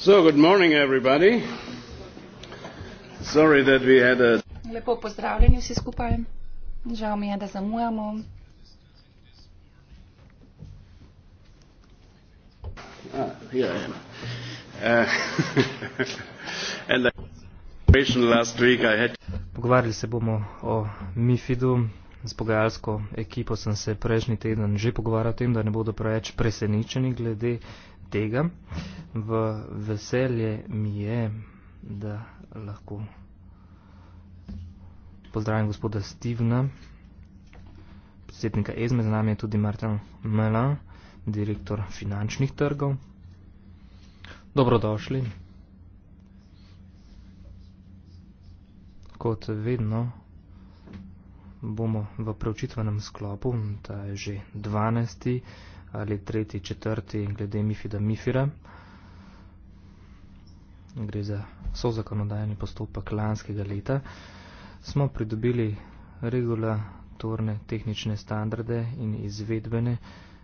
So, good morning, everybody. Sorry that we had a... Lepo pozdravljeni vsi skupaj. Žal mi je, da zamujamo. Ah, here I am. Uh, and the last week I had... Pogovarjali se bomo o Mifidu. Z pogajalsko ekipo sem se prejšnji teden že pogovarjal o tem, da ne bodo preveč presenečeni glede tega. V veselje mi je, da lahko pozdravim gospoda Stevena, predsednika Ezme, z nami je tudi Martin Mela, direktor finančnih trgov. Dobrodošli. Kot vedno bomo v preučitvenem sklopu, ta je že 12 ali tretji, četrti glede Mifida Mifira. Gre za sozakonodajni postopek lanskega leta. Smo pridobili regulatorne tehnične standarde in izvedbene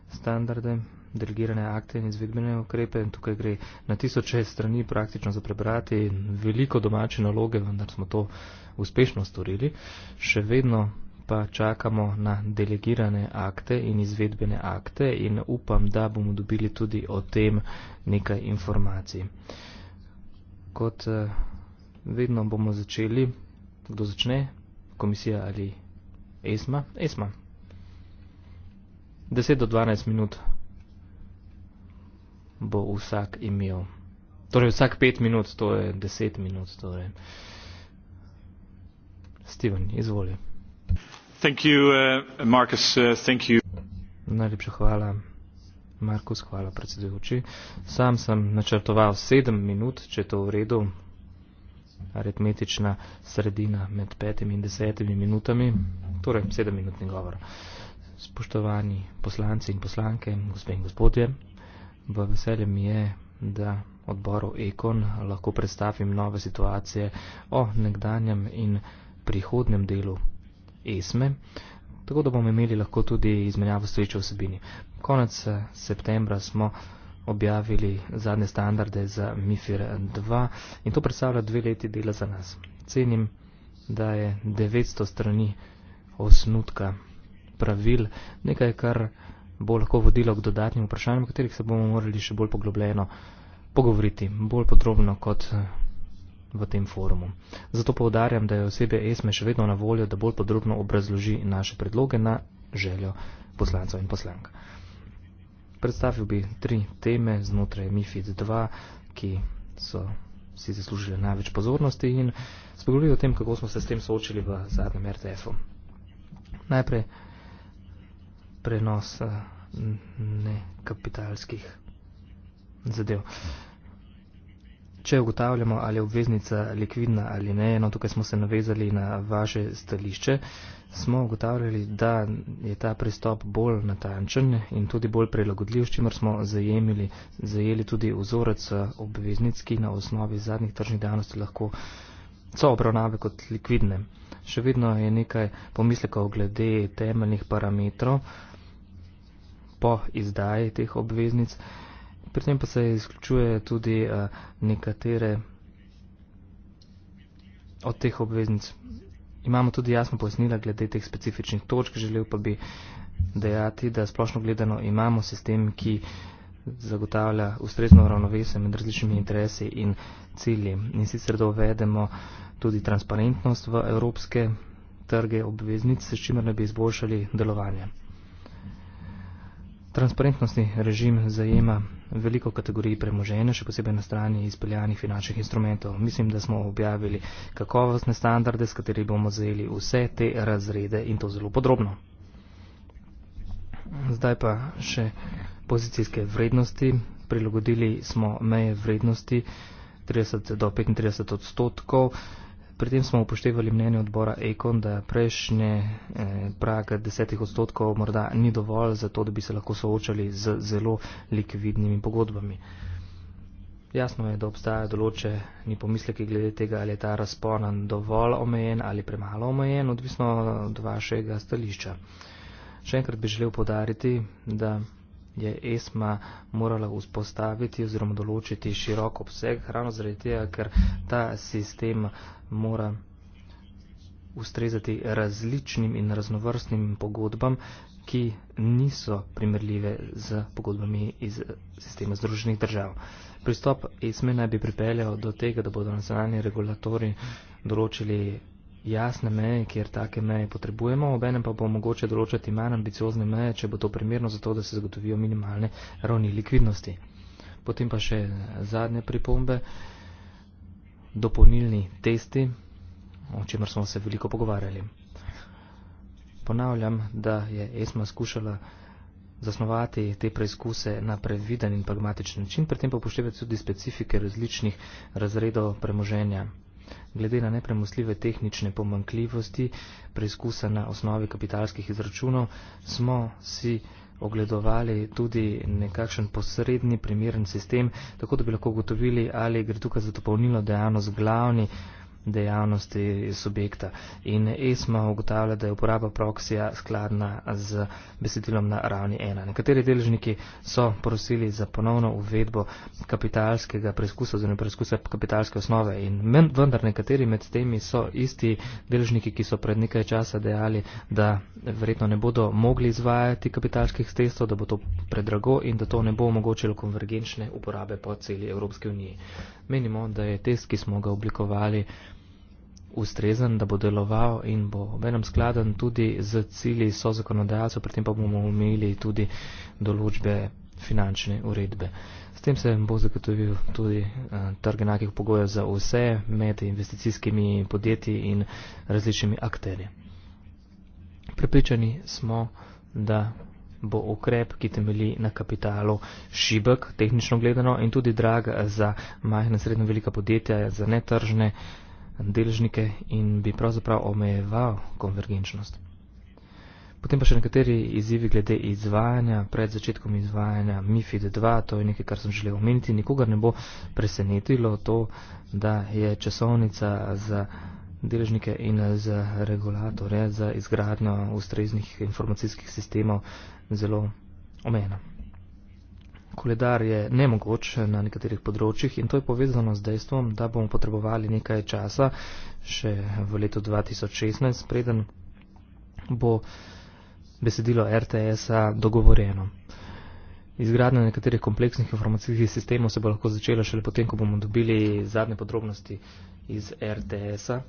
standarde, delegirane akte in izvedbene ukrepe. In tukaj gre na tisoče strani praktično za prebrati veliko domače naloge, vendar smo to uspešno storili. Še vedno pa čakamo na delegirane akte in izvedbene akte in upam, da bomo dobili tudi o tem nekaj informacij. Kot eh, vedno bomo začeli, kdo začne, komisija ali ESMA? ESMA. 10 do 12 minut bo vsak imel. Torej vsak 5 minut, to je 10 minut. Torej. Steven, izvolite. Thank you, uh, Marcus. Uh, thank you. Najlepša hvala, Markus, hvala predsedujoči. Sam sem načrtoval sedem minut, če je to v redu, aritmetična sredina med petimi in desetimi minutami, torej sedem minutni govor. Spoštovani poslanci in poslanke, gospe in gospodje, v veselje mi je, da odboru Ekon lahko predstavim nove situacije o nekdanjem in prihodnem delu ESME, tako da bomo imeli lahko tudi izmenjavo stoječe vsebini. Konec eh, septembra smo objavili zadnje standarde za MIFIR 2 in to predstavlja dve leti dela za nas. Cenim, da je 900 strani osnutka pravil, nekaj, kar bo lahko vodilo k dodatnim vprašanjem, o katerih se bomo morali še bolj poglobljeno pogovoriti, bolj podrobno kot eh, v tem forumu. Zato povdarjam, da je osebe ESME še vedno na voljo, da bolj podrobno obrazloži naše predloge na željo poslancev in poslank. Predstavil bi tri teme znotraj MIFID 2, ki so si zaslužili največ pozornosti in spogledali o tem, kako smo se s tem soočili v zadnjem RTF-u. Najprej prenos eh, nekapitalskih zadev če ugotavljamo, ali je obveznica likvidna ali ne, no tukaj smo se navezali na vaše stališče, smo ugotavljali, da je ta pristop bolj natančen in tudi bolj prilagodljiv, s čimer smo zajemili, zajeli tudi vzorec eh, obveznic, ki na osnovi zadnjih tržnih dejavnosti lahko so obravnave kot likvidne. Še vedno je nekaj pomislekov glede temeljnih parametrov po izdaji teh obveznic pri tem pa se izključuje tudi uh, nekatere od teh obveznic. Imamo tudi jasno pojasnila glede teh specifičnih točk, želel pa bi dejati, da splošno gledano imamo sistem, ki zagotavlja ustrezno ravnovesje med različnimi interesi in cilji. In sicer dovedemo tudi transparentnost v evropske trge obveznic, s čimer ne bi izboljšali delovanje. Transparentnostni režim zajema veliko kategorij premoženja, še posebej na strani izpeljanih finančnih instrumentov. Mislim, da smo objavili kakovostne standarde, s kateri bomo zajeli vse te razrede in to zelo podrobno. Zdaj pa še pozicijske vrednosti. Prilagodili smo meje vrednosti 30 do 35 odstotkov. Pri tem smo upoštevali mnenje odbora Ekon, da prejšnje eh, prag desetih odstotkov morda ni dovolj za to, da bi se lahko soočali z zelo likvidnimi pogodbami. Jasno je, da obstajajo določeni pomisleki glede tega, ali je ta razpon dovolj omejen ali premalo omejen, odvisno od vašega stališča. Še enkrat bi želel podariti, da je ESMA morala vzpostaviti oziroma določiti širok obseg, ravno zaradi tega, ker ta sistem eh, mora ustrezati različnim in raznovrstnim pogodbam, ki niso primerljive z pogodbami iz sistema združenih držav. Pristop ESME naj bi pripeljal do tega, da bodo nacionalni regulatori določili jasne meje, kjer take meje potrebujemo, ob enem pa bo mogoče določati manj ambiciozne meje, če bo to primerno za to, da se zagotovijo minimalne ravni likvidnosti. Potem pa še zadnje pripombe dopolnilni testi, o čemer smo se veliko pogovarjali. Ponavljam, da je ESMA skušala zasnovati te preizkuse na previden in pragmatičen način, pri tem pa upoštevati tudi specifike različnih razredov premoženja. Glede na nepremostljive tehnične pomankljivosti preizkusa na osnovi kapitalskih izračunov smo si ogledovali tudi nekakšen posredni primeren sistem, tako da bi lahko ugotovili, ali gre tukaj za dopolnilno dejavnost glavni dejavnosti subjekta. In ESMA ugotavlja, da je uporaba proksija skladna z besedilom na ravni 1. Nekateri deležniki so prosili za ponovno uvedbo kapitalskega preizkusa oziroma preizkusa kapitalske osnove. In men, vendar nekateri med temi so isti deležniki, ki so pred nekaj časa dejali, da verjetno ne bodo mogli izvajati kapitalskih testov, da bo to predrago in da to ne bo omogočilo konvergenčne uporabe po celi Evropski uniji. Menimo, da je test, ki smo ga oblikovali, ustrezen, da bo deloval in bo obenem skladen tudi z cilji so zakonodajalcev, pri tem pa bomo omejili tudi določbe finančne uredbe. S tem se bo zagotovil tudi uh, trg enakih pogojev za vse med investicijskimi podjetji in različnimi akterji. Pripričani smo, da bo ukrep, ki temelji na kapitalu, šibek, tehnično gledano, in tudi drag za majhne in srednje velika podjetja, za netržne uh, deležnike in bi pravzaprav omejeval konvergenčnost. Potem pa še nekateri izzivi glede izvajanja, pred začetkom izvajanja MIFID 2, to je nekaj, kar sem želel omeniti. Nikogar ne bo presenetilo to, da je časovnica za deležnike in za regulatore, za izgradnjo ustreznih informacijskih sistemov zelo omejena koledar je nemogoč na nekaterih področjih in to je povezano z dejstvom, da bomo potrebovali nekaj časa še v letu 2016, preden bo besedilo RTS-a dogovorjeno. Izgradnja nekaterih kompleksnih informacijskih sistemov se bo lahko začela šele potem, ko bomo dobili zadnje podrobnosti iz RTS-a.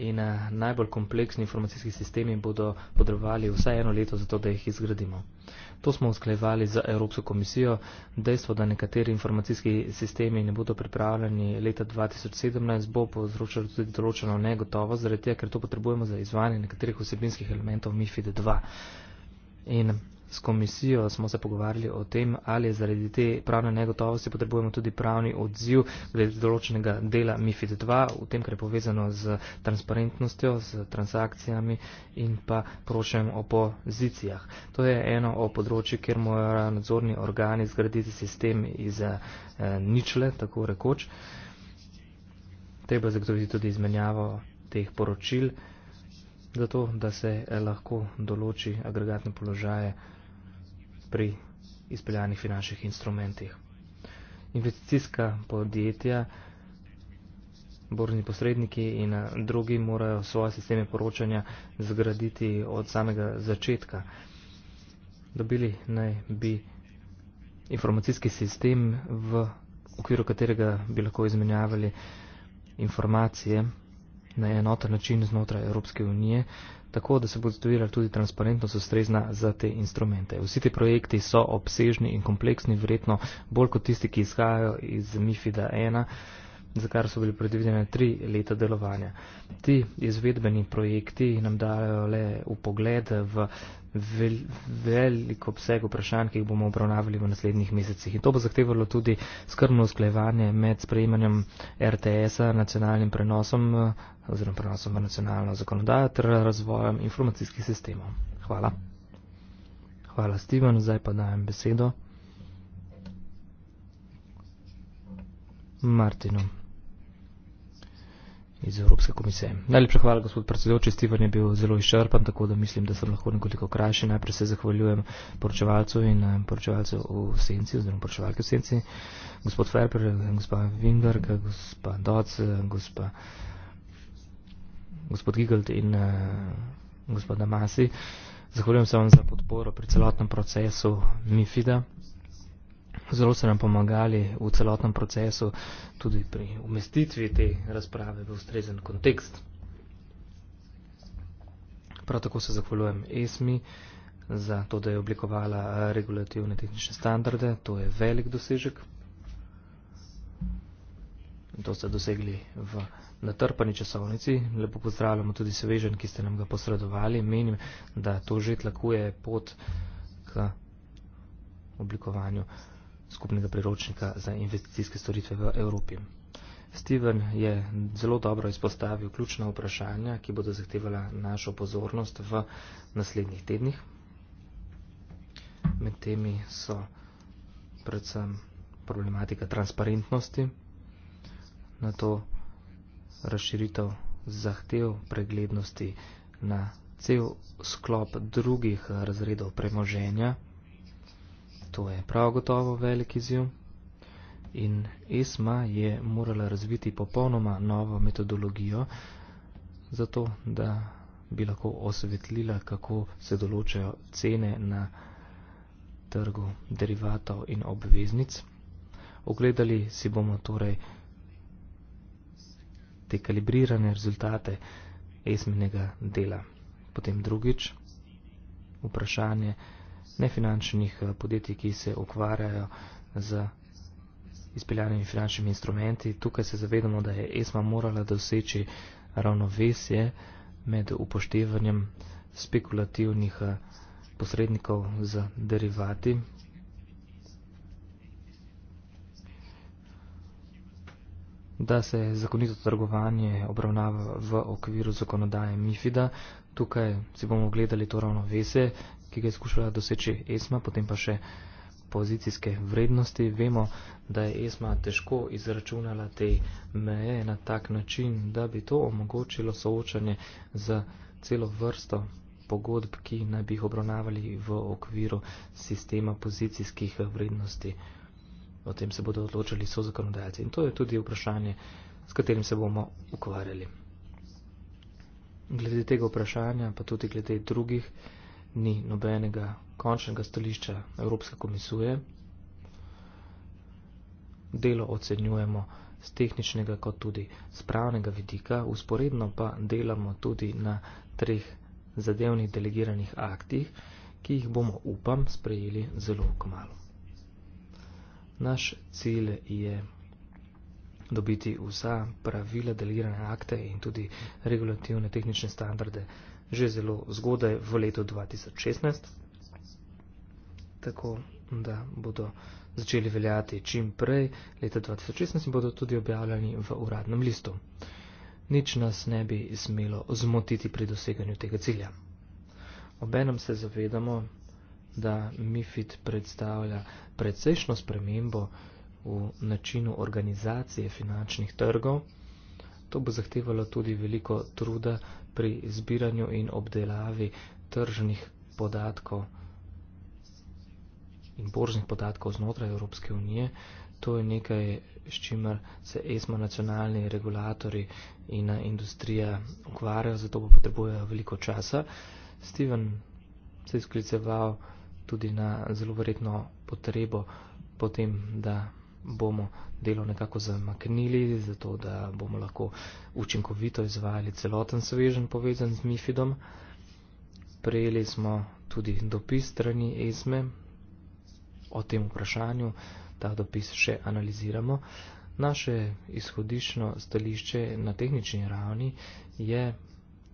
In eh, najbolj kompleksni informacijski sistemi bodo potrebovali vsaj eno leto za to, da jih izgradimo. To smo usklejevali z Evropsko komisijo. Dejstvo, da nekateri informacijski sistemi ne bodo pripravljeni leta 2017, bo povzročalo tudi določeno negotovost, zaradi tega, ker to potrebujemo za izvajanje nekaterih vsebinskih elementov MIFID 2. In s komisijo smo se pogovarjali o tem, ali je zaradi te pravne negotovosti potrebujemo tudi pravni odziv glede določenega dela MIFID 2, v tem, kar je povezano z transparentnostjo, z transakcijami in pa prošem o pozicijah. To je eno o področju, kjer morajo nadzorni organi zgraditi sistem iz eh, ničle, tako rekoč. Treba zagotoviti tudi izmenjavo teh poročil, zato da se eh, lahko določi agregatne položaje pri izpeljanih finančnih instrumentih. Investicijska podjetja, borzni posredniki in eh, drugi morajo svoje sisteme poročanja zgraditi od samega začetka. Dobili naj bi informacijski sistem, v okviru katerega bi lahko izmenjavali informacije na enoten način znotraj Evropske unije, tako da se bo zadovoljila tudi transparentnost ustrezna za te instrumente. Vsi ti projekti so obsežni in kompleksni, verjetno bolj kot tisti, ki izhajajo iz MIFID-1 za kar so bili predvidene tri leta delovanja. Ti izvedbeni projekti nam dajo le v pogled v vel, veliko obseg vprašanj, ki jih bomo obravnavali v naslednjih mesecih. In to bo zahtevalo tudi skrbno usklajevanje med sprejemanjem RTS-a, nacionalnim prenosom oziroma prenosom v nacionalno zakonodajo ter razvojem informacijskih sistemov. Hvala. Hvala, Steven. Zdaj pa dajem besedo. Martinom iz Evropske komisije. Najlepša hvala, gospod predsedoči. Stefan je bil zelo izčrpan, tako da mislim, da sem lahko nekoliko krajši. Najprej se zahvaljujem poročevalcu in eh, poročevalcu v senci, oziroma poročevalke v senci, gospod Ferber, gospa Vindberg, gospa Doc, gospa, gospod Gigald in eh, gospod Damasi. Zahvaljujem se vam za podporo pri celotnem procesu MIFID-a zelo so nam pomagali v celotnem procesu, tudi pri umestitvi te razprave v ustrezen kontekst. Prav tako se zahvaljujem ESMI za to, da je oblikovala eh, regulativne tehnične standarde. To je velik dosežek. To ste dosegli v natrpani časovnici. Lepo pozdravljamo tudi svežen, ki ste nam ga posredovali. Menim, da to že tlakuje pot k oblikovanju skupnega priročnika za investicijske storitve v Evropi. Steven je zelo dobro izpostavil ključna vprašanja, ki bodo zahtevala našo pozornost v naslednjih tednih. Med temi so predvsem problematika transparentnosti, na to razširitev zahtev preglednosti na cel sklop drugih razredov premoženja to je prav gotovo velik izjiv. In ESMA je morala razviti popolnoma novo metodologijo, zato da bi lahko osvetlila, kako se določajo cene na trgu derivatov in obveznic. Ogledali si bomo torej te kalibrirane rezultate ESMA-nega dela. Potem drugič, vprašanje nefinančnih eh, podjetij, ki se ukvarjajo z izpeljanimi finančnimi instrumenti. Tukaj se zavedamo, da je ESMA morala doseči ravnovesje med upoštevanjem spekulativnih eh, posrednikov z derivati. da se zakonito trgovanje obravnava v okviru zakonodaje MIFID-a. Tukaj si bomo gledali to ravnovesje, ki ga je skušala doseči ESMA, potem pa še pozicijske vrednosti. Vemo, da je ESMA težko izračunala te meje na tak način, da bi to omogočilo soočanje z celo vrsto pogodb, ki naj bi jih obravnavali v okviru sistema pozicijskih vrednosti. O tem se bodo odločili so zakonodajalci. In to je tudi vprašanje, s katerim se bomo ukvarjali. Glede tega vprašanja, pa tudi glede drugih ni nobenega končnega stališča Evropske komisije. Delo ocenjujemo z tehničnega kot tudi z pravnega vidika, usporedno pa delamo tudi na treh zadevnih delegiranih aktih, ki jih bomo, upam, sprejeli zelo kmalo. Naš cilj je dobiti vsa pravila delegirane akte in tudi regulativne tehnične standarde že zelo zgodaj v letu 2016, tako da bodo začeli veljati čim prej leta 2016 in bodo tudi objavljeni v uradnem listu. Nič nas ne bi smelo zmotiti pri doseganju tega cilja. Obenem se zavedamo, da MIFID predstavlja precejšno spremembo v načinu organizacije finančnih trgov. To bo zahtevalo tudi veliko truda pri zbiranju in obdelavi tržnih podatkov in borznih podatkov znotraj Evropske unije. To je nekaj, s čimer se ESMA nacionalni regulatori in eh, industrija ukvarjajo, zato bo potrebujejo veliko časa. Steven se je skliceval tudi na zelo verjetno potrebo potem, da bomo delo nekako zamaknili, zato da bomo lahko učinkovito izvajali celoten svežen povezan z MIFIDom. Prejeli smo tudi dopis strani ESME o tem vprašanju, ta dopis še analiziramo. Naše izhodišno stališče na tehnični ravni je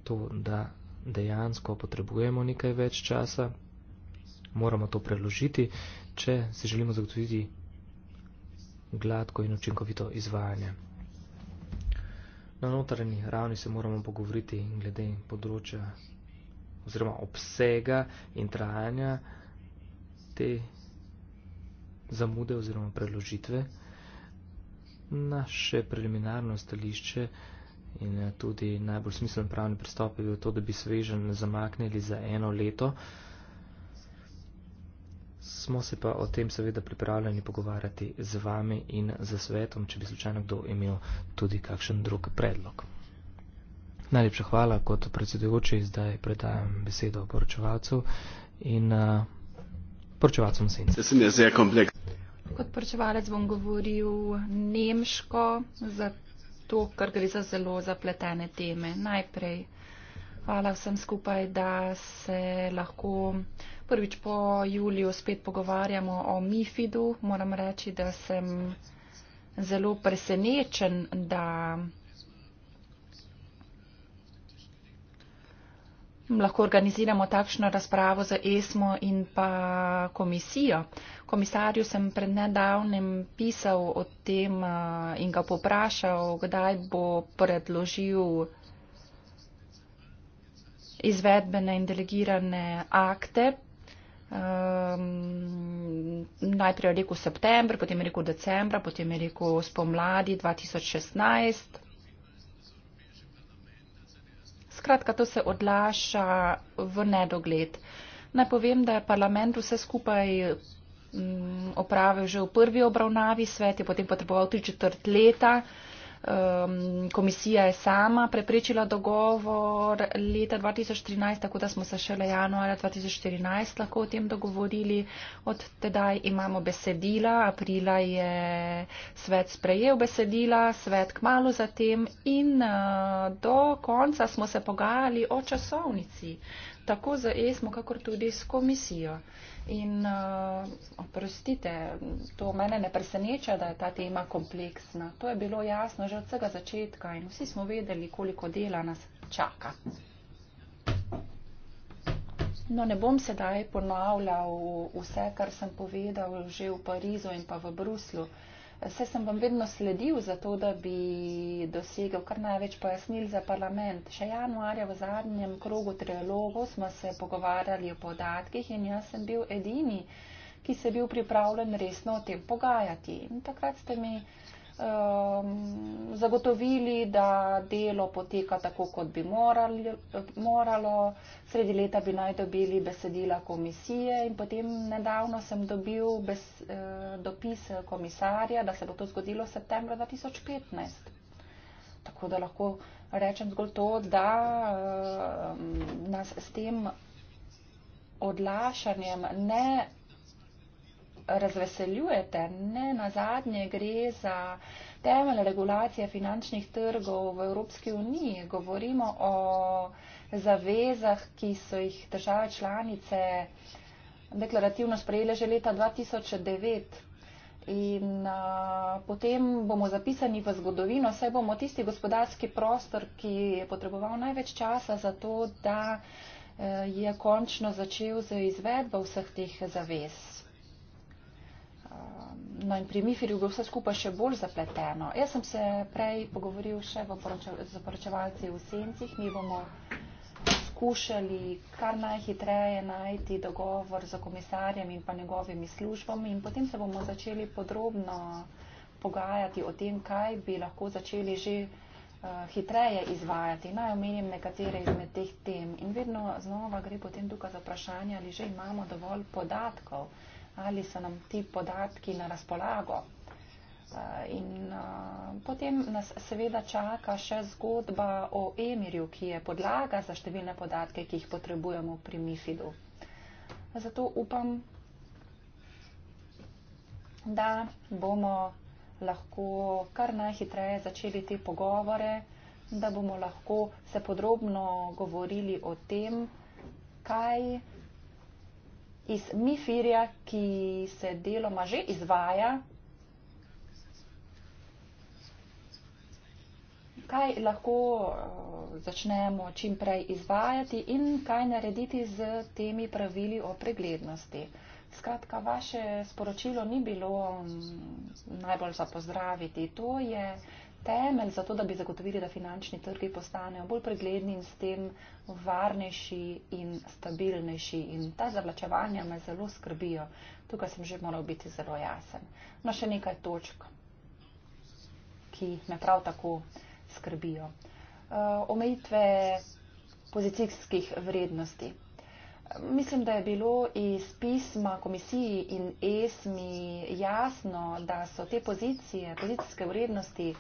to, da dejansko potrebujemo nekaj več časa, moramo to preložiti, če si želimo zagotoviti gladko in učinkovito izvajanje. Na notranji ravni se moramo pogovoriti glede področja oziroma obsega in trajanja te zamude oziroma preložitve. Naše preliminarno stališče in eh, tudi najbolj smislen pravni pristop je bil to, da bi svežen zamaknili za eno leto smo se pa o tem seveda pripravljeni pogovarjati z vami in z svetom, če bi slučajno kdo imel tudi kakšen drug predlog. Najlepša hvala kot predsedujoči, zdaj predajam besedo poročevalcu in uh, poročevalcem senci. Kot poročevalec bom govoril nemško, zato ker gre za zelo zapletene teme. Najprej hvala vsem skupaj, da se lahko prvič po juliju spet pogovarjamo o MIFID-u. Moram reči, da sem zelo presenečen, da lahko organiziramo takšno razpravo za ESMO in pa komisijo. Komisarju sem pred nedavnem pisal o tem eh, in ga poprašal, kdaj bo predložil izvedbene in delegirane akte Um, najprej je rekel september, potem je rekel decembra, potem je rekel spomladi 2016. Skratka, to se odlaša v nedogled. Naj povem, da je parlament vse skupaj um, opravil že v prvi obravnavi, svet je potem potreboval tri četrt leta. Uh, um, komisija je sama preprečila dogovor leta 2013, tako da smo se šele januarja 2014 lahko o tem dogovorili. Od tedaj imamo besedila, aprila je svet sprejel besedila, svet k malu zatem in uh, do konca smo se pogajali o časovnici tako za ESMO, kakor tudi s komisijo. In eh, oprostite, to mene ne preseneča, da je ta tema kompleksna. To je bilo jasno že od vsega začetka in vsi smo vedeli, koliko dela nas čaka. No, ne bom sedaj ponavljal vse, kar sem povedal že v Parizu in pa v Bruslu. Uh, Vse sem vam vedno sledil za to, da bi dosegel kar največ pojasnil za parlament. Še januarja v zadnjem krogu trialogov smo se pogovarjali o podatkih in jaz sem bil edini, ki se je bil pripravljen resno o tem pogajati. In takrat ste mi um, zagotovili, da delo poteka tako, kot bi morali, moralo. Sredi leta bi naj dobili besedila komisije in potem nedavno sem dobil bes, uh, dopis komisarja, da se bo to zgodilo v septembru 2015. Tako da lahko rečem zgolj to, da uh, nas s tem odlašanjem ne razveseljujete. Ne, na zadnje gre za temelj regulacije finančnih trgov v Evropski uniji. Govorimo o zavezah, ki so jih države članice deklarativno sprejele že leta 2009. In a, potem bomo zapisani v zgodovino, saj bomo tisti gospodarski prostor, ki je potreboval največ časa za to, da e, je končno začel z izvedbo vseh teh zavez. No in pri Mifirju bo vse skupaj še bolj zapleteno. Jaz sem se prej pogovoril še poroča, z poročevalci v Sencih. Mi bomo skušali kar najhitreje najti dogovor z komisarjem in pa njegovimi službami in potem se bomo začeli podrobno pogajati o tem, kaj bi lahko začeli že eh, hitreje izvajati. Naj omenim nekatere izmed teh tem. In vedno znova gre potem tukaj za vprašanje, ali že imamo dovolj podatkov ali so nam ti podatki na razpolago. Eh, in eh, potem nas seveda čaka še zgodba o emirju, ki je podlaga za številne podatke, ki jih potrebujemo pri MIFID-u. Zato upam, da bomo lahko kar najhitreje začeli te pogovore, da bomo lahko se podrobno govorili o tem, kaj iz Mifirja, ki se deloma že izvaja. Kaj lahko eh, začnemo čim prej izvajati in kaj narediti z temi pravili o preglednosti. Skratka, vaše sporočilo ni bilo mm, najbolj zapozdraviti. To je temelj za to, da bi zagotovili, da finančni trgi postanejo bolj pregledni in s tem varnejši in stabilnejši. In ta zavlačevanja me zelo skrbijo. Tukaj sem že moral biti zelo jasen. No, še nekaj točk, ki me prav tako skrbijo. Eh, omejitve pozicijskih vrednosti. Mislim, da je bilo iz pisma komisiji in ESMI jasno, da so te pozicije, pozicijske vrednosti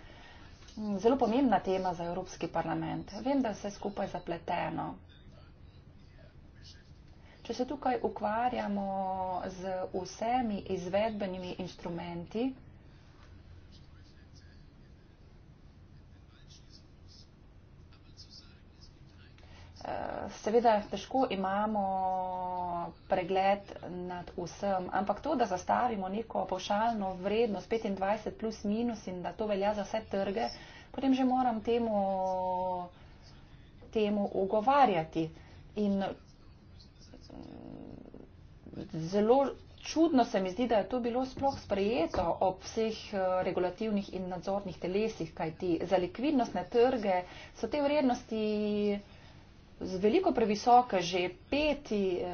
zelo pomembna tema za Evropski parlament. Vem, da je vse skupaj zapleteno. Če se tukaj ukvarjamo z vsemi izvedbenimi instrumenti, seveda težko imamo pregled nad vsem, ampak to, da zastavimo neko povšalno vrednost 25 plus minus in da to velja za vse trge, potem že moram temu, temu ogovarjati. In mm, zelo čudno se mi zdi, da je to bilo sploh sprejeto ob vseh eh, regulativnih in nadzornih telesih, kajti za likvidnostne trge so te vrednosti veliko previsoka, že, peti, eh,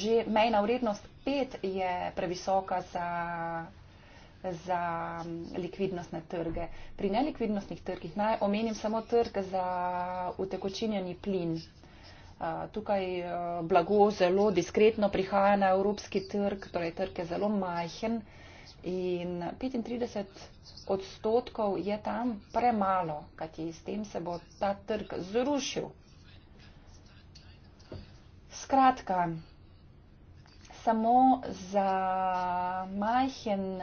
že mejna vrednost 5 je previsoka za, za mm, likvidnostne trge. Pri nelikvidnostnih trgih naj omenim samo trg za utekočinjeni plin. Eh, tukaj eh, blago zelo diskretno prihaja na evropski trg, torej trg je zelo majhen in 35 odstotkov je tam premalo, kajti s tem se bo ta trg zrušil. Skratka, samo za majhen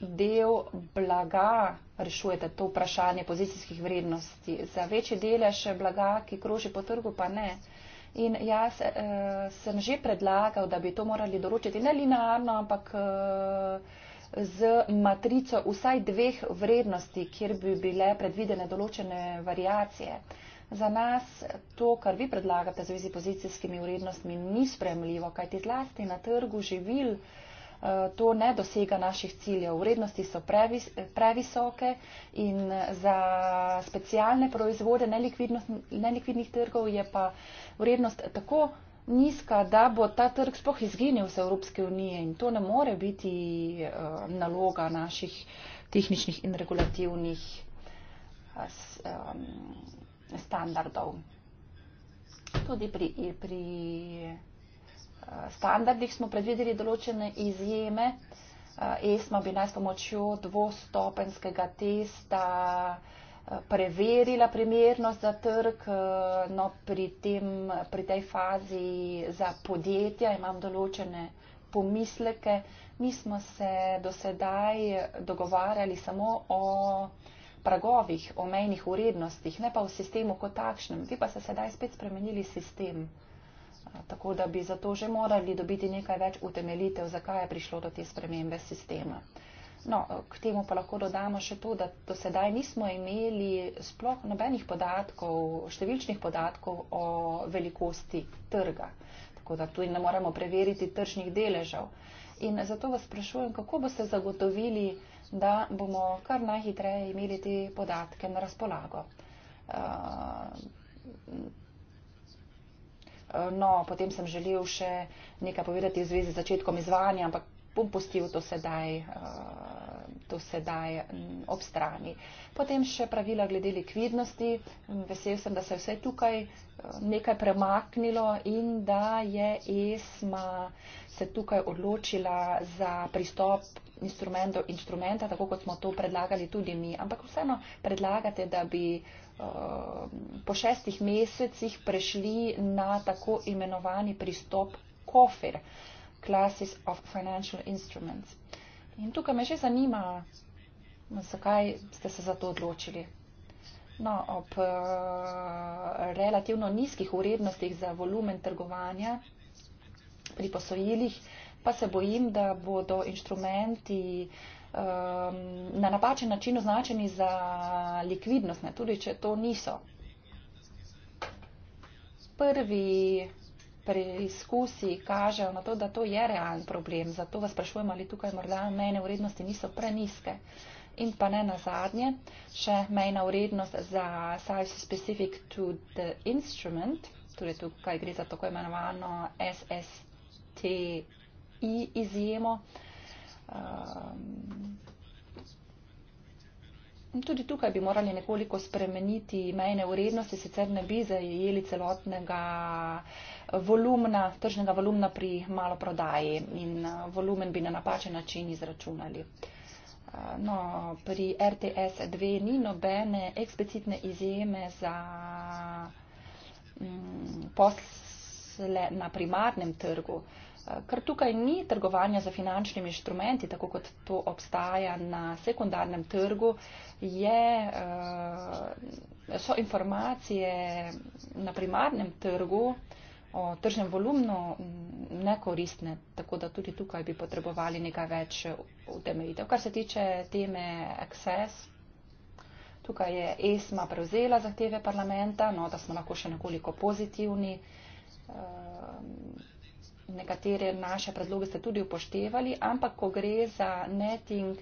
del blaga rešujete to vprašanje pozicijskih vrednosti, za večji delež blaga, ki kroži po trgu, pa ne. In jaz eh, sem že predlagal, da bi to morali določiti ne linearno, ampak eh, z matrico vsaj dveh vrednosti, kjer bi bile predvidene določene variacije. Eh, Za nas to, kar vi predlagate z vizi pozicijskimi urednostmi, ni spremljivo, kajti zlasti na trgu živil eh, to ne dosega naših ciljev. Urednosti so previs, previsoke in za specialne proizvode nelikvidnih trgov je pa urednost tako nizka, da bo ta trg spoh izginil z Evropske unije in to ne more biti eh, naloga naših tehničnih in regulativnih. Eh, standardov. Tudi pri, pri eh, standardih smo predvideli določene izjeme. Eh, ESMA bi naj s pomočjo dvostopenskega testa eh, preverila primernost za trg, no pri, tem, pri tej fazi za podjetja imam določene pomisleke. Mi smo se do sedaj dogovarjali samo o pragovih, o mejnih urednostih, ne pa v sistemu kot takšnem. Vi pa ste sedaj spet spremenili sistem, eh, tako da bi zato že morali dobiti nekaj več utemeljitev, zakaj je prišlo do te spremembe sistema. No, eh, k temu pa lahko dodamo še to, da do sedaj nismo imeli sploh nobenih podatkov, številčnih podatkov o velikosti trga, tako da tudi ne moremo preveriti tržnih deležev. In zato vas sprašujem, kako boste zagotovili, da bomo kar najhitreje imeli te podatke na razpolago. Eh, no, potem sem želel še nekaj povedati v zvezi z začetkom izvanja, ampak bom pustil to sedaj, eh, to sedaj mm, ob strani. Potem še pravila glede likvidnosti. Vesel sem, da se je vse tukaj eh, nekaj premaknilo in da je ESMA se tukaj odločila za pristop instrumentov, instrumenta, tako kot smo to predlagali tudi mi. Ampak vseeno predlagate, da bi uh, po šestih mesecih prešli na tako imenovani pristop COFER, Classes of Financial Instruments. In tukaj me še zanima, zakaj ste se za to odločili. No, ob uh, relativno nizkih urednostih za volumen trgovanja pri posojilih, uh, pa se bojim, da bodo inštrumenti um, na napačen način označeni za likvidnostne, tudi če to niso. Prvi preizkusi kažejo na to, da to je realen problem, zato vas sprašujem, ali tukaj morda mejne vrednosti niso preniske. In pa ne na zadnje, še mejna vrednost za size specific to the instrument, torej tukaj gre za tako imenovano SST i izjemo. Um, tudi tukaj bi morali nekoliko spremeniti mejne vrednosti, sicer ne bi zajeli celotnega volumna, tržnega volumna pri maloprodaji in uh, volumen bi na napačen način izračunali. Uh, no, pri RTS 2 ni nobene eksplicitne izjeme za mm, posle na primarnem trgu. Uh, ker tukaj ni trgovanja za finančnimi inštrumenti, tako kot to obstaja na sekundarnem trgu, je, eh, so informacije na primarnem trgu o tržnem volumnu nekoristne, tako da tudi tukaj bi potrebovali nekaj več utemeljitev. Kar se tiče teme access, tukaj je ESMA prevzela zahteve parlamenta, no, da smo lahko še nekoliko pozitivni. Eh, nekatere naše predloge ste tudi upoštevali, ampak ko gre za netting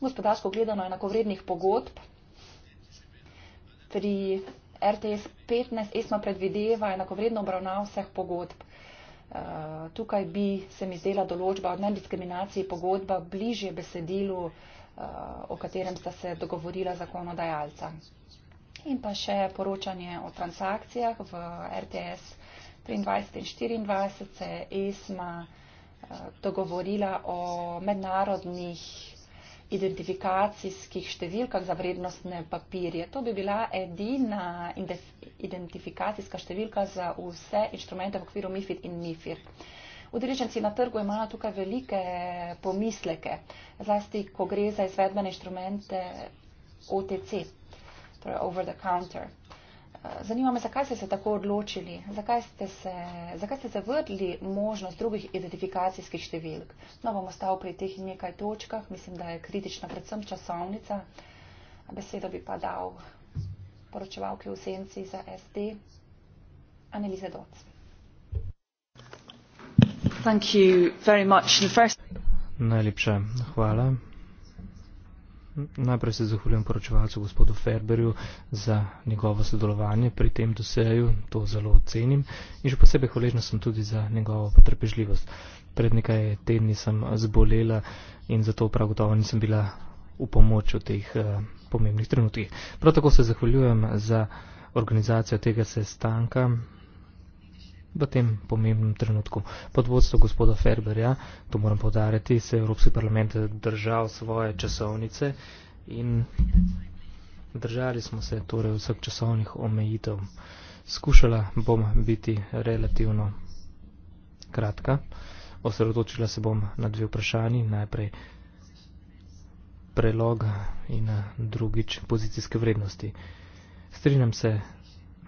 gospodarsko gledano enakovrednih pogodb, pri RTS 15 ESMA predvideva enakovredno obravnav vseh pogodb. Eh, tukaj bi se mi zdela določba o nediskriminaciji pogodba bližje besedilu, eh, o katerem sta se dogovorila zakonodajalca. In pa še poročanje o transakcijah v RTS 15. 23 in 24 se je ESMA eh, dogovorila o mednarodnih identifikacijskih številkah za vrednostne papirje. To bi bila edina identifikacijska številka za vse inštrumente v okviru MIFID in MIFIR. Udeleženci na trgu imajo tukaj velike pomisleke, zlasti, ko gre za izvedbene inštrumente OTC, torej over the counter. Zanima me, zakaj ste se tako odločili, zakaj ste, se, zakaj ste zavrli možnost drugih identifikacijskih številk. No, bom ostal pri teh nekaj točkah, mislim, da je kritična predvsem časovnica. Besedo bi pa dal poročevalki v senci za SD. Anneliese Doc. Najlepša hvala. Najprej se zahvaljujem poročevalcu gospodu Ferberju za njegovo sodelovanje pri tem doseju, to zelo ocenim in še posebej hvaležna sem tudi za njegovo potrpežljivost. Pred nekaj tedni sem zbolela in zato prav gotovo nisem bila v pomoč v teh uh, pomembnih trenutkih. Prav tako se zahvaljujem za organizacijo tega sestanka, v tem pomembnem trenutku. Pod vodstvo gospoda Ferberja, to moram podariti, se je Evropski parlament držal svoje časovnice in držali smo se torej vseh časovnih omejitev. Skušala bom biti relativno kratka. Osredotočila se bom na dve vprašanji. Najprej prelog in eh, drugič pozicijske vrednosti. Strinjam se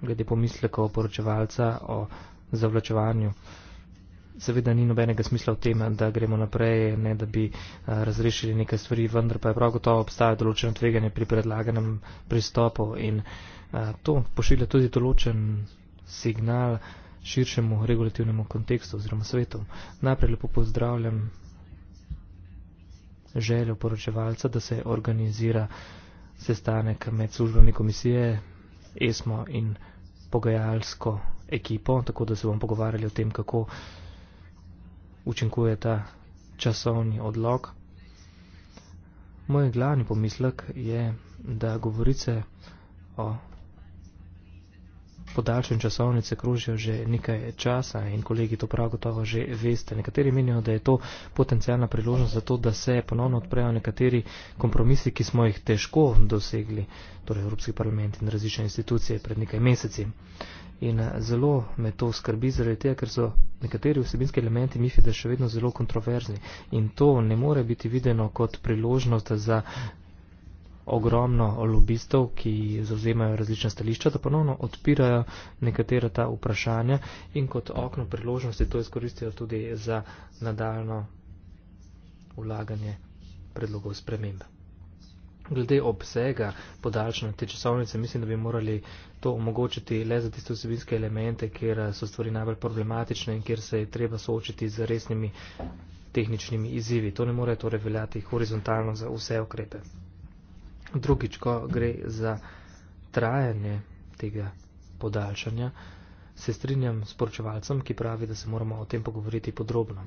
glede pomisleka oporočevalca o zavlačevanju. Seveda ni nobenega smisla v tem, da gremo naprej, ne da bi eh, razrešili nekaj stvari, vendar pa je prav gotovo obstaja določeno tveganje pri predlaganem pristopu in eh, to pošilja tudi določen signal širšemu regulativnemu kontekstu oziroma svetu. Najprej lepo pozdravljam željo poročevalca, da se organizira sestanek med službami komisije, ESMO in pogajalsko ekipo, tako da se bomo pogovarjali o tem, kako učinkuje ta časovni odlog. Moj glavni pomislek je, da govorice o podaljšanju časovnice kružijo že nekaj časa in kolegi to prav gotovo že veste. Nekateri menijo, da je to potencijalna priložnost za to, da se ponovno odprejo nekateri kompromisi, ki smo jih težko dosegli, torej Evropski parlament in različne institucije pred nekaj meseci. In eh, zelo me to skrbi zaradi tega, ker so nekateri vsebinski elementi Mifida še vedno zelo kontroverzni. In to ne more biti videno kot priložnost za ogromno lobistov, ki zauzemajo različna stališča, da ponovno odpirajo nekatera ta vprašanja in kot okno priložnosti to izkoristijo tudi za nadaljno vlaganje predlogov spremembe glede obsega podaljšanja te časovnice, mislim, da bi morali to omogočiti le za tiste vsebinske elemente, kjer eh, so stvari najbolj problematične in kjer se je treba soočiti z resnimi tehničnimi izzivi. To ne more torej veljati horizontalno za vse okrepe. Drugič, ko gre za trajanje tega podaljšanja, se strinjam s poročevalcem, ki pravi, da se moramo o tem pogovoriti podrobno.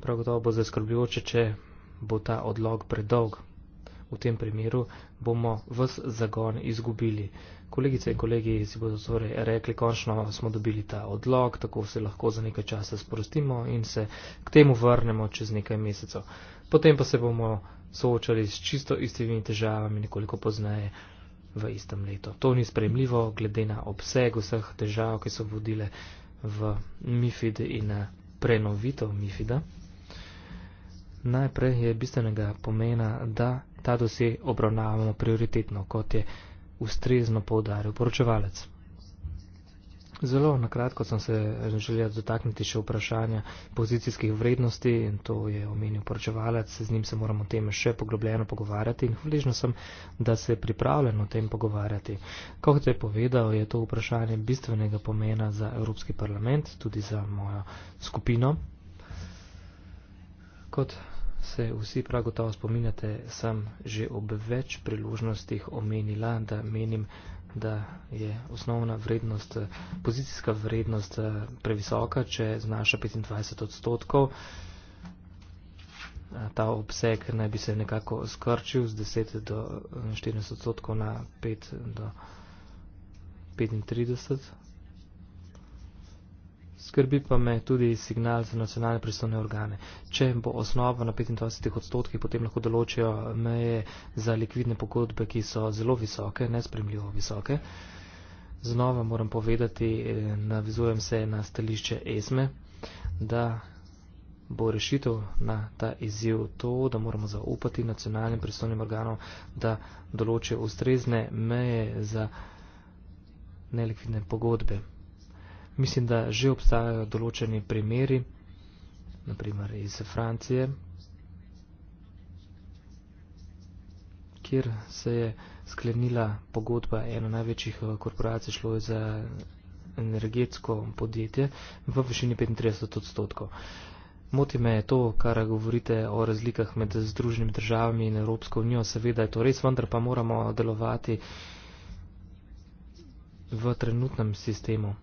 Prav gotovo bo zaskrbljujoče, če bo ta odlog predolg, v tem primeru bomo vs zagon izgubili. Kolegice in kolegi si bodo torej rekli, končno smo dobili ta odlog, tako se lahko za nekaj časa sprostimo in se k temu vrnemo čez nekaj mesecev. Potem pa se bomo soočali s čisto istimi težavami nekoliko pozneje v istem letu. To ni spremljivo, glede na obseg vseh težav, ki so vodile v MIFID in prenovitev MIFID-a. Najprej je bistvenega pomena, da ta dosje obravnavamo prioritetno, kot je ustrezno povdaril poročevalec. Zelo nakratko sem se želel dotakniti še vprašanja pozicijskih vrednosti in to je omenil poročevalec, z njim se moramo o tem še poglobljeno pogovarjati in hvaležno sem, da se je pripravljen o tem pogovarjati. Kot je povedal, je to vprašanje bistvenega pomena za Evropski parlament, tudi za mojo skupino. Kot se vsi prav gotovo spominjate, sem že ob več priložnostih omenila, da menim, da je osnovna vrednost, pozicijska vrednost eh, previsoka, če znaša 25 odstotkov. Eh, ta obseg naj bi se nekako skrčil z 10 do 14 eh, odstotkov na 5 do 35 odstotkov. Skrbi pa me tudi signal za nacionalne pristojne organe. Če bo osnova na 25 odstotkih, potem lahko določijo meje za likvidne pogodbe, ki so zelo visoke, nespremljivo visoke. Znova moram povedati, eh, navizujem se na stališče ESME, da bo rešitev na ta izziv to, da moramo zaupati nacionalnim pristojnim organom, da določijo ustrezne meje za nelikvidne pogodbe. Mislim, da že obstajajo določeni primeri, naprimer iz Francije, kjer se je sklenila pogodba ena največjih eh, korporacij, šlo je za energetsko podjetje v višini 35 odstotkov. Moti me je to, kar govorite o razlikah med Združenimi državami in Evropsko unijo. Seveda je to res, vendar pa moramo delovati v trenutnem sistemu.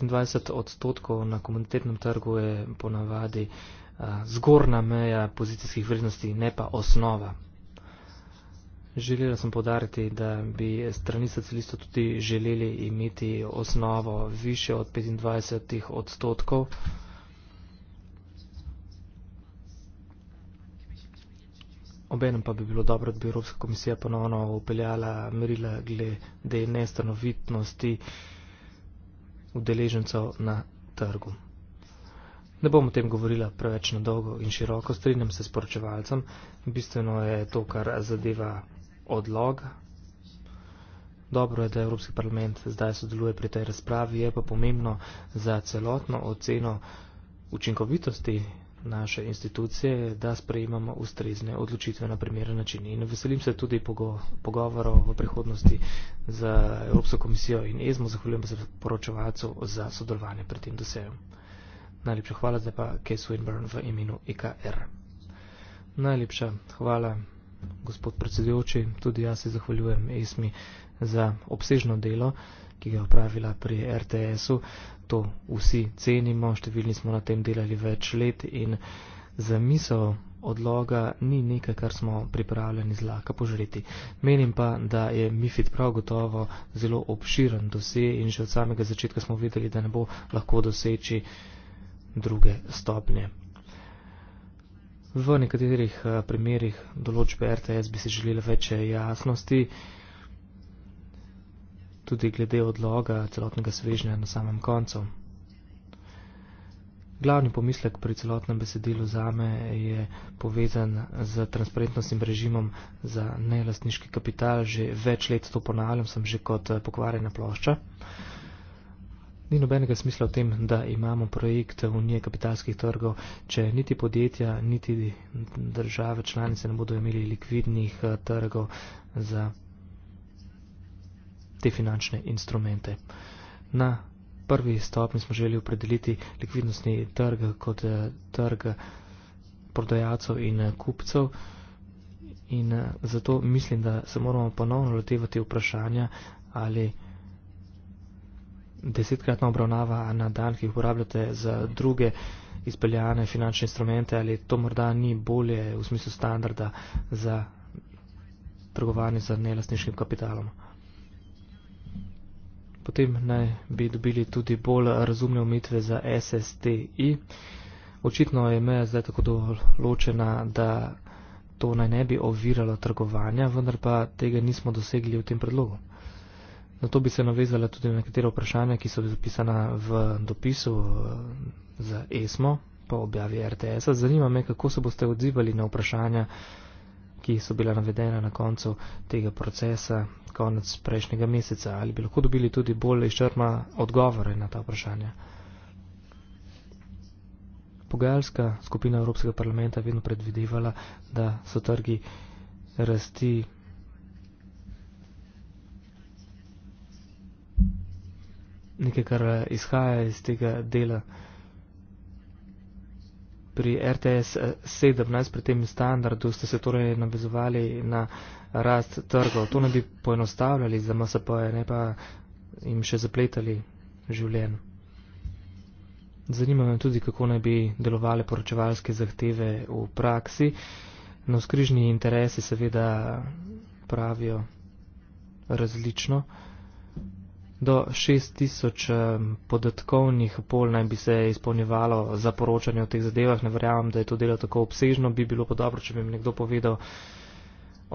25 odstotkov na komunitetnem trgu je ponavadi uh, eh, zgorna meja pozicijskih vrednosti, ne pa osnova. Želela sem podariti, da bi strani socialistov tudi želeli imeti osnovo više od 25 odstotkov. Obenem pa bi bilo dobro, da bi Evropska komisija ponovno upeljala merila glede nestanovitnosti uh, udeležencev na trgu. Ne bom o tem govorila preveč na dolgo in široko, strinjam se s poročevalcem, bistveno je to, kar zadeva odlog. Dobro je, da Evropski parlament zdaj sodeluje pri tej razpravi, je pa pomembno za celotno oceno učinkovitosti naše institucije, da sprejemamo ustrezne odločitve na primeren način. In veselim se tudi pogo pogovorov v prihodnosti z Evropsko komisijo in ESMO, zahvaljujem se poročevalcu za sodelovanje pred tem dosejem. Najlepša hvala zdaj pa K. Swinburne v imenu EKR. Najlepša hvala, gospod predsedujoči, tudi jaz se zahvaljujem ESMI za obsežno delo, ki ga je opravila pri RTS-u to vsi cenimo, številni smo na tem delali več let in za misel odloga ni nekaj, kar smo pripravljeni zlaka požreti. Menim pa, da je MIFID prav gotovo zelo obširen dosej in že od samega začetka smo videli, da ne bo lahko doseči druge stopnje. V nekaterih eh, primerih določbe RTS bi se želela več jasnosti tudi glede odloga celotnega svežnja na samem koncu. Glavni pomislek pri celotnem besedilu zame je povezan z transparentnostnim režimom za nelastniški kapital. Že več let to ponavljam, sem že kot eh, pokvarjena plošča. Ni nobenega smisla v tem, da imamo projekt Unije kapitalskih trgov, če niti podjetja, niti države članice ne bodo imeli likvidnih eh, trgov za te finančne instrumente. Na prvi stopni smo želi opredeliti likvidnostni trg kot eh, trg prodajalcev in eh, kupcev in eh, zato mislim, da se moramo ponovno lotevati vprašanja ali desetkratna obravnava na dan, ki jih uporabljate za druge izpeljane finančne instrumente ali to morda ni bolje v smislu standarda za trgovanje z nelastniškim kapitalom potem naj bi dobili tudi bolj razumne omitve za SSTI. Očitno je meja zdaj tako določena, da to naj ne bi oviralo trgovanja, vendar pa tega nismo dosegli v tem predlogu. Na to bi se navezala tudi na nekatera vprašanja, ki so zapisana v dopisu eh, za ESMO po objavi RTS-a. Zanima me, kako se boste odzivali na vprašanja ki so bila navedena na koncu tega procesa, konec prejšnjega meseca, ali bi lahko dobili tudi bolj izčrpna odgovore na ta vprašanja. Pogajalska skupina Evropskega parlamenta je vedno predvidevala, da so trgi rasti nekaj, kar izhaja iz tega dela pri RTS 17, eh, pri tem standardu, ste se torej navezovali na rast trgov. To ne bi poenostavljali za MSP, ne pa jim še zapletali življenj. Zanima me tudi, kako naj bi delovali poročevalske zahteve v praksi. No, skrižni interesi seveda pravijo različno. Do 6000 podatkovnih pol naj bi se izpolnjevalo za poročanje o teh zadevah. Ne verjamem, da je to delo tako obsežno. Bi bilo pa dobro, če bi mi nekdo povedal,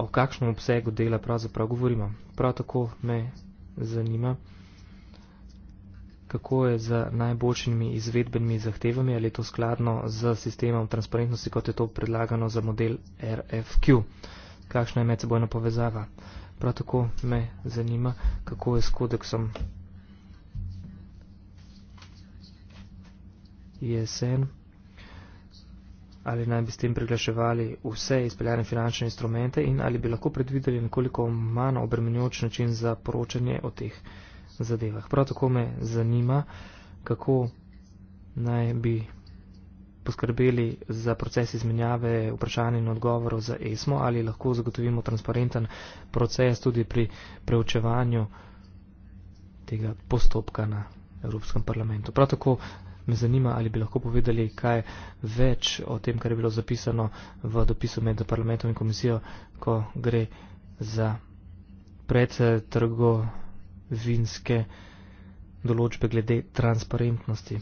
o kakšnem obsegu dela pravzaprav govorimo. Prav tako me zanima, kako je z najboljšimi izvedbenimi zahtevami, ali je to skladno z sistemom transparentnosti, kot je to predlagano za model RFQ. Kakšna je medsebojna povezava? Prav tako me zanima, kako je s kodeksom. ISN, ali naj bi s tem priglaševali vse izpeljane finančne instrumente in ali bi lahko predvideli nekoliko manj obremenjujoč način za poročanje o teh zadevah. Prav tako me zanima, kako naj bi poskrbeli za proces izmenjave vprašanj in odgovorov za ESMO, ali lahko zagotovimo transparenten proces tudi pri preučevanju tega postopka na Evropskem parlamentu. Prav tako me zanima, ali bi lahko povedali kaj več o tem, kar je bilo zapisano v dopisu med parlamentom in komisijo, ko gre za predtrgovinske določbe glede transparentnosti.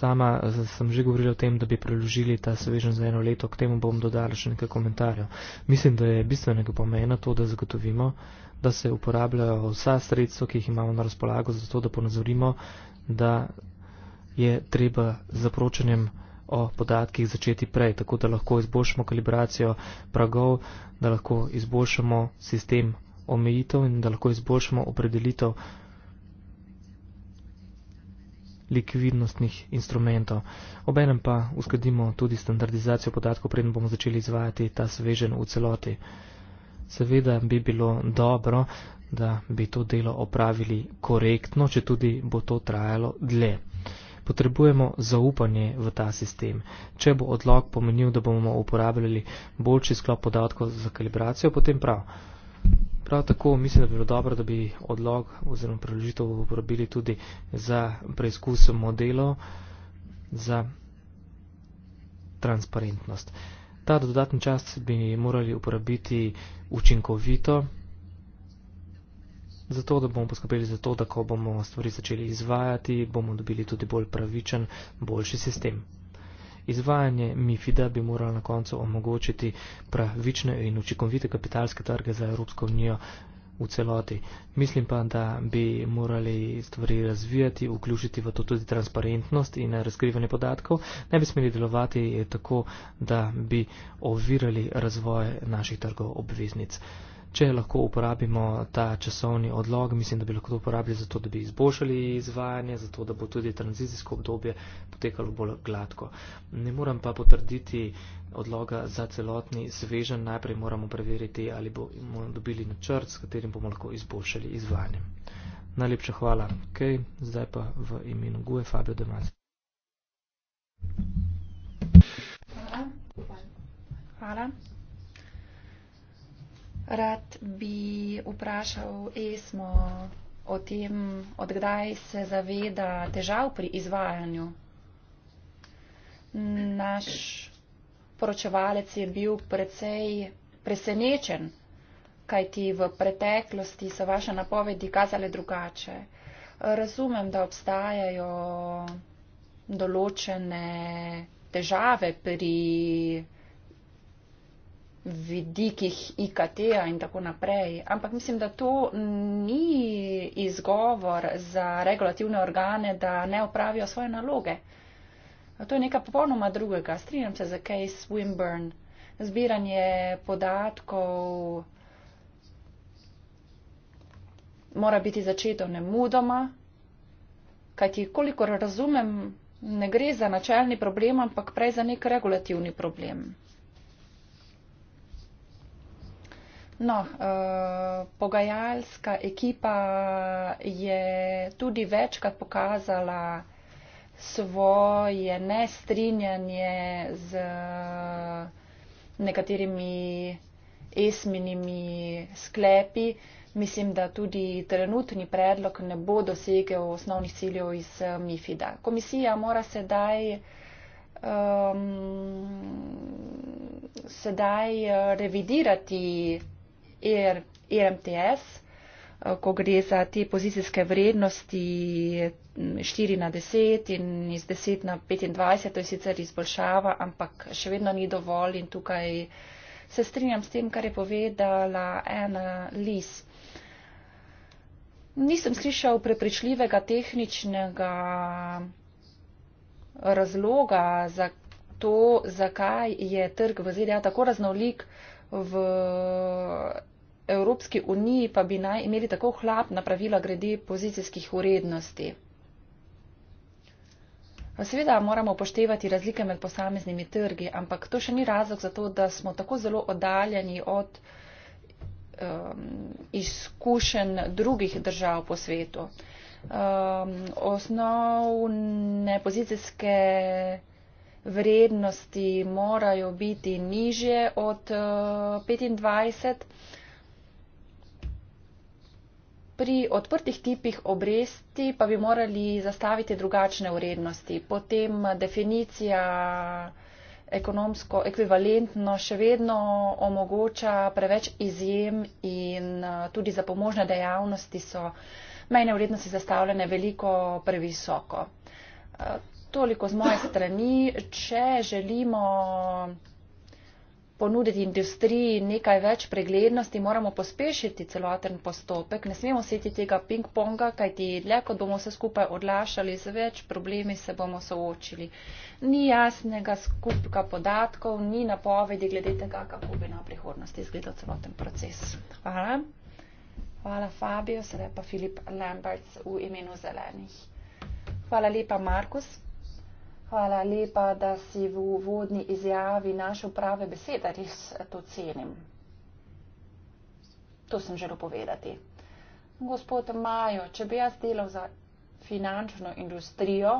sama sem že govorila o tem, da bi preložili ta svežen za eno leto, k temu bom dodala še nekaj komentarjev. Mislim, da je bistvenega pomena to, da zagotovimo, da se uporabljajo vsa sredstva, ki jih imamo na razpolago, zato da ponazorimo, da je treba z zapročenjem o podatkih začeti prej, tako da lahko izboljšamo kalibracijo pragov, da lahko izboljšamo sistem omejitev in da lahko izboljšamo opredelitev likvidnostnih instrumentov. Obenem pa uskladimo tudi standardizacijo podatkov, preden bomo začeli izvajati ta svežen v celoti. Seveda bi bilo dobro, da bi to delo opravili korektno, če tudi bo to trajalo dlje. Potrebujemo zaupanje v ta sistem. Če bo odlog pomenil, da bomo uporabljali boljši sklop podatkov za kalibracijo, potem prav. Prav tako mislim, da bi bilo dobro, da bi odlog oziroma preložitev uporabili tudi za preizkus modelov za transparentnost. Ta dodatni čas bi morali uporabiti učinkovito, zato da bomo poskrbeli za to, da ko bomo stvari začeli izvajati, bomo dobili tudi bolj pravičen, boljši sistem. Izvajanje MIFID-a bi moralo na koncu omogočiti pravične in učinkovite kapitalske trge za Evropsko unijo v celoti. Mislim pa, da bi morali stvari razvijati, vključiti v to tudi transparentnost in razkrivanje podatkov. Ne bi smeli delovati tako, da bi ovirali razvoj naših trgov obveznic. Če lahko uporabimo ta časovni odlog, mislim, da bi lahko to uporabili za to, da bi izboljšali izvajanje, za to, da bo tudi tranzicijsko obdobje potekalo bolj gladko. Ne moram pa potrditi odloga za celotni svežen, najprej moramo preveriti, ali bomo dobili načrt, s katerim bomo lahko izboljšali izvajanje. Najlepša hvala. Ok, zdaj pa v imenu Gue Fabio Demaz. Hvala. hvala. Rad bi vprašal Esmo o tem, odkdaj se zaveda težav pri izvajanju. Naš poročevalec je bil precej presenečen, kaj ti v preteklosti so vaše napovedi kazale drugače. Razumem, da obstajajo določene težave pri izvajanju vidikih IKT-ja in tako naprej. Ampak mislim, da to ni izgovor za regulativne organe, da ne opravijo svoje naloge. To je nekaj popolnoma drugega. Strinjam se za case Wimburn. Zbiranje podatkov mora biti začeto nemudoma, kajti kolikor razumem, ne gre za načelni problem, ampak prej za nek regulativni problem. No, uh, pogajalska ekipa je tudi večkrat pokazala svoje nestrinjanje z nekaterimi esminimi sklepi. Mislim, da tudi trenutni predlog ne bo dosegel osnovnih ciljev iz eh, MIFID-a. Komisija mora sedaj, um, sedaj eh, revidirati ER, ERMTS, eh, ko gre za te pozicijske vrednosti 4 na 10 in iz 10 na 25, to je sicer izboljšava, ampak še vedno ni dovolj in tukaj se strinjam s tem, kar je povedala Anna Lis. Nisem slišal prepričljivega tehničnega razloga za to, zakaj je trg v ZDA tako raznolik v Evropski uniji pa bi naj imeli tako hlapna pravila glede pozicijskih urednosti. Seveda moramo upoštevati razlike med posameznimi trgi, ampak to še ni razlog za to, da smo tako zelo oddaljeni od um, izkušenj drugih držav po svetu. Um, osnovne pozicijske vrednosti morajo biti niže od uh, 25 pri odprtih tipih obresti pa bi morali zastaviti drugačne vrednosti. Potem definicija ekonomsko ekvivalentno še vedno omogoča preveč izjem in eh, tudi za pomožne dejavnosti so mejne vrednosti zastavljene veliko previsoko. Eh, toliko z moje strani, če želimo ponuditi industriji nekaj več preglednosti, moramo pospešiti celoten postopek, ne smemo seti tega ping-ponga, kajti dlje, ko bomo vse skupaj odlašali, z več problemi se bomo soočili. Ni jasnega skupka podatkov, ni napovedi glede tega, kako bi na prihodnosti izgledal celoten proces. Hvala. Hvala Fabio, sedaj pa Filip Lamberts v imenu zelenih. Hvala lepa, Markus. Hvala lepa, da si v uvodni izjavi našel prave besede. Res to cenim. To sem želel povedati. Gospod Majo, če bi jaz delal za finančno industrijo,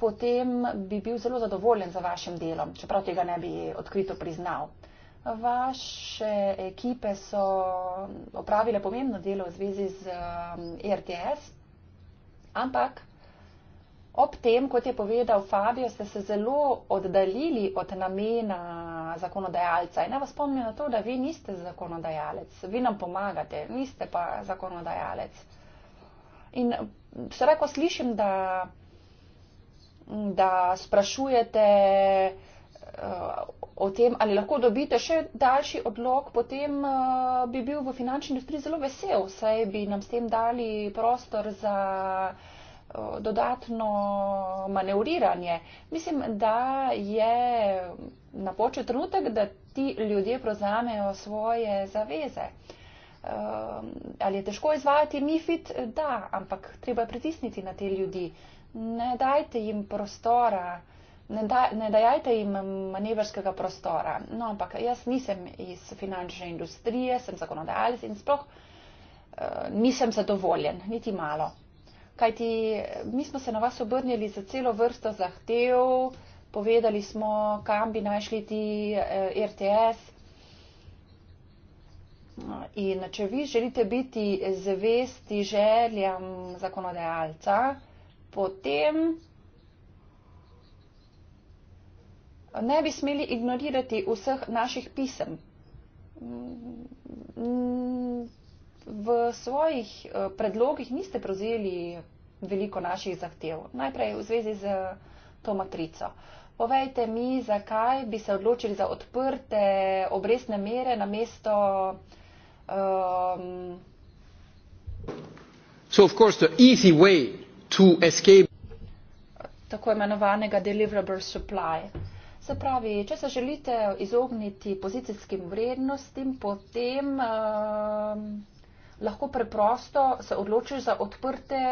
potem bi bil zelo zadovoljen za vašim delom, čeprav tega ne bi odkrito priznal. Vaše ekipe so opravile pomembno delo v zvezi z um, e RTS Ampak ob tem, kot je povedal Fabio, ste se zelo oddaljili od namena zakonodajalca. In naj vas spomnim na to, da vi niste zakonodajalec, vi nam pomagate, niste pa zakonodajalec. In še reko slišim, da, da sprašujete, Eh, o tem, ali lahko dobite še daljši odlog, potem eh, bi bil v finančni industriji zelo vesel, saj bi nam s tem dali prostor za eh, dodatno manevriranje. Mislim, da je napočil trenutek, da ti ljudje prozamejo svoje zaveze. Ali je težko izvajati MIFID? Da, ampak treba pritisniti na te ljudi. Ne dajte jim prostora ne, da, ne dajajte jim manevrskega prostora. No, ampak jaz nisem iz finančne industrije, sem zakonodajalec in sploh uh, nisem zadovoljen, niti malo. Kaj ti, mi smo se na vas obrnili za celo vrsto zahtev, povedali smo, kam bi našli ti uh, eh, RTS. In če vi želite biti zvesti željam zakonodajalca, potem ne bi smeli ignorirati vseh naših pisem. Mm, v svojih eh, predlogih niste prevzeli veliko naših zahtev. Najprej v zvezi z to matrico. Povejte mi, zakaj bi se odločili za odprte obrestne mere na mesto. Um, ehm, course, tako imenovanega deliverable supply. Uh, Se pravi, če se želite izogniti pozicijskim vrednostim, potem uh, lahko preprosto se odločiš za odprte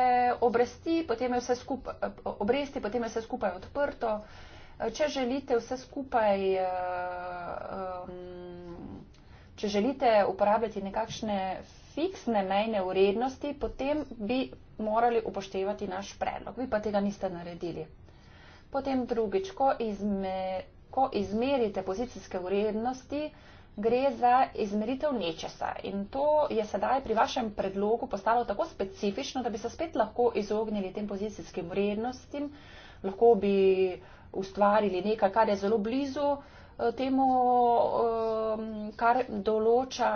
obresti, potem je vse skupaj, obresti, potem je vse skupaj odprto. Če želite vse skupaj. Uh, um, če želite uporabljati nekakšne fiksne mejne vrednosti, potem bi morali upoštevati naš predlog. Vi pa tega niste naredili. Potem drugič, ko, izme, ko izmerite pozicijske vrednosti, gre za izmeritev nečesa. In to je sedaj pri vašem predlogu postalo tako specifično, da bi se spet lahko izognili tem pozicijskim vrednostim, lahko bi ustvarili nekaj, kar je zelo blizu eh, temu, eh, kar določa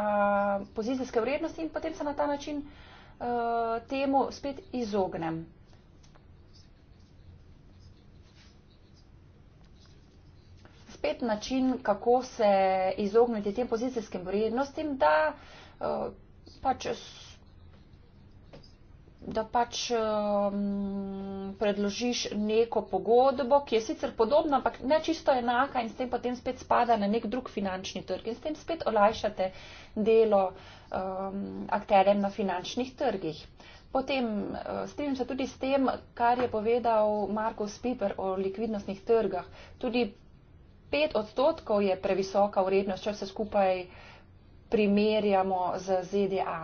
pozicijske vrednosti in potem se na ta način eh, temu spet izognem. spet način, kako se izogniti tem pozicijskim vrednostim, da uh, pač, da pač um, predložiš neko pogodbo, ki je sicer podobna, ampak ne čisto enaka in s tem potem spet spada na nek drug finančni trg in s tem spet olajšate delo um, akterjem na finančnih trgih. Potem eh, strinjam se tudi s tem, kar je povedal Marko Spiper o likvidnostnih trgah. Tudi 5 odstotkov je previsoka vrednost, če se skupaj primerjamo z ZDA.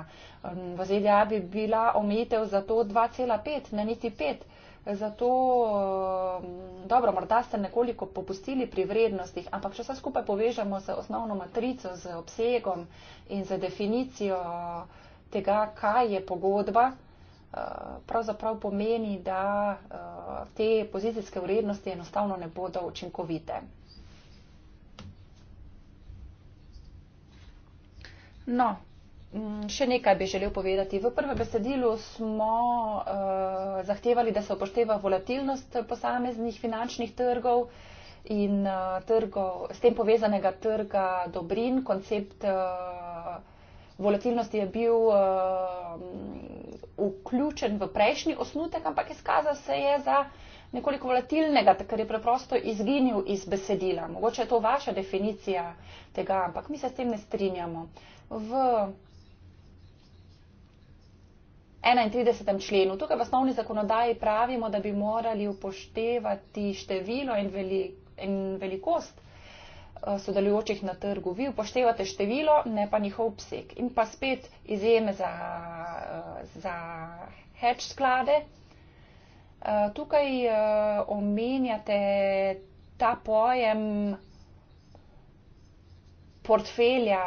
V ZDA bi bila omejitev za to 2,5, ne niti 5. Zato, dobro, morda ste nekoliko popustili pri vrednostih, ampak če se skupaj povežemo z osnovno matrico, z obsegom in z definicijo tega, kaj je pogodba, eh, pravzaprav pomeni, da eh, te pozicijske vrednosti enostavno ne bodo učinkovite. No, mm, še nekaj bi želel povedati. V prvem besedilu smo uh, zahtevali, da se upošteva volatilnost posameznih finančnih trgov in uh, trgov, s tem povezanega trga dobrin. Koncept uh, volatilnosti je bil uh, vključen v prejšnji osnutek, ampak izkazal se je za nekoliko volatilnega, ker je preprosto izginil iz besedila. Mogoče je to vaša definicija tega, ampak mi se s tem ne strinjamo. Uh, v 31. členu. Tukaj v osnovni zakonodaji pravimo, da bi morali upoštevati število in, veli, in velikost eh, sodelujočih na trgu. Vi upoštevate število, ne pa njihov obseg. In pa spet izjeme za, eh, za hedge sklade. Eh, tukaj omenjate ta pojem portfelja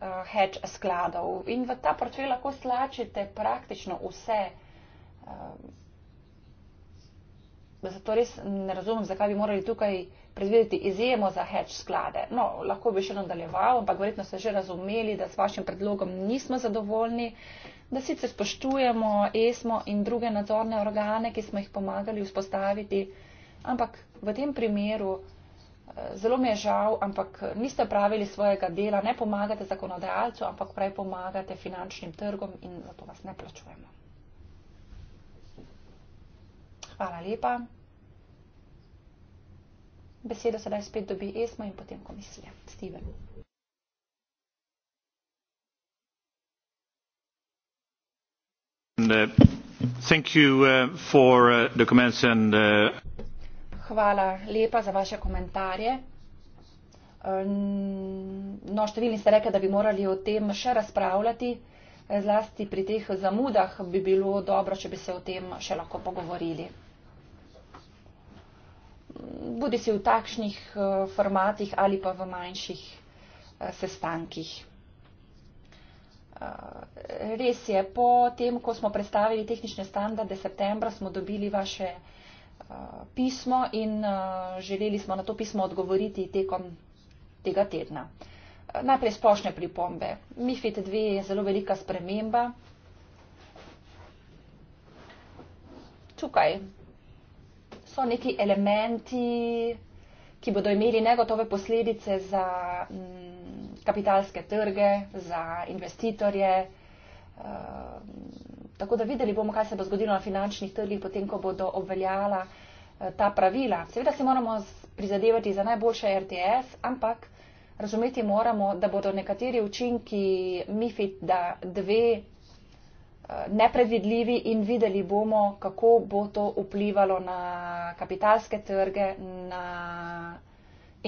uh, hedge skladov in v ta portfelj lahko slačite praktično vse. Um, zato res ne razumem, zakaj bi morali tukaj predvideti izjemo za hedge sklade. No, lahko bi še nadaljeval, ampak verjetno ste že razumeli, da s vašim predlogom nismo zadovoljni, da sicer spoštujemo ESMO in druge nadzorne organe, ki smo jih pomagali vzpostaviti, ampak v tem primeru zelo mi je žal, ampak niste pravili svojega dela, ne pomagate zakonodajalcu, ampak prej pomagate finančnim trgom in zato vas ne plačujemo. Hvala lepa. Besedo sedaj spet dobi ESMA in potem komisija. Steven. Uh, thank you uh, for uh, the comments and uh hvala lepa za vaše komentarje. Ehm, no, številni ste rekli, da bi morali o tem še razpravljati. Zlasti pri teh zamudah bi bilo dobro, če bi se o tem še lahko pogovorili. Bodi si v takšnih eh, formatih ali pa v manjših eh, sestankih. Eh, res je, po tem, ko smo predstavili tehnične standarde septembra, smo dobili vaše. Eh, pismo in eh, želeli smo na to pismo odgovoriti tekom tega tedna. Eh, najprej splošne pripombe. MIFID 2 je zelo velika sprememba. Tukaj so neki elementi, ki bodo imeli negotove posledice za mm, kapitalske trge, za investitorje. Tako da videli bomo, kaj se bo zgodilo na finančnih trgih, potem, ko bodo obveljala eh, ta pravila. Seveda si moramo prizadevati za najboljše RTS, ampak razumeti moramo, da bodo nekateri učinki MIFID 2 eh, nepredvidljivi in videli bomo, kako bo to vplivalo na kapitalske trge, na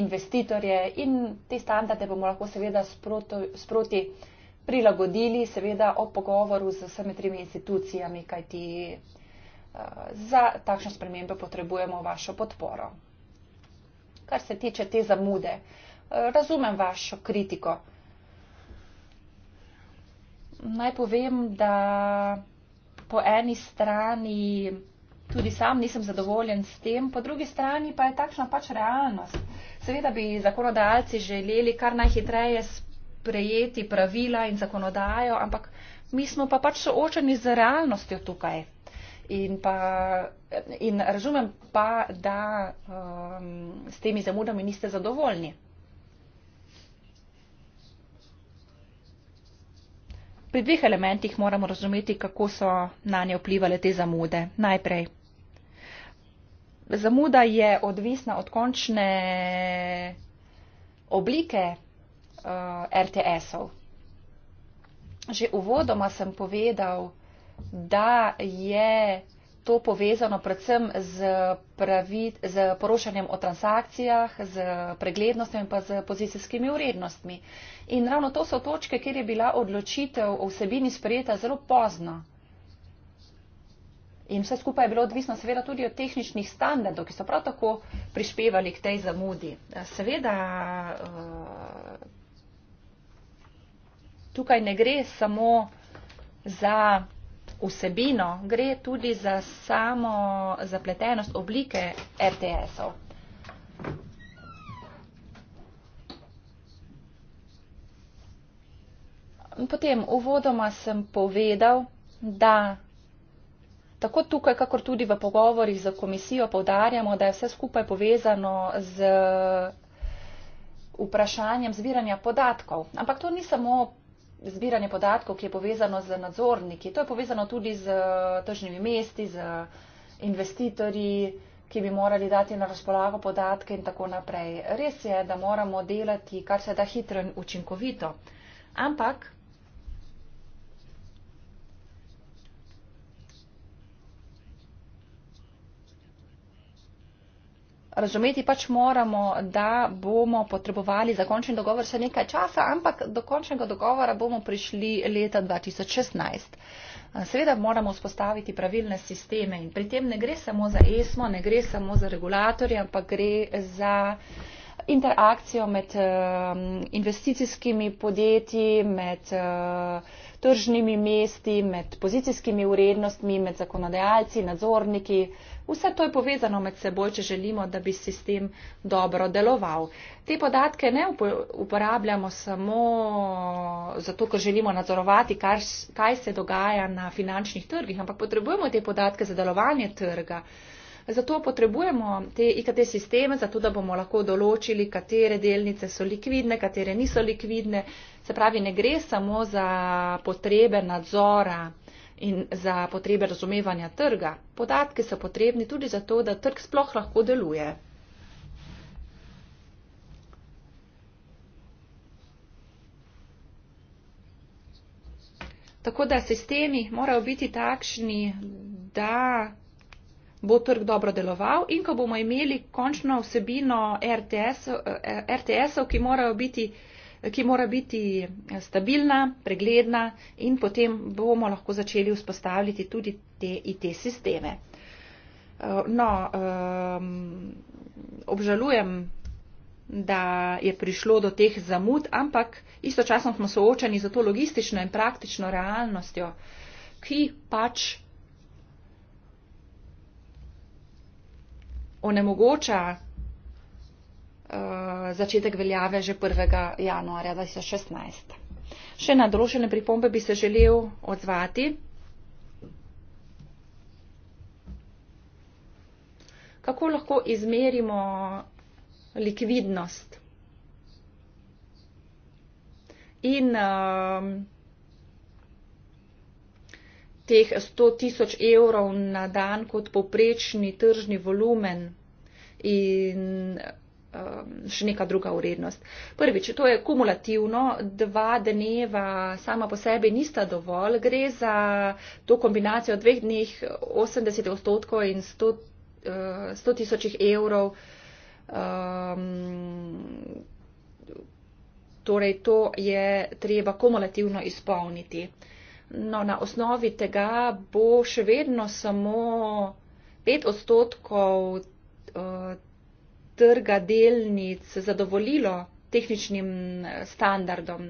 investitorje in te standarde bomo lahko seveda sproti. sproti prilagodili, seveda, o pogovoru z vsemi tremi institucijami, kajti eh, za takšne spremembe potrebujemo vašo podporo. Kar se tiče te zamude, eh, razumem vašo kritiko. Naj povem, da po eni strani tudi sam nisem zadovoljen s tem, po drugi strani pa je takšna pač realnost. Seveda bi zakonodajalci želeli kar najhitreje spremeniti prejeti pravila in zakonodajo, ampak mi smo pa pač soočeni z realnostjo tukaj. In, pa, in razumem pa, da um, s temi zamudami niste zadovoljni. Pri dveh elementih moramo razumeti, kako so na nje vplivali te zamude. Najprej. Zamuda je odvisna od končne oblike uh, eh, RTS-ov. Že uvodoma sem povedal, da je to povezano predvsem z, pravi, z poročanjem o transakcijah, z preglednostjo in pa z pozicijskimi urednostmi. In ravno to so točke, kjer je bila odločitev o vsebini sprejeta zelo pozno. In vse skupaj je bilo odvisno seveda tudi od tehničnih standardov, ki so prav tako prišpevali k tej zamudi. Seveda. Uh, tukaj ne gre samo za vsebino, gre tudi za samo zapletenost oblike RTS-ov. Potem uvodoma sem povedal, da tako tukaj, kakor tudi v pogovorih z komisijo povdarjamo, da je vse skupaj povezano z vprašanjem zbiranja podatkov. Ampak to ni samo zbiranje podatkov, ki je povezano z nadzorniki. To je povezano tudi z eh, tržnimi mesti, z investitorji, ki bi morali dati na razpolago podatke in tako naprej. Res je, da moramo delati kar se da hitro in učinkovito. Ampak razumeti pač moramo, da bomo potrebovali za končni dogovor še nekaj časa, ampak do končnega dogovora bomo prišli leta 2016. Seveda moramo vzpostaviti pravilne sisteme in pri tem ne gre samo za ESMO, ne gre samo za regulatorje, ampak gre za interakcijo med eh, investicijskimi podjetji, med eh, tržnimi mesti, med pozicijskimi urednostmi, med zakonodajalci, nadzorniki. Vse to je povezano med seboj, če želimo, da bi sistem dobro deloval. Te podatke ne uporabljamo samo zato, ker želimo nadzorovati, kar, kaj se dogaja na finančnih trgih, ampak potrebujemo te podatke za delovanje trga. Zato potrebujemo te IKT sisteme, zato da bomo lahko določili, katere delnice so likvidne, katere niso likvidne. Se pravi, ne gre samo za potrebe nadzora in za potrebe razumevanja trga. Podatki so potrebni tudi zato, da trg sploh lahko deluje. Tako da sistemi morajo biti takšni, da bo trg dobro deloval in ko bomo imeli končno vsebino RTS-ov, eh, RTS ki morajo biti ki mora biti stabilna, pregledna in potem bomo lahko začeli vzpostavljati tudi te IT sisteme. Eh, no, um, obžalujem, da je prišlo do teh zamud, ampak istočasno smo soočeni z to logistično in praktično realnostjo, ki pač onemogoča Eh, začetek veljave že 1. januarja 2016. Še na določene pripombe bi se želel odzvati. Kako lahko izmerimo likvidnost in um, teh 100 tisoč evrov na dan kot poprečni tržni volumen in Um, še neka druga urednost. Prvič, to je kumulativno, dva dneva sama po sebi nista dovolj, gre za to kombinacijo dveh dneh 80 odstotkov in 100 uh, tisočih evrov. Um, torej, to je treba kumulativno izpolniti. No, na osnovi tega bo še vedno samo 5 odstotkov uh, trga delnic zadovoljilo tehničnim eh, standardom.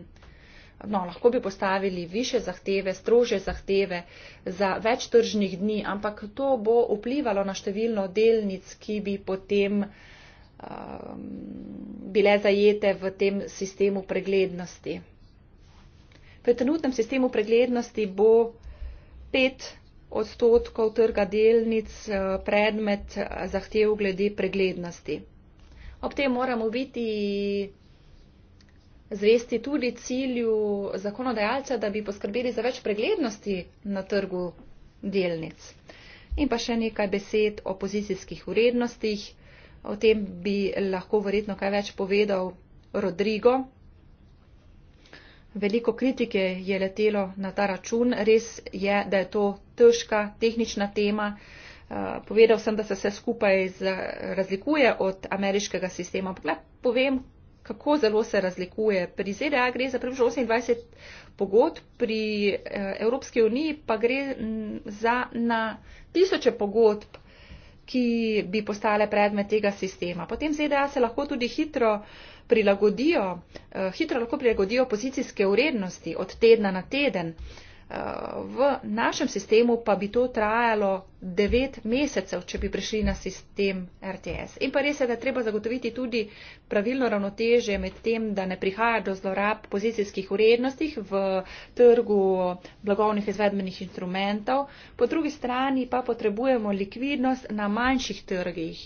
No, lahko bi postavili više zahteve, strože zahteve za več tržnih dni, ampak to bo vplivalo na število delnic, ki bi potem um, bile zajete v tem sistemu preglednosti. V trenutnem sistemu preglednosti bo 5 odstotkov trga delnic eh, predmet eh, zahtev glede preglednosti. Ob tem moramo biti zvesti tudi cilju zakonodajalca, da bi poskrbeli za več preglednosti na trgu delnic. In pa še nekaj besed o pozicijskih urednostih. O tem bi lahko verjetno kaj več povedal Rodrigo. Veliko kritike je letelo na ta račun. Res je, da je to težka tehnična tema. Eh, povedal sem, da se vse skupaj razlikuje od ameriškega sistema. Pogled, povem, kako zelo se razlikuje. Pri ZDA gre za približno 28 pogod, pri eh, Evropski uniji pa gre za na tisoče pogodb ki bi postale predmet tega sistema. Potem ZDA se lahko tudi hitro prilagodijo, eh, hitro lahko prilagodijo pozicijske urednosti od tedna na teden. Uh, V našem sistemu pa bi to trajalo 9 mesecev, če bi prišli na sistem RTS. In pa res je, da treba zagotoviti tudi pravilno ravnoteže med tem, da ne prihaja do zlorab pozicijskih urednosti v trgu blagovnih izvedbenih instrumentov, po drugi strani pa potrebujemo likvidnost na manjših trgih.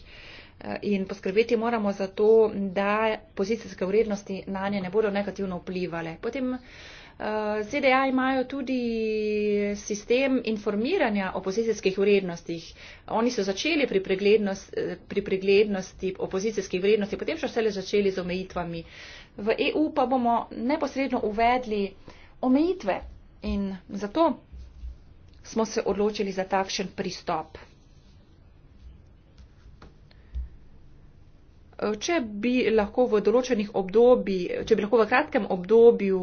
In poskrbeti moramo za to, da pozicijske urednosti na nje ne bodo negativno vplivali. Potem Eh, ZDA imajo tudi sistem informiranja o pozicijskih vrednostih. Oni so začeli pri, preglednost, pri preglednosti opozicijskih vrednosti, potem so šele začeli z omejitvami. V EU pa bomo neposredno uvedli omejitve in zato smo se odločili za takšen pristop. Eh, če bi lahko v določenih obdobji, če bi lahko v kratkem obdobju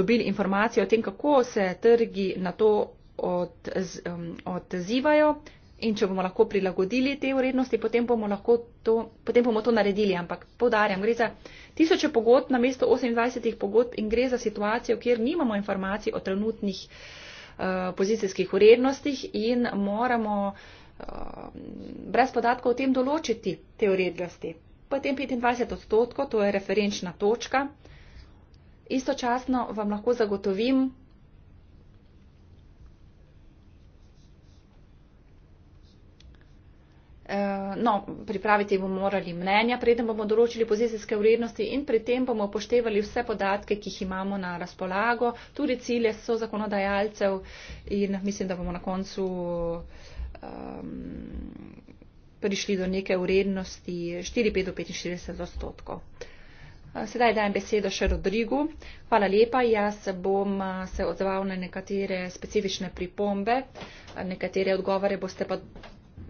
dobili informacije o tem, kako se trgi na to od, odzivajo in če bomo lahko prilagodili te urednosti, potem bomo, lahko to, potem bomo to naredili. Ampak podarjam, gre za tisoče pogod na mesto 28 pogod in gre za situacijo, kjer nimamo informacij o trenutnih eh, pozicijskih urednostih in moramo uh, brez podatkov o tem določiti te urednosti potem 25 odstotkov, to je referenčna točka. Istočasno vam lahko zagotovim, eh, No, pripraviti bomo morali mnenja, preden bomo določili pozicijske vrednosti in pri tem bomo upoštevali vse podatke, ki jih imamo na razpolago, tudi cilje so zakonodajalcev in mislim, da bomo na koncu um, prišli do neke urednosti 4,5 do 45 odstotkov. Sedaj dajem besedo še Rodrigu. Hvala lepa, jaz se bom se odzval na nekatere specifične pripombe, nekatere odgovore boste pa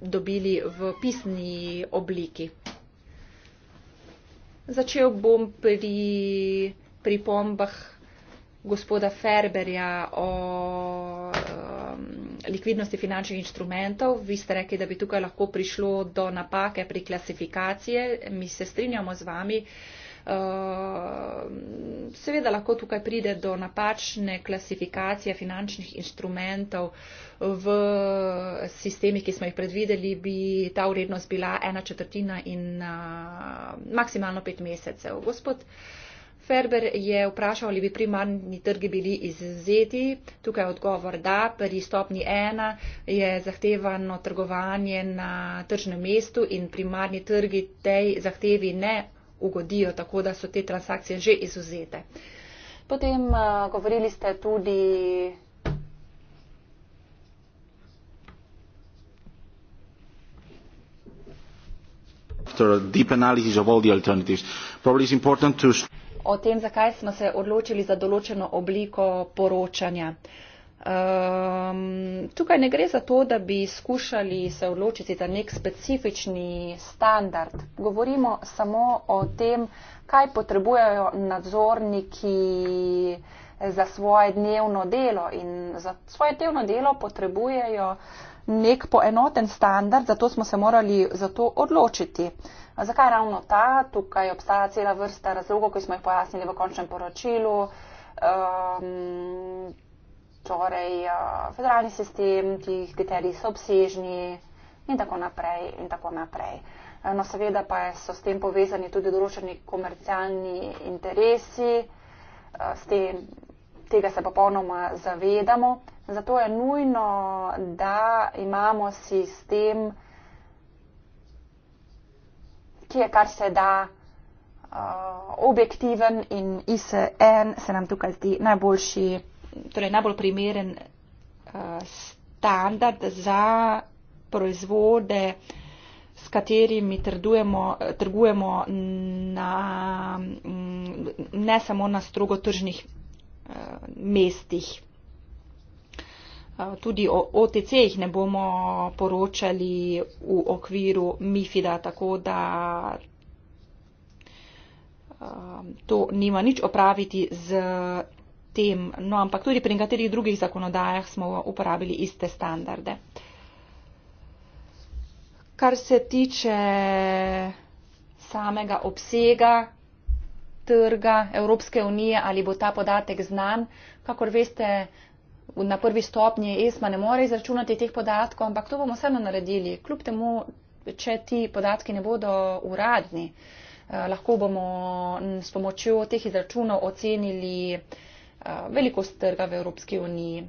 dobili v pisni obliki. Začel bom pri pripombah gospoda Ferberja o likvidnosti finančnih instrumentov. Vi ste rekli, da bi tukaj lahko prišlo do napake pri klasifikaciji. Mi se strinjamo z vami. Eh, seveda lahko tukaj pride do napačne klasifikacije finančnih instrumentov v sistemih, ki smo jih predvideli, bi ta vrednost bila ena četrtina in eh, maksimalno pet mesecev. Gospod, Ferber je vprašal, ali bi primarni trgi bili izuzeti. Tukaj je odgovor da. Pri stopni ena je zahtevano trgovanje na tržnem mestu in primarni trgi tej zahtevi ne ugodijo, tako da so te transakcije že izuzete. Potem uh, govorili ste tudi. After a deep analysis of all the alternatives, probably it's important to o tem, zakaj smo se odločili za določeno obliko poročanja. Um, tukaj ne gre za to, da bi skušali se odločiti za nek specifični standard. Govorimo samo o tem, kaj potrebujejo nadzorniki za svoje dnevno delo in za svoje dnevno delo potrebujejo nek poenoten standard, zato smo se morali za to odločiti. Uh, Zakaj ravno ta? Tukaj obstaja cela vrsta razlogov, ki smo jih pojasnili v končnem poročilu. Um, torej, uh, federalni sistem, ti kriteriji so obsežni in tako naprej in tako naprej. No, seveda pa so s tem povezani tudi določeni komercialni interesi, s tem tega se popolnoma zavedamo. Zato je nujno, da imamo sistem, ki je kar se da uh, objektiven in ISN se nam tukaj zdi najboljši, torej najbolj primeren uh, standard za proizvode, s katerimi trdujemo, trgujemo na, mm, ne samo na strogo tržnih uh, mestih. Eh, tudi o OTC-jih ne bomo poročali v okviru MIFID-a, tako da eh, to nima nič opraviti z tem. No, ampak tudi pri nekaterih drugih zakonodajah smo uporabili iste standarde. Kar se tiče samega obsega trga Evropske unije, ali bo ta podatek znan, kakor veste, na prvi stopnji ESMA ne more izračunati teh podatkov, ampak to bomo vseeno naredili. Kljub temu, če ti podatki ne bodo uradni, eh, lahko bomo s pomočjo teh izračunov ocenili eh, velikost trga v Evropski uniji.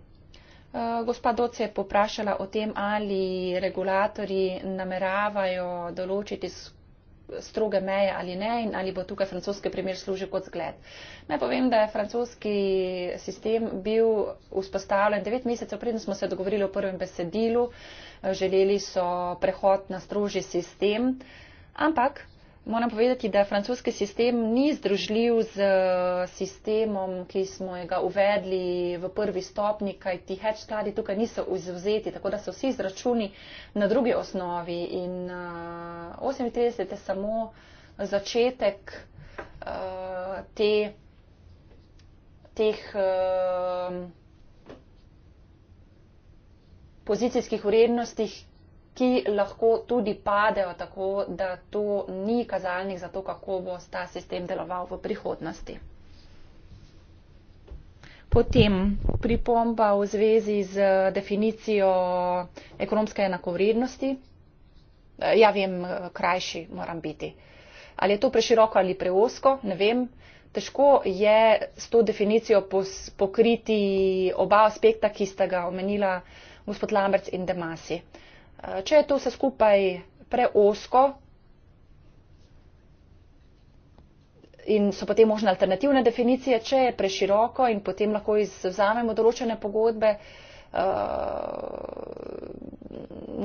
Eh, gospa Doc je poprašala o tem, ali regulatori nameravajo določiti stroge meje ali ne in ali bo tukaj francoski primer služil kot zgled. Naj povem, da je francoski sistem bil vzpostavljen devet mesecev, preden smo se dogovorili o prvem besedilu, želeli so prehod na strožji sistem, ampak Moram povedati, da francoski sistem ni združljiv z eh, sistemom, ki smo ga uvedli v prvi stopni, kaj ti hedge skladi tukaj niso izvzeti, tako da so vsi izračuni na drugi osnovi. In uh, eh, 38 je samo začetek uh, te, teh. Uh, pozicijskih vrednostih, ki lahko tudi padejo tako, da to ni kazalnik za to, kako bo ta sistem deloval v prihodnosti. Potem pripomba v zvezi z definicijo ekonomske enakovrednosti. Eh, ja, vem, eh, krajši moram biti. Ali je to preširoko ali preosko, ne vem. Težko je s to definicijo pokriti oba aspekta, ki sta ga omenila gospod Lamberts in Demasi. Uh, Eh, če je to vse skupaj preosko in so potem možne alternativne definicije, če je preširoko in potem lahko izvzamemo določene pogodbe. Eh,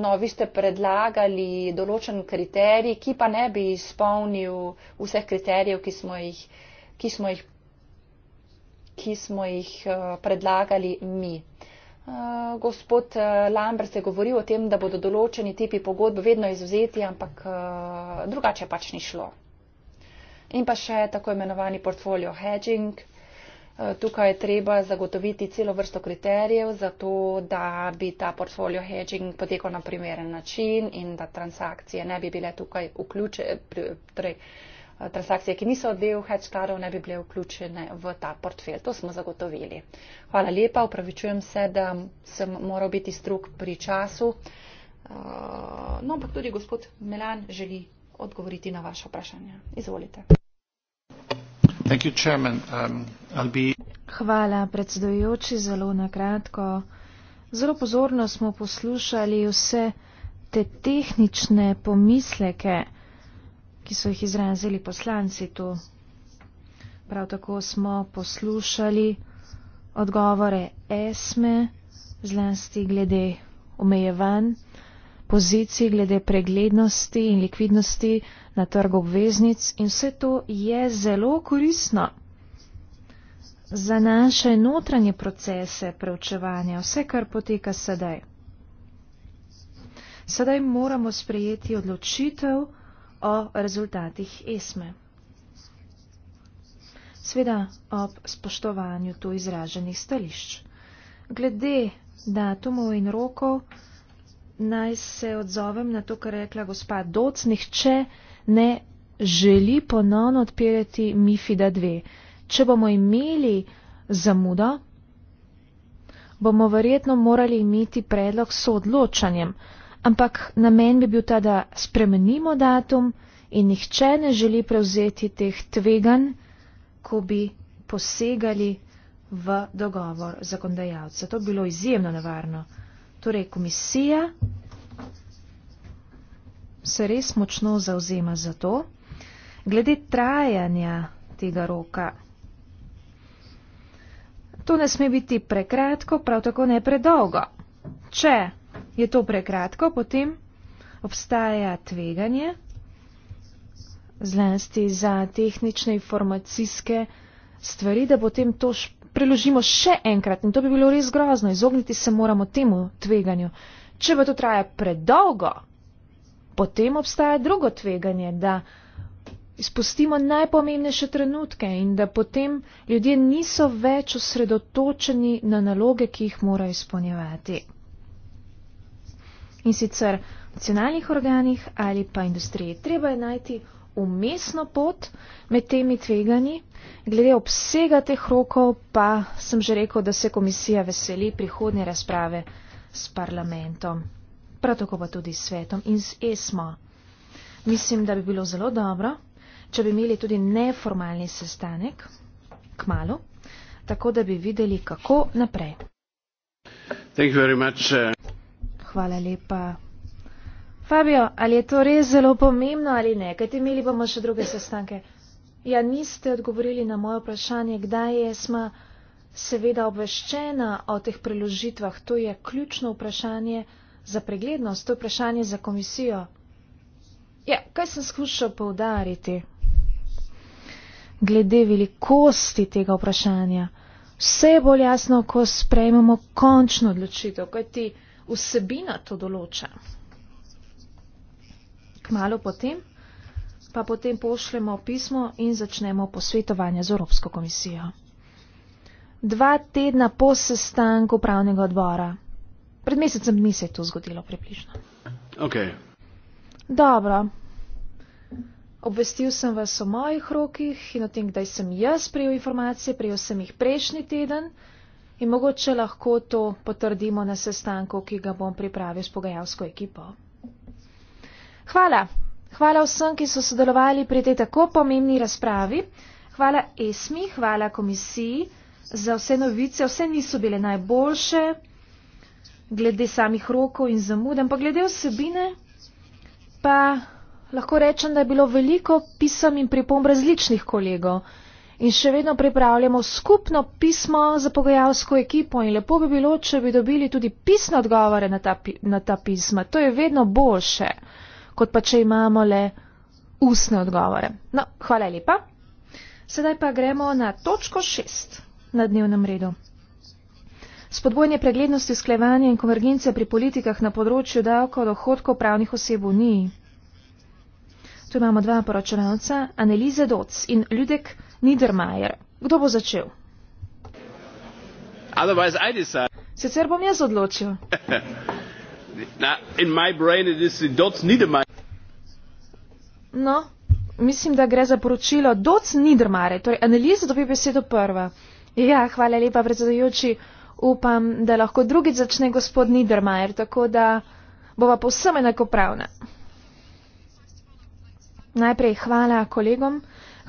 no, vi ste predlagali določen kriterij, ki pa ne bi izpolnil vseh kriterijev, ki smo jih, ki smo jih, ki smo jih eh, predlagali mi. Eh, gospod eh, Lambert je govoril o tem, da bodo določeni tipi pogodb vedno izuzeti, ampak eh, drugače pač ni šlo. In pa še tako imenovani portfolio hedging. Tukaj je treba zagotoviti celo vrsto kriterijev za to, da bi ta portfolio hedging potekal na primeren način in da transakcije ne bi bile tukaj vključene. Torej, transakcije, ki niso del hedgeskladov, ne bi bile vključene v ta portfelj. To smo zagotovili. Hvala lepa, upravičujem se, da sem moral biti strok pri času. Uh, no, ampak tudi gospod Melan želi odgovoriti na vaše vprašanje. Izvolite. You, um, be... Hvala, predsedujoči, zelo na kratko. Zelo pozorno smo poslušali vse te tehnične pomisleke ki so jih izrazili poslanci tu. Prav tako smo poslušali odgovore esme, zlasti glede omejevanj, pozicij glede preglednosti in likvidnosti na trgu obveznic in vse to je zelo koristno za naše notranje procese preučevanja, vse kar poteka sedaj. Sedaj moramo sprejeti odločitev, o rezultatih ESME. Sveda ob spoštovanju tu izraženih stališč. Glede datumov in rokov naj se odzovem na to, kar je rekla gospa Doc, nihče ne želi ponovno odpirati MIFID-2. Če bomo imeli zamudo, bomo verjetno morali imeti predlog s odločanjem ampak namen bi bil ta, da spremenimo datum in nihče ne želi prevzeti teh tvegan, ko bi posegali v dogovor zakondajalca. To bi bilo izjemno nevarno. Torej, komisija se res močno zauzema za to. Glede trajanja tega roka, to ne sme biti prekratko, prav tako ne predolgo. Če je to prekratko, potem obstaja tveganje, zlasti za tehnične informacijske stvari, da potem to š, preložimo še enkrat. In to bi bilo res grozno, izogniti se moramo temu tveganju. Če pa to traja predolgo, potem obstaja drugo tveganje, da izpustimo najpomembnejše trenutke in da potem ljudje niso več osredotočeni na naloge, ki jih morajo izpolnjevati in sicer v nacionalnih organih ali pa industriji. Treba je najti umestno pot med temi tveganji. Glede obsega teh rokov pa sem že rekel, da se komisija veseli prihodnje razprave s parlamentom, prav tako pa tudi s svetom in z ESMO. Mislim, da bi bilo zelo dobro, če bi imeli tudi neformalni sestanek k malu, tako da bi videli, kako naprej. Thank you very much. Uh hvala lepa. Fabio, ali je to res zelo pomembno ali ne? Kaj te imeli bomo še druge sestanke? Ja, niste odgovorili na moje vprašanje, kdaj je sma seveda obveščena o teh preložitvah. To je ključno vprašanje za preglednost, to je vprašanje za komisijo. Ja, kaj sem skušal povdariti? Glede velikosti tega vprašanja, vse je bolj jasno, ko sprejmemo končno odločitev, kaj ti vsebina to določa. Kmalo potem pa potem pošljemo pismo in začnemo posvetovanje z Evropsko komisijo. Dva tedna po sestanku pravnega odbora. Pred mesecem dni se je to zgodilo približno. Ok. Dobro. Obvestil sem vas o mojih rokih in o tem, kdaj sem jaz prijel informacije, prijel sem jih prejšnji teden. Uh, In mogoče lahko to potrdimo na sestanku, ki ga bom pripravil s pogajalsko ekipo. Hvala. Hvala vsem, ki so sodelovali pri tej tako pomembni razpravi. Hvala ESMI, hvala komisiji za vse novice. Vse niso bile najboljše glede samih rokov in zamud, ampak glede vsebine pa lahko rečem, da je bilo veliko pisem in pripomb različnih kolegov in še vedno pripravljamo skupno pismo za pogajalsko ekipo in lepo bi bilo, če bi dobili tudi pisne odgovore na ta, na ta pisma. To je vedno boljše, kot pa če imamo le ustne odgovore. No, hvala lepa. Sedaj pa gremo na točko šest na dnevnem redu. Spodbojanje preglednosti sklevanja in konvergence pri politikah na področju davko dohodkov pravnih oseb v Uniji. Tu imamo dva poročevalca, Anneliese Doc in Ljudek. Niedermayer. Kdo bo začel? Sicer bom jaz odločil. No, mislim, da gre za poročilo Doc Niedermayer, torej analiza dobi besedo prva. Ja, hvala lepa, predsedujoči. Upam, da lahko drugi začne gospod Niedermayer, tako da bova povsem enakopravna. Najprej hvala kolegom.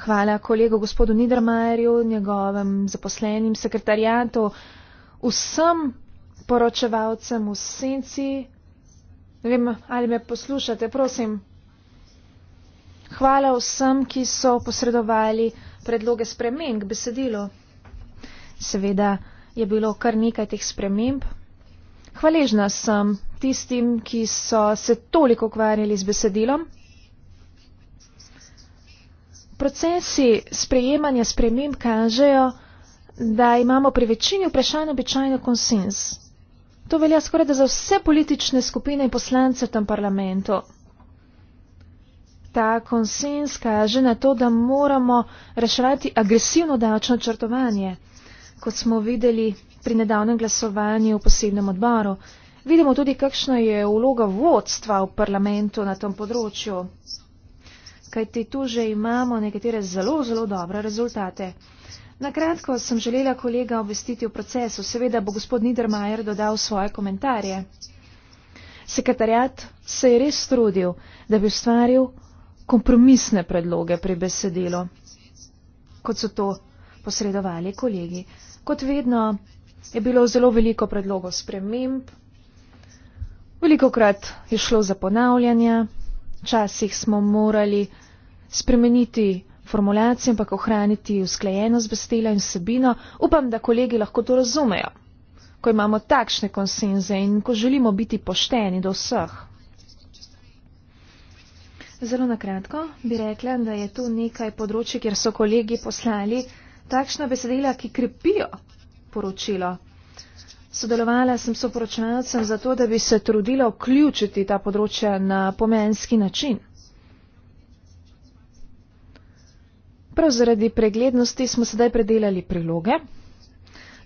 Hvala kolegu gospodu Nidermajerju, njegovem zaposlenim sekretarijatu, vsem poročevalcem v senci. Ne vem, ali me poslušate, prosim. Hvala vsem, ki so posredovali predloge sprememb k besedilu. Seveda je bilo kar nekaj teh sprememb. Hvaležna sem tistim, ki so se toliko ukvarjali z besedilom procesi sprejemanja sprememb kažejo, da imamo pri večini vprašanj običajno konsens. To velja skoraj za vse politične skupine in poslance v tem parlamentu. Ta konsens kaže na to, da moramo reševati agresivno davčno črtovanje, kot smo videli pri nedavnem glasovanju v posebnem odboru. Vidimo tudi, kakšna je vloga vodstva v parlamentu na tem področju kajti tu že imamo nekatere zelo, zelo dobre rezultate. Nakratko sem želela kolega obvestiti o procesu. Seveda bo gospod Niedermayer dodal svoje komentarje. Sekretarjat se je res trudil, da bi ustvaril kompromisne predloge pri besedilu, kot so to posredovali kolegi. Kot vedno je bilo zelo veliko predlogov sprememb, veliko krat je šlo za ponavljanje. Včasih smo morali spremeniti formulacijo, ampak ohraniti usklajenost bestela in sebino. Upam, da kolegi lahko to razumejo, ko imamo takšne konsenze in ko želimo biti pošteni do vseh. Zelo na kratko bi rekla, da je tu nekaj področji, kjer so kolegi poslali takšna besedila, ki krepijo poročilo. Sodelovala sem s poročevalcem zato, da bi se trudila vključiti ta področja na pomenski način. Prav zaradi preglednosti smo sedaj predelali priloge.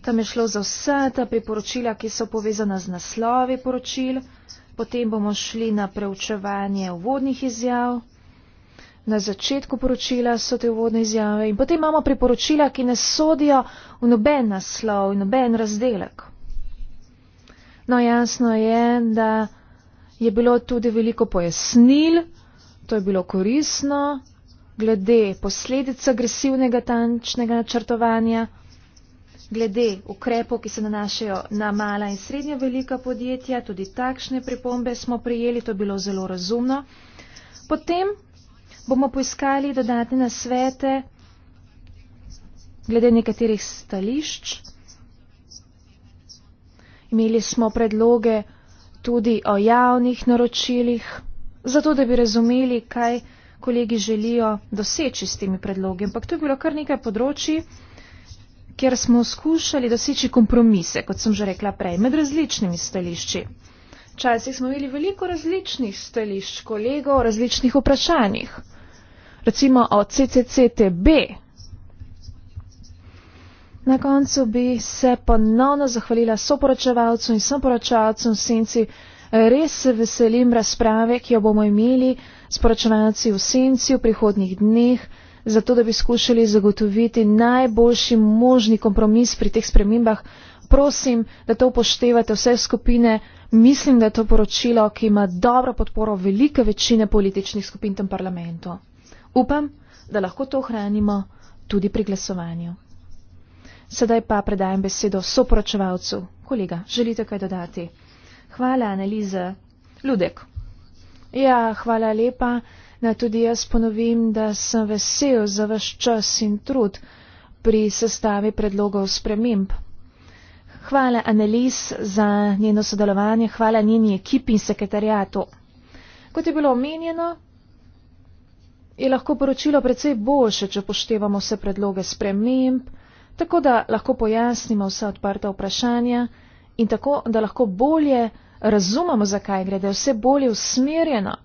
Tam je šlo za vse ta priporočila, ki so povezana z naslovi poročil. Potem bomo šli na preučevanje uvodnih izjav. Na začetku poročila so te uvodne izjave in potem imamo priporočila, ki ne sodijo v noben naslov, v noben razdelek. No jasno je, da je bilo tudi veliko pojasnil, to je bilo korisno, glede posledic agresivnega tančnega načrtovanja, glede ukrepov, ki se nanašajo na mala in srednja velika podjetja, tudi takšne pripombe smo prijeli, to je bilo zelo razumno. Potem bomo poiskali dodatne nasvete glede nekaterih stališč. Imeli smo predloge tudi o javnih naročilih, zato da bi razumeli, kaj kolegi želijo doseči s temi predlogi. Ampak to je bilo kar nekaj področji, kjer smo skušali doseči kompromise, kot sem že rekla prej, med različnimi stališči. Včasih smo imeli veliko različnih stališč kolegov o različnih vprašanjih. Recimo o CCCTB, Na koncu bi se ponovno zahvalila soporočevalcu in soporočevalcu v senci. Res se veselim razprave, ki jo bomo imeli s poročevalci v senci v prihodnjih dneh, zato da bi skušali zagotoviti najboljši možni kompromis pri teh spremembah. Prosim, da to upoštevate vse skupine. Mislim, da je to poročilo, ki ima dobro podporo velike večine političnih skupin v tem parlamentu. Upam, da lahko to ohranimo tudi pri glasovanju. Sedaj pa predajem besedo soporočevalcu. Kolega, želite kaj dodati? Hvala, Analiza. Ludek. Ja, hvala lepa. Na tudi jaz ponovim, da sem vesel za vaš čas in trud pri sestavi predlogov sprememb. Hvala, Analiz, za njeno sodelovanje. Hvala njeni ekipi in sekretarjatu. Kot je bilo omenjeno, je lahko poročilo precej boljše, če poštevamo vse predloge sprememb tako da lahko pojasnimo vsa odprta vprašanja in tako, da lahko bolje razumemo, zakaj gre, da je vse bolje usmerjeno.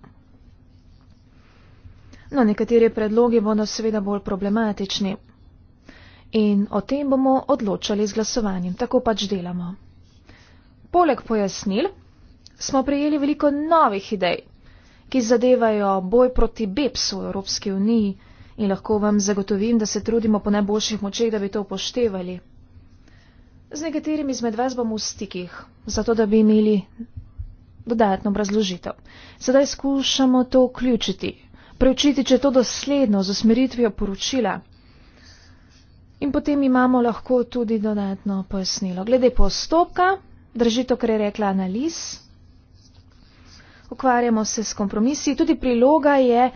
No, nekateri predlogi bodo seveda bolj problematični in o tem bomo odločali z glasovanjem, tako pač delamo. Poleg pojasnil smo prejeli veliko novih idej, ki zadevajo boj proti BEPS v Evropski uniji, in lahko vam zagotovim, da se trudimo po najboljših močeh, da bi to upoštevali. Z nekaterimi izmed vas bom v stikih, zato da bi imeli dodatno razložitev. Sedaj skušamo to vključiti, preučiti, če to dosledno z usmeritvijo poročila. In potem imamo lahko tudi dodatno pojasnilo. Glede postopka, drži to, kar je rekla analiz. Ukvarjamo se s kompromisi. Tudi priloga je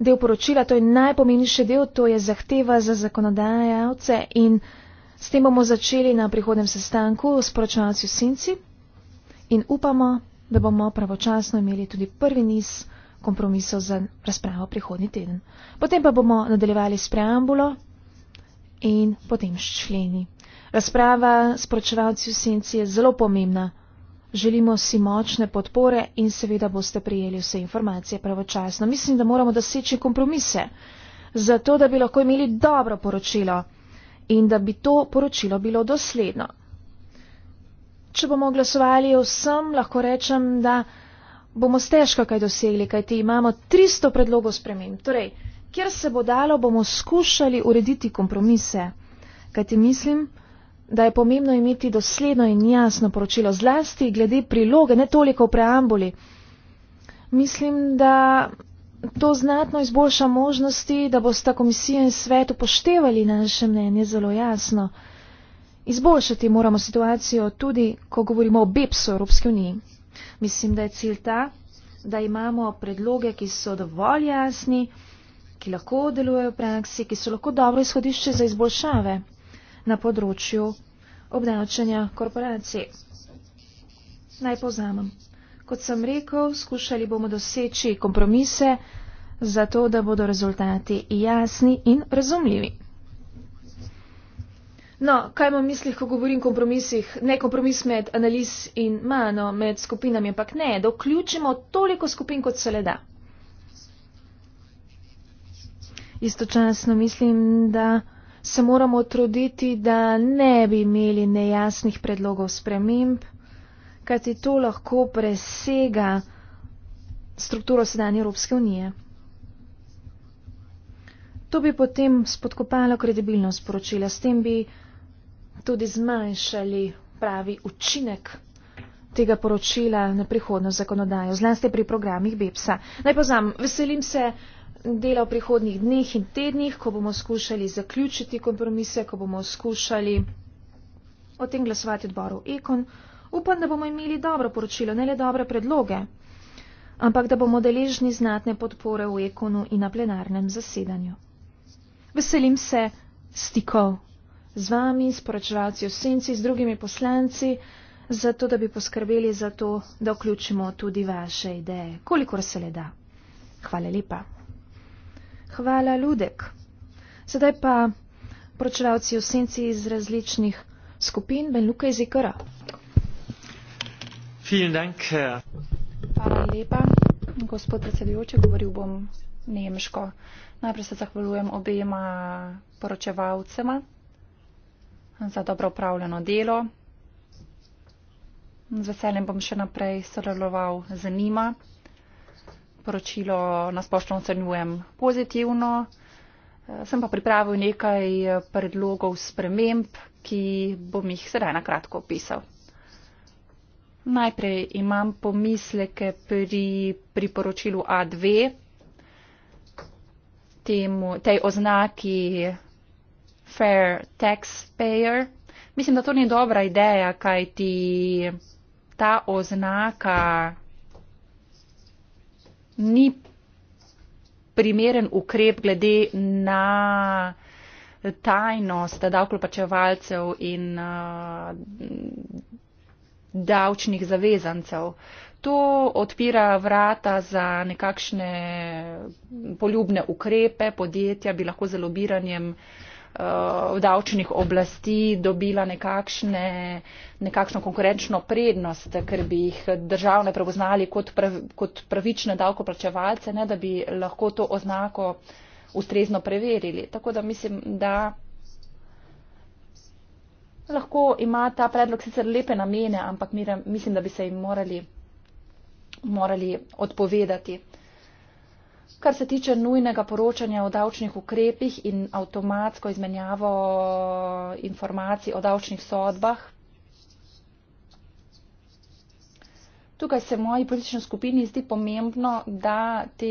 del poročila, to je najpomembnejši del, to je zahteva za zakonodajalce in s tem bomo začeli na prihodnem sestanku s poročevalci v Sinci in upamo, da bomo pravočasno imeli tudi prvi niz kompromisov za razpravo prihodnji teden. Potem pa bomo nadaljevali s preambulo in potem s členi. Razprava s poročevalci v Sinci je zelo pomembna. Želimo si močne podpore in seveda boste prijeli vse informacije pravočasno. Mislim, da moramo doseči kompromise, zato da bi lahko imeli dobro poročilo in da bi to poročilo bilo dosledno. Če bomo glasovali vsem, lahko rečem, da bomo stežka kaj dosegli, kajti imamo 300 predlogov spremem. Torej, kjer se bo dalo, bomo skušali urediti kompromise, kajti mislim, da je pomembno imeti dosledno in jasno poročilo zlasti glede priloge, ne toliko v preambuli. Mislim, da to znatno izboljša možnosti, da bosta komisija in svet upoštevali naše mnenje zelo jasno. Izboljšati moramo situacijo tudi, ko govorimo o BEPS-u Evropske unije. Mislim, da je cilj ta, da imamo predloge, ki so dovolj jasni, ki lahko delujejo v praksi, ki so lahko dobro izhodišče za izboljšave na področju obdavčanja korporacij. Naj povzamem. Kot sem rekel, skušali bomo doseči kompromise, zato da bodo rezultati jasni in razumljivi. No, kaj imam v mislih, ko govorim o kompromisih? Ne kompromis med analiz in mano, med skupinami, ampak ne, da vključimo toliko skupin, kot se le da. Istočasno mislim, da se moramo truditi, da ne bi imeli nejasnih predlogov sprememb, kajti to lahko presega strukturo sedanje Evropske unije. To bi potem spodkopalo kredibilno sporočila, s tem bi tudi zmanjšali pravi učinek tega poročila na prihodno zakonodajo, zlasti pri programih BEPS-a. Naj pozam, veselim se dela v prihodnih dneh in tednih, ko bomo skušali zaključiti kompromise, ko bomo skušali o tem glasovati odboru Ekon. Upam, da bomo imeli dobro poročilo, ne le dobre predloge, ampak da bomo deležni znatne podpore v Ekonu in na plenarnem zasedanju. Veselim se stikov z vami, s poročevalci v senci, z drugimi poslanci, zato da bi poskrbeli za to, da vključimo tudi vaše ideje, kolikor se le da. Hvala lepa. Hvala, Ludek. Sedaj pa poročevalci v senci iz različnih skupin. Ben Luka iz Ikora. Hvala lepa, gospod predsedujoči. Govoril bom nemško. Najprej se zahvaljujem obema poročevalcema za dobro upravljeno delo. Z veseljem bom še naprej sodeloval z njima poročilo nasplošno ocenjujem pozitivno. Eh, sem pa pripravil nekaj eh, predlogov sprememb, ki bom jih sedaj na kratko opisal. Najprej imam pomisleke pri priporočilu A2, temu, tej oznaki Fair Taxpayer. Mislim, da to ni dobra ideja, kaj ti ta oznaka ni primeren ukrep glede na tajnost davkoplačevalcev in uh, davčnih zavezancev. To odpira vrata za nekakšne poljubne ukrepe, podjetja bi lahko z lobiranjem uh, Eh, vdavčenih oblasti dobila nekakšne, nekakšno konkurenčno prednost, ker bi jih državne prepoznali kot, prav, kot pravične davkoplačevalce, ne da bi lahko to oznako ustrezno preverili. Tako da mislim, da lahko ima ta predlog sicer lepe namene, ampak mislim, da bi se jim morali, morali odpovedati. Kar se tiče nujnega poročanja o davčnih ukrepih in avtomatsko izmenjavo informacij o davčnih sodbah, tukaj se moji politični skupini zdi pomembno, da te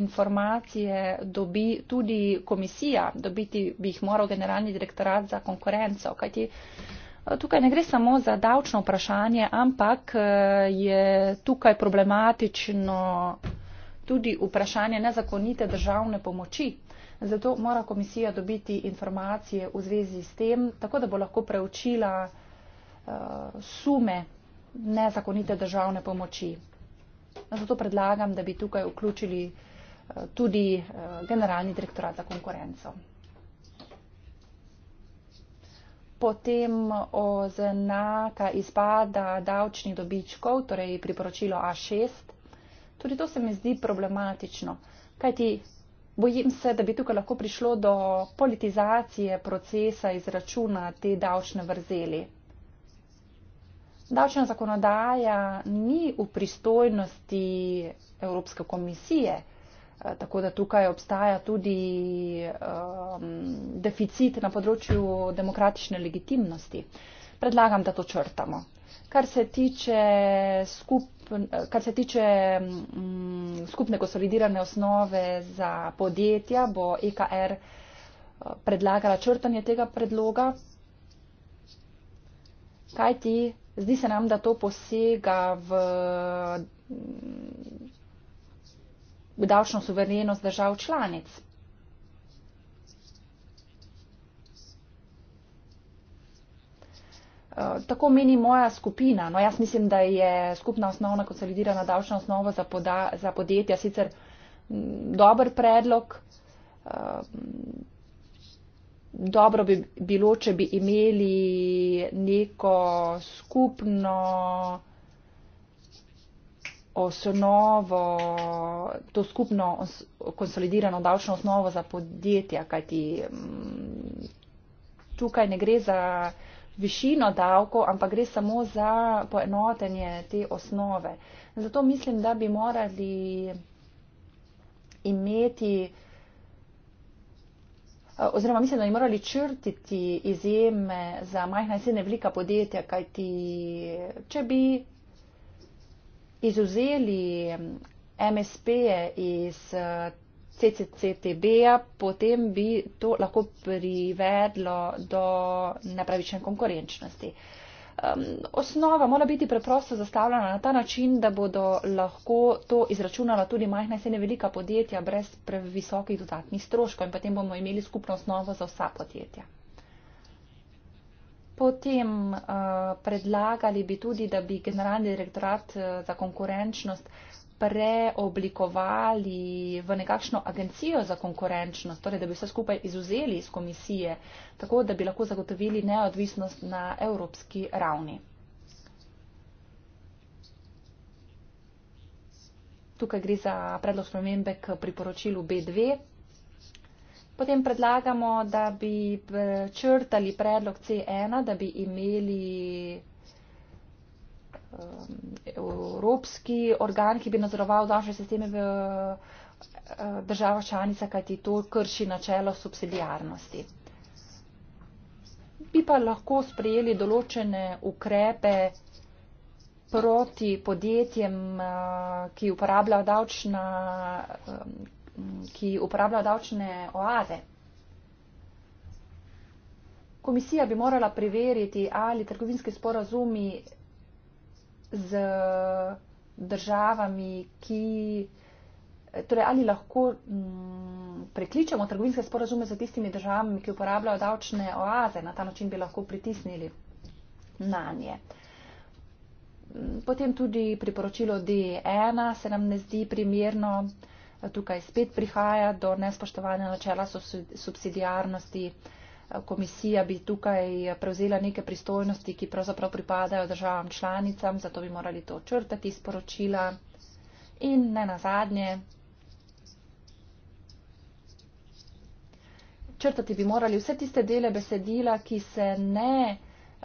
informacije dobi tudi komisija, dobiti bi jih moral generalni direktorat za konkurenco, kajti eh, tukaj ne gre samo za davčno vprašanje, ampak eh, je tukaj problematično tudi vprašanje nezakonite državne pomoči. Zato mora komisija dobiti informacije v zvezi s tem, tako da bo lahko preučila uh, sume nezakonite državne pomoči. Zato predlagam, da bi tukaj vključili uh, tudi uh, generalni direktorat za konkurenco. Potem oznaka izpada davčnih dobičkov, torej priporočilo A6, uh, Tudi to se mi zdi problematično, kajti bojim se, da bi tukaj lahko prišlo do politizacije procesa izračuna te davčne vrzeli. Davčna zakonodaja ni v pristojnosti Evropske komisije, eh, tako da tukaj obstaja tudi um, deficit na področju demokratične legitimnosti. Predlagam, da to črtamo kar se tiče, skup, kar se tiče mm, skupne konsolidirane osnove za podjetja, bo EKR eh, predlagala črtanje tega predloga. Kaj ti? Zdi se nam, da to posega v, mm, v davčno suverenost držav članic. Eh, tako meni moja skupina. No, jaz mislim, da je skupna osnovna konsolidirana davčna osnova za, poda, za podjetja sicer mm, dober predlog. Eh, dobro bi bilo, če bi imeli neko skupno osnovo, to skupno konsolidirano davčno osnovo za podjetja, kajti mm, tukaj ne gre za višino davkov, ampak gre samo za poenotenje te osnove. Zato mislim, da bi morali imeti oziroma mislim, da bi morali črtiti izjeme za majhna in srednja velika podjetja, kajti če bi izuzeli eh, MSP-je iz CCCTB, potem bi to lahko privedlo do nepravične konkurenčnosti. Um, osnova mora biti preprosto zastavljena na ta način, da bodo lahko to izračunala tudi majhna in srednja velika podjetja brez previsokih dodatnih stroškov in potem bomo imeli skupno osnovo za vsa podjetja. Potem uh, predlagali bi tudi, da bi generalni direktorat uh, za konkurenčnost uh, preoblikovali v nekakšno agencijo za konkurenčnost, torej da bi vse skupaj izuzeli iz komisije, tako da bi lahko zagotovili neodvisnost na evropski ravni. Tukaj gre za predlog spremembe k priporočilu B2. Potem predlagamo, da bi eh, črtali predlog C1, da bi imeli Um, evropski organ, ki bi nadzoroval davčne sisteme v eh, državah članica, kajti to krši načelo subsidijarnosti. Bi pa lahko sprejeli določene ukrepe proti podjetjem, eh, ki uporabljajo davčna eh, ki uporabljajo davčne oaze. Komisija bi morala preveriti, ali trgovinski sporazumi z državami, ki, torej ali lahko mm, prekličemo trgovinske sporazume z tistimi državami, ki uporabljajo davčne oaze, na ta način bi lahko pritisnili na nje. Potem tudi priporočilo D1 se nam ne zdi primerno, tukaj spet prihaja do nespoštovanja načela subsidijarnosti. So komisija bi tukaj prevzela neke pristojnosti, ki pravzaprav pripadajo državam članicam, zato bi morali to črtati iz poročila. In ne nazadnje, črtati bi morali vse tiste dele besedila, ki se ne,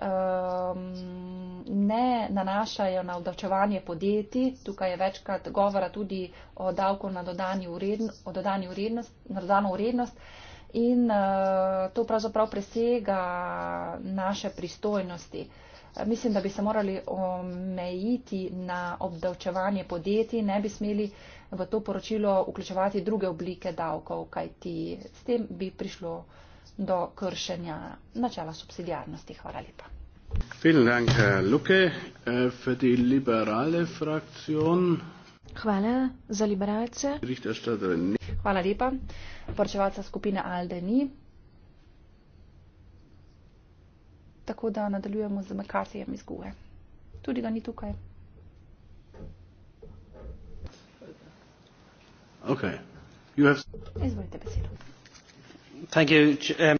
um, ne nanašajo na obdavčevanje podjetij. Tukaj je večkrat govora tudi o davku na dodani vrednost. Na dodano vrednost in uh, to pravzaprav presega naše pristojnosti. Eh, mislim, da bi se morali omejiti na obdavčevanje podjetij, ne bi smeli v to poročilo vključevati druge oblike davkov, kajti s tem bi prišlo do kršenja načela subsidijarnosti. Hvala lepa. Vielen Dank, Herr Lucke. Eh, für die liberale Fraktion. Hvala za liberalce. Hvala lepa. Poročevalca skupine Alde ni. Tako da nadaljujemo z Mekatijem iz Gue. Tudi ga ni tukaj. Okay. Have... Izvolite besedo. Thank you. Um...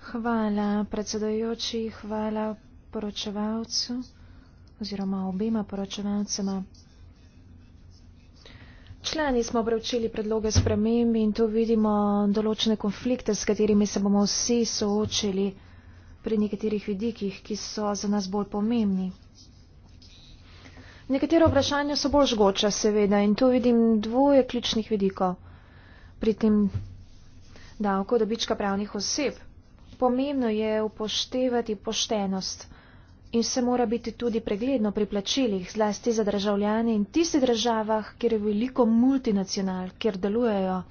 Hvala predsedojoči, hvala poročevalcu oziroma obema poročevalcema. Člani smo preučili predloge spremembi in tu vidimo določene konflikte, s katerimi se bomo vsi soočili pri nekaterih vidikih, ki so za nas bolj pomembni. Nekatere vprašanja so bolj žgoča, seveda, in tu vidim dvoje ključnih vidikov pri tem davku dobička pravnih oseb. Pomembno je upoštevati poštenost in se mora biti tudi pregledno pri plačilih, zlasti za državljane in tiste državah, kjer je veliko multinacional, kjer delujejo.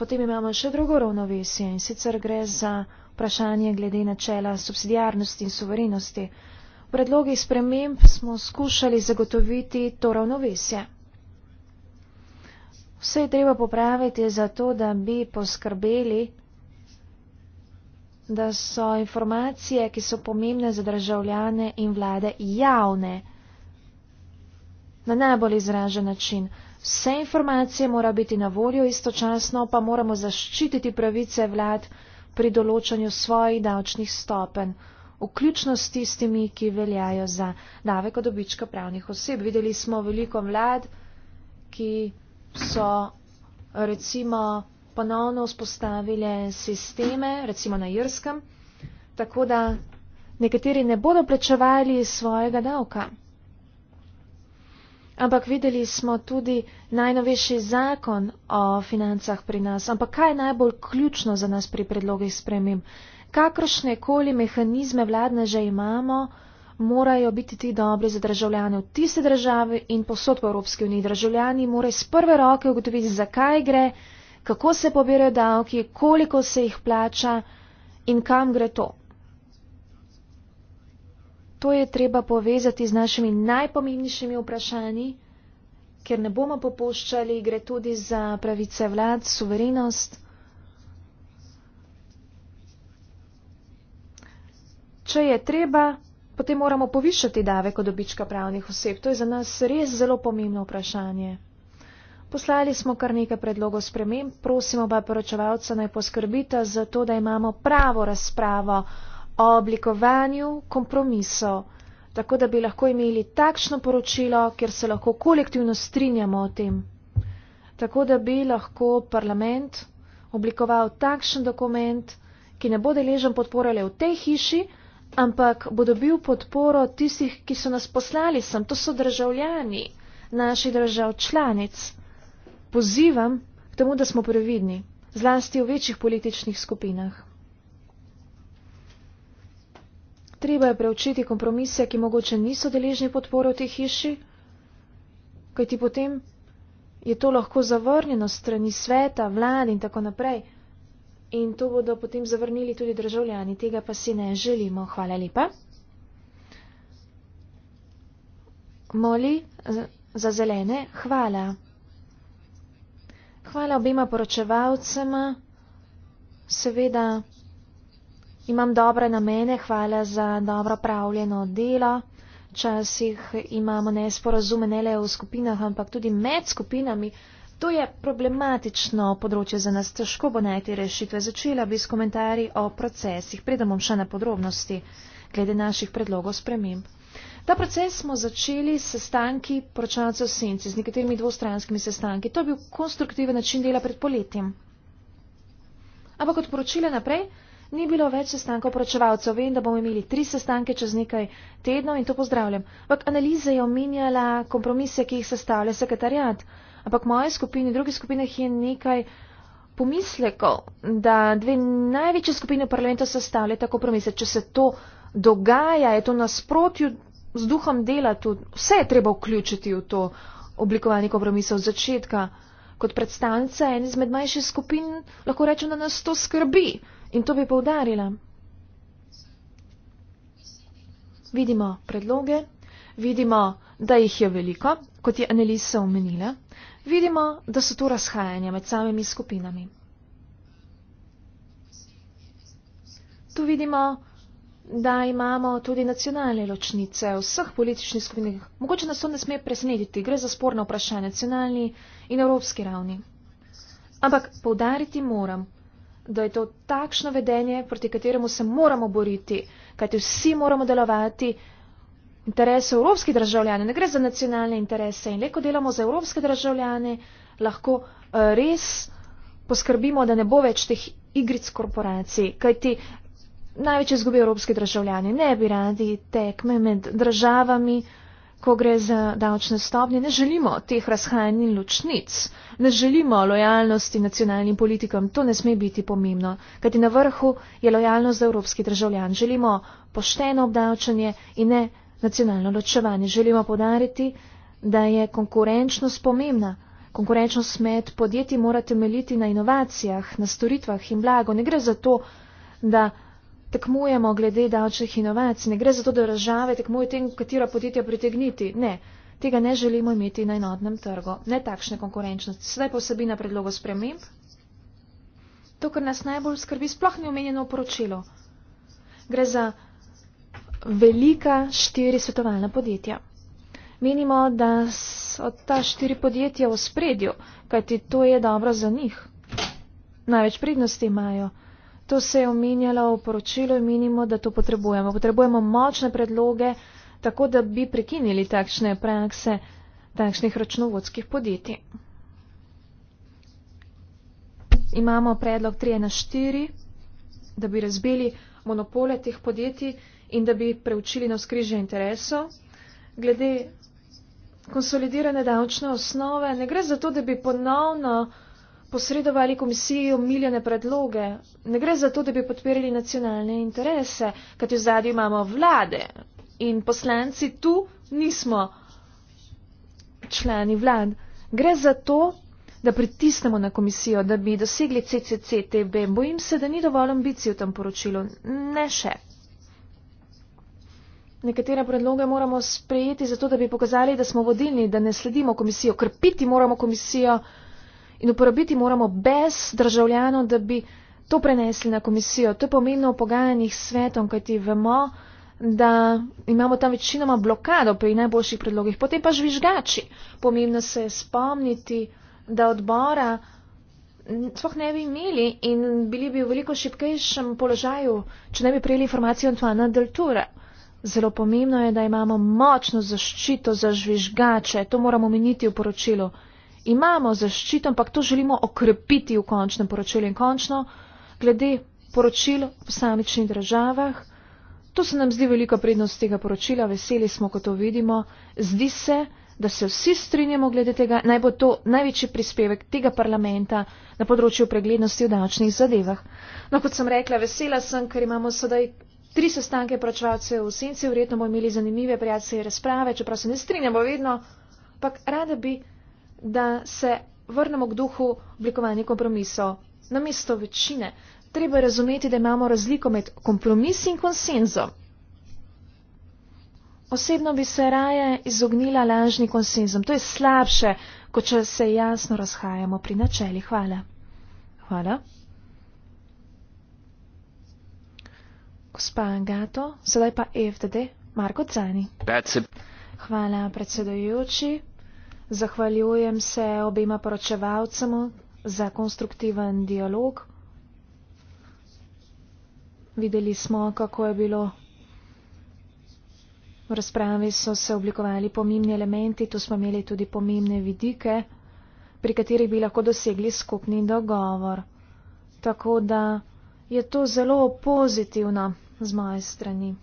Potem imamo še drugo ravnovesje in sicer gre za vprašanje glede načela subsidijarnosti in soverenosti. V predlogih sprememb smo skušali zagotoviti to ravnovesje. Vse je treba popraviti za to, da bi poskrbeli, da so informacije, ki so pomembne za državljane in vlade, javne. Na najbolj izražen način. Vse informacije morajo biti na voljo, istočasno pa moramo zaščititi pravice vlad pri določanju svojih davčnih stopen, vključno s tistimi, ki veljajo za davek od dobička pravnih oseb. Videli smo veliko vlad, ki so recimo ponovno vzpostavile sisteme, recimo na Jrskem, tako da nekateri ne bodo plačevali svojega davka. Ampak videli smo tudi najnovejši zakon o financah pri nas. Ampak kaj je najbolj ključno za nas pri predlogih spremim? Kakršne koli mehanizme vladne že imamo, morajo biti ti dobri za državljane v tiste države in posod po Evropski uniji. Državljani morajo iz prve roke ugotoviti, zakaj gre, kako se pobirajo davki, koliko se jih plača in kam gre to. To je treba povezati z našimi najpomembnejšimi vprašanji, ker ne bomo popuščali, gre tudi za pravice vlad, suverenost. Če je treba, potem moramo povišati davek od dobička pravnih oseb. To je za nas res zelo pomembno vprašanje. Poslali smo kar nekaj predlogov sprememb, prosimo pa poročevalca naj poskrbita za to, da imamo pravo razpravo o oblikovanju kompromisov, tako da bi lahko imeli takšno poročilo, kjer se lahko kolektivno strinjamo o tem. Tako da bi lahko parlament oblikoval takšen dokument, ki ne bo deležen podpore le v tej hiši, ampak bo dobil podporo tistih, ki so nas poslali sem. To so državljani naših držav članic pozivam k temu, da smo previdni, zlasti v večjih političnih skupinah. Treba je preučiti kompromise, ki mogoče niso deležni podpore v tej hiši, kajti potem je to lahko zavrnjeno strani sveta, vlade in tako naprej. In to bodo potem zavrnili tudi državljani, tega pa si ne želimo. Hvala lepa. Moli za zelene, hvala. Hvala obima poročevalcema. Seveda imam dobre namene, hvala za dobro pravljeno delo. Včasih imamo nesporazume ne le v skupinah, ampak tudi med skupinami. To je problematično področje za nas, težko bo najti rešitve. Začela bi s komentarji o procesih, predam bom še na podrobnosti glede naših predlogov sprememb. Ta proces smo začeli s sestanki poročevalcev senci, z nekaterimi dvostranskimi sestanki. To je bil konstruktiven način dela pred poletjem. Ampak kot poročile naprej, ni bilo več sestankov poročevalcev. Vem, da bomo imeli tri sestanke čez nekaj tednov in to pozdravljam. Ampak analiza je omenjala kompromise, ki jih sestavlja sekretarjat. Ampak moje skupine, druge skupine je nekaj pomislekov, da dve največje skupine parlamenta sestavljata kompromise. Če se to dogaja, je to nasprotju z duhom dela tudi, vse je treba vključiti v to oblikovanje kompromisa od začetka. Kot predstavnica en izmed manjših skupin lahko rečem, da nas to skrbi in to bi povdarila. Vidimo predloge, vidimo, da jih je veliko, kot je Annelisa omenila, vidimo, da so tu razhajanja med samimi skupinami. Tu vidimo, da imamo tudi nacionalne ločnice vseh političnih skupin. Mogoče nas to ne sme presenetiti, gre za sporno vprašanje nacionalni in evropski ravni. Ampak povdariti moram, da je to takšno vedenje, proti kateremu se moramo boriti, kajti vsi moramo delovati interese evropskih državljanov, ne gre za nacionalne interese in le ko delamo za evropske državljane, lahko eh, res poskrbimo, da ne bo več teh igric korporacij, kajti največje izgube evropski državljani. Ne bi radi tekme med državami, ko gre za davčne stopnje. Ne želimo teh razhajanj in ločnic. Ne želimo lojalnosti nacionalnim politikam. To ne sme biti pomembno. Kajti na vrhu je lojalnost za evropski državljan. Želimo pošteno obdavčanje in ne nacionalno ločevanje. Želimo podariti, da je konkurenčnost pomembna. Konkurenčnost med podjetji mora temeljiti na inovacijah, na storitvah in blago. Ne gre za to, da tekmujemo glede davčnih inovacij. Ne gre za to, da države tekmujejo tem, katera podjetja pritegniti. Ne, tega ne želimo imeti na enotnem trgu. Ne takšne konkurenčnosti. Sedaj pa sebi na predlogo sprememb. To, kar nas najbolj skrbi, sploh ni omenjeno v poročilu. Gre za velika štiri svetovalna podjetja. Menimo, da so ta štiri podjetja v spredju, kajti to je dobro za njih. Največ prednosti imajo. To se je omenjalo v poročilu in menimo, da to potrebujemo. Potrebujemo močne predloge, tako da bi prekinili takšne prakse takšnih računovodskih podjetij. Imamo predlog 3 na 4, da bi razbili monopole teh podjetij in da bi preučili na skrižje interesov. Glede konsolidirane davčne osnove ne gre za to, da bi ponovno posredovali komisiji omiljene predloge. Ne gre za to, da bi podpirali nacionalne interese, kajti v zadju imamo vlade in poslanci tu nismo člani vlad. Gre za to, da pritisnemo na komisijo, da bi dosegli CCCTB. Bojim se, da ni dovolj ambicij v tem poročilu. Ne še. Nekatere predloge moramo sprejeti zato, da bi pokazali, da smo vodilni, da ne sledimo komisijo. Krpiti moramo komisijo in uporabiti moramo brez državljanov, da bi to prenesli na komisijo. To je pomembno v pogajanjih s svetom, kajti vemo, da imamo tam večinoma blokado pri najboljših predlogih. Potem pa žvižgači. Pomembno se je spomniti, da odbora sploh ne bi imeli in bili bi v veliko šipkejšem položaju, če ne bi prijeli informacijo Antoana Deltura. Zelo pomembno je, da imamo močno zaščito za žvižgače. To moramo omeniti v poročilu imamo zaščito, ampak to želimo okrepiti v končnem poročilu in končno glede poročil v posamičnih državah. To se nam zdi velika prednost tega poročila, veseli smo, ko to vidimo. Zdi se, da se vsi strinjamo glede tega, naj bo to največji prispevek tega parlamenta na področju preglednosti v davčnih zadevah. No, kot sem rekla, vesela sem, ker imamo sedaj tri sestanke poročevalcev v senci, verjetno bomo imeli zanimive prijatelje razprave, čeprav se ne strinjamo vedno, ampak rada bi da se vrnemo k duhu oblikovanja kompromisov. Na mesto večine treba razumeti, da imamo razliko med kompromisi in konsenzom. Osebno bi se raje izognila lažni konsenzom. To je slabše, kot če se jasno razhajamo pri načeli. Hvala. Hvala. Gospa Angato, sedaj pa FDD, Marko Cani. Hvala, predsedojoči. Zahvaljujem se obima poročevalcemu za konstruktiven dialog. Videli smo, kako je bilo. V razpravi so se oblikovali pomembni elementi, tu smo imeli tudi pomembne vidike, pri katerih bi lahko dosegli skupni dogovor. Tako da je to zelo pozitivno z moje strani.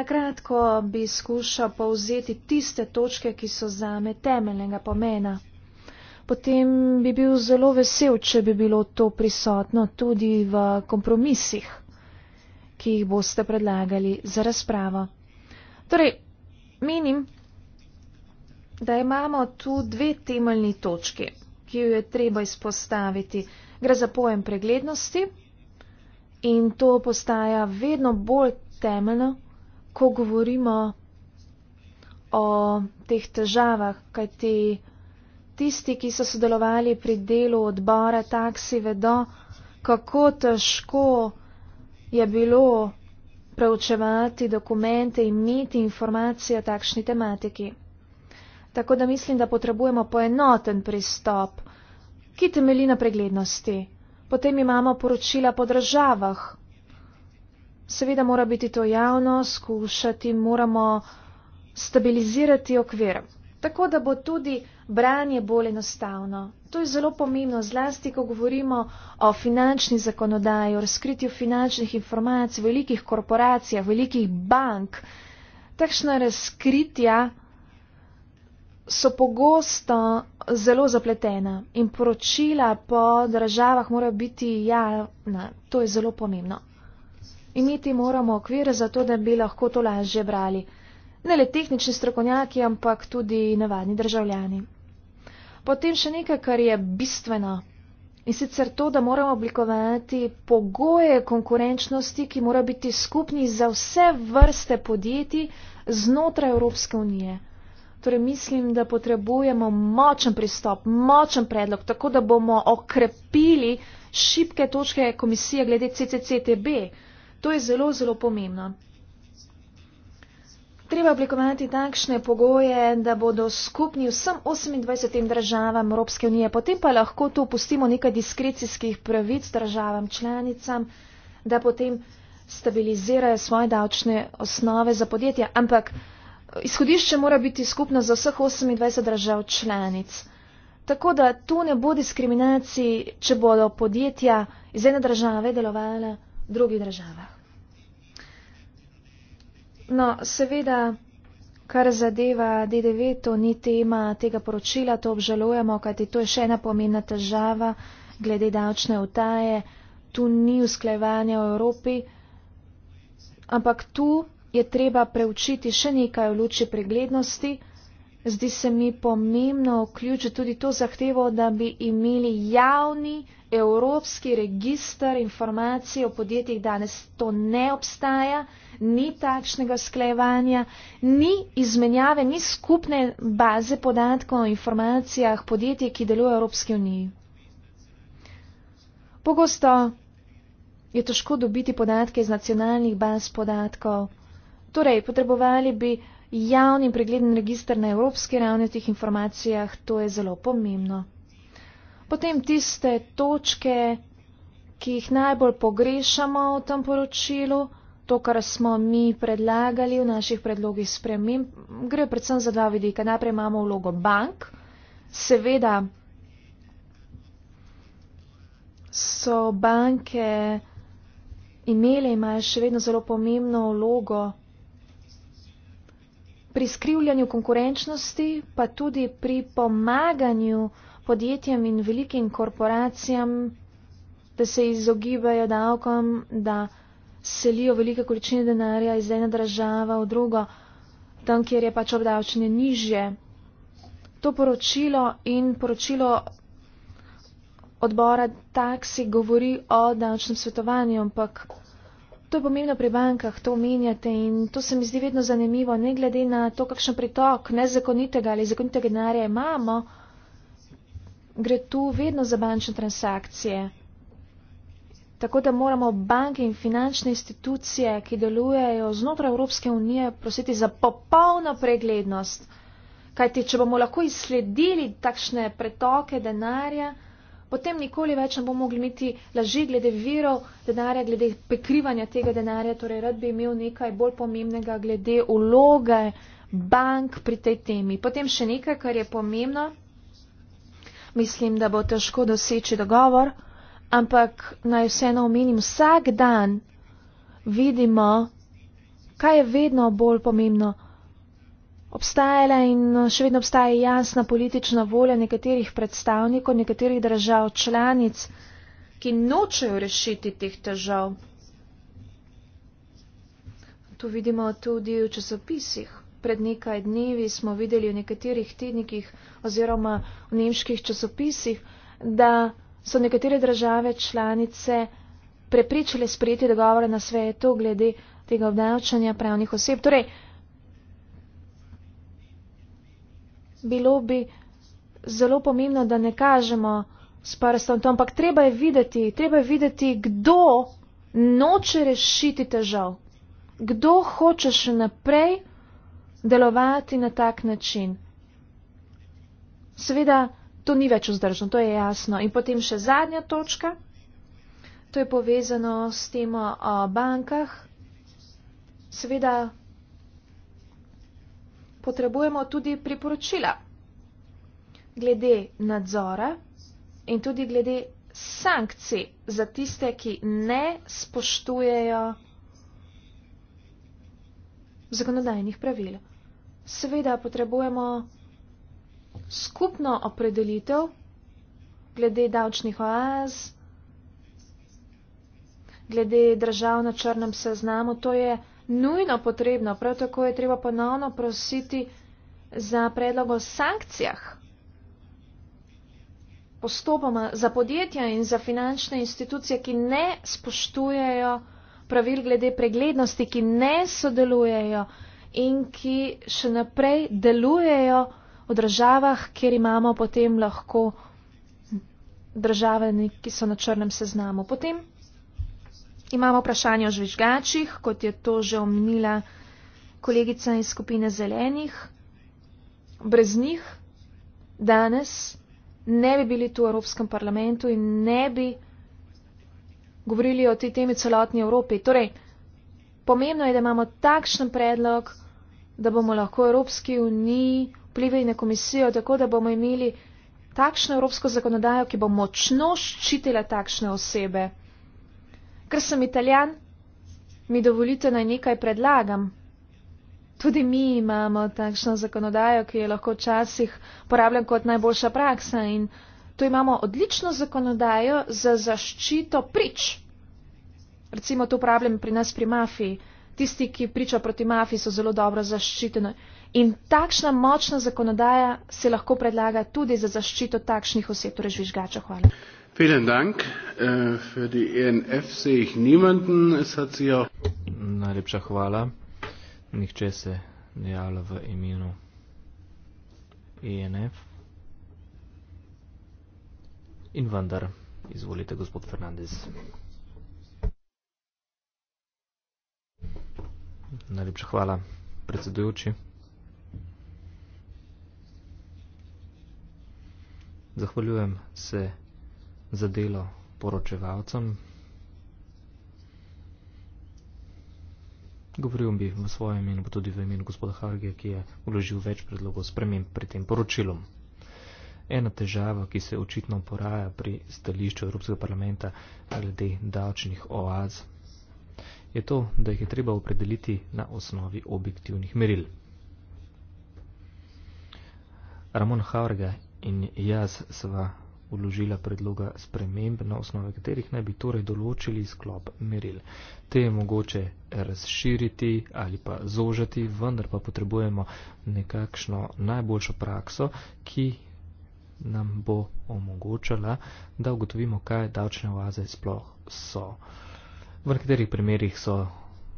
Na kratko bi skušal povzeti tiste točke, ki so zame temeljnega pomena. Potem bi bil zelo vesel, če bi bilo to prisotno tudi v kompromisih, ki jih boste predlagali za razpravo. Torej, menim, da imamo tu dve temeljni točki, ki jo je treba izpostaviti. Gre za pojem preglednosti in to postaja vedno bolj temeljno ko govorimo o teh težavah, kajti tisti, ki so sodelovali pri delu odbora taksi, vedo, kako težko je bilo preučevati dokumente in imeti informacije o takšni tematiki. Tako da mislim, da potrebujemo poenoten pristop, ki temelji na preglednosti. Potem imamo poročila po državah, seveda mora biti to javno, skušati moramo stabilizirati okvir. Tako da bo tudi branje bolj enostavno. To je zelo pomembno, zlasti, ko govorimo o finančni zakonodaji, o razkritju finančnih informacij, velikih korporacijah, velikih bank. Takšna razkritja so pogosto zelo zapletena in poročila po državah morajo biti javna. To je zelo pomembno imeti moramo okvir za to, da bi lahko to lažje brali. Ne le tehnični strokovnjaki, ampak tudi navadni državljani. Potem še nekaj, kar je bistveno. In sicer to, da moramo oblikovati pogoje konkurenčnosti, ki mora biti skupni za vse vrste podjetij znotraj Evropske unije. Torej mislim, da potrebujemo močen pristop, močen predlog, tako da bomo okrepili šibke točke komisije glede CCCTB, To je zelo, zelo pomembno. Treba oblikovati takšne pogoje, da bodo skupni vsem 28 državam Evropske unije, potem pa lahko to pustimo nekaj diskrecijskih pravic državam članicam, da potem stabilizirajo svoje davčne osnove za podjetja. Ampak izhodišče mora biti skupno za vseh 28 držav članic. Tako da tu ne bo diskriminacij, če bodo podjetja iz ene države delovala drugih državah. No, seveda, kar zadeva DDV, to ni tema tega poročila, to obžalujemo, kajti to je še ena pomembna težava glede davčne utaje. Tu ni usklajevanja v Evropi, ampak tu je treba preučiti še nekaj v luči preglednosti. Zdi se mi pomembno vključiti tudi to zahtevo, da bi imeli javni evropski registr informacij o podjetjih. Danes to ne obstaja, ni takšnega sklejevanja, ni izmenjave, ni skupne baze podatkov o informacijah podjetij, ki delujejo v Evropski uniji. Pogosto je težko dobiti podatke iz nacionalnih baz podatkov. Torej, potrebovali bi javni in pregleden registr na evropski ravni v teh informacijah, to je zelo pomembno. Potem tiste točke, ki jih najbolj pogrešamo v tem poročilu, to, kar smo mi predlagali v naših predlogih sprememb, gre predvsem za dva vidika. Najprej imamo vlogo bank, seveda so banke imele in imajo še vedno zelo pomembno vlogo pri skrivljanju konkurenčnosti, pa tudi pri pomaganju podjetjem in velikim korporacijam, da se izogibajo davkom, da selijo velike količine denarja iz ene države v drugo, tam, kjer je pač obdavčenje nižje. To poročilo in poročilo odbora taksi govori o davčnem svetovanju, ampak To je pomembno pri bankah, to omenjate in to se mi zdi vedno zanimivo, ne glede na to, kakšen pritok nezakonitega ali zakonitega denarja imamo, gre tu vedno za bančne transakcije. Tako da moramo banke in finančne institucije, ki delujejo znotraj Evropske unije, prositi za popolno preglednost. Kajti, če bomo lahko izsledili takšne pretoke denarja, potem nikoli več ne bomo mogli imeti laži glede virov denarja, glede prekrivanja tega denarja. Torej, rad bi imel nekaj bolj pomembnega glede uloge bank pri tej temi. Potem še nekaj, kar je pomembno. Mislim, da bo težko doseči dogovor, ampak naj vseeno omenim, vsak dan vidimo, kaj je vedno bolj pomembno obstajala in no, še vedno obstaja jasna politična volja nekaterih predstavnikov, nekaterih držav članic, ki nočejo rešiti teh težav. To vidimo tudi v časopisih. Pred nekaj dnevi smo videli v nekaterih tednikih oziroma v nemških časopisih, da so nekatere države članice prepričale sprejeti dogovore na svetu glede tega obdavčanja pravnih oseb. Torej, bilo bi zelo pomembno, da ne kažemo s prstom to, ampak treba je videti, treba je videti, kdo noče rešiti težav, kdo hoče še naprej delovati na tak način. Seveda, to ni več vzdržno, to je jasno. In potem še zadnja točka, to je povezano s temo o bankah. Seveda, potrebujemo tudi priporočila glede nadzora in tudi glede sankcij za tiste, ki ne spoštujejo zakonodajnih pravil. Seveda potrebujemo skupno opredelitev glede davčnih oaz, glede držav na črnem seznamu, to je vse nujno potrebno. Prav tako je treba ponovno prositi za predlog o sankcijah postopoma za podjetja in za finančne institucije, ki ne spoštujejo pravil glede preglednosti, ki ne sodelujejo in ki še naprej delujejo v državah, kjer imamo potem lahko državani, ki so na črnem seznamu. Potem Imamo vprašanje o žvižgačih, kot je to že omnila kolegica iz skupine zelenih. Brez njih danes ne bi bili tu v Evropskem parlamentu in ne bi govorili o tej temi celotni Evropi. Torej, pomembno je, da imamo takšen predlog, da bomo lahko Evropski uniji vplivali na komisijo, tako da bomo imeli takšno evropsko zakonodajo, ki bo močno ščitila takšne osebe ker sem italijan, mi dovolite naj nekaj predlagam. Tudi mi imamo takšno zakonodajo, ki je lahko včasih porabljena kot najboljša praksa in tu imamo odlično zakonodajo za zaščito prič. Recimo to uporabljam pri nas pri mafiji. Tisti, ki priča proti mafiji, so zelo dobro zaščiteni. In takšna močna zakonodaja se lahko predlaga tudi za zaščito takšnih oseb, torej žvižgača. Hvala. Vielen Dank. Äh, für die ENF sehe ich niemanden. Es hat sich auch. Najlepša hvala. Nihče se ne javlja v imenu ENF. In vendar, izvolite, gospod Fernandez. Najlepša hvala, predsedujoči. Zahvaljujem se za delo poročevalcem. Govoril bi v svojem imenu, pa tudi v imenu gospoda Hargija, ki je vložil več predlogov sprememb pri tem poročilu. Ena težava, ki se očitno poraja pri stališču Evropskega parlamenta glede davčnih oaz, je to, da jih je treba opredeliti na osnovi objektivnih meril. Ramon Harge in jaz sva vložila predloga sprememb, na osnovi katerih naj bi torej določili sklop meril. Te je mogoče razširiti ali pa zožati, vendar pa potrebujemo nekakšno najboljšo prakso, ki nam bo omogočala, da ugotovimo, kaj davčne oaze sploh so. V nekaterih primerjih so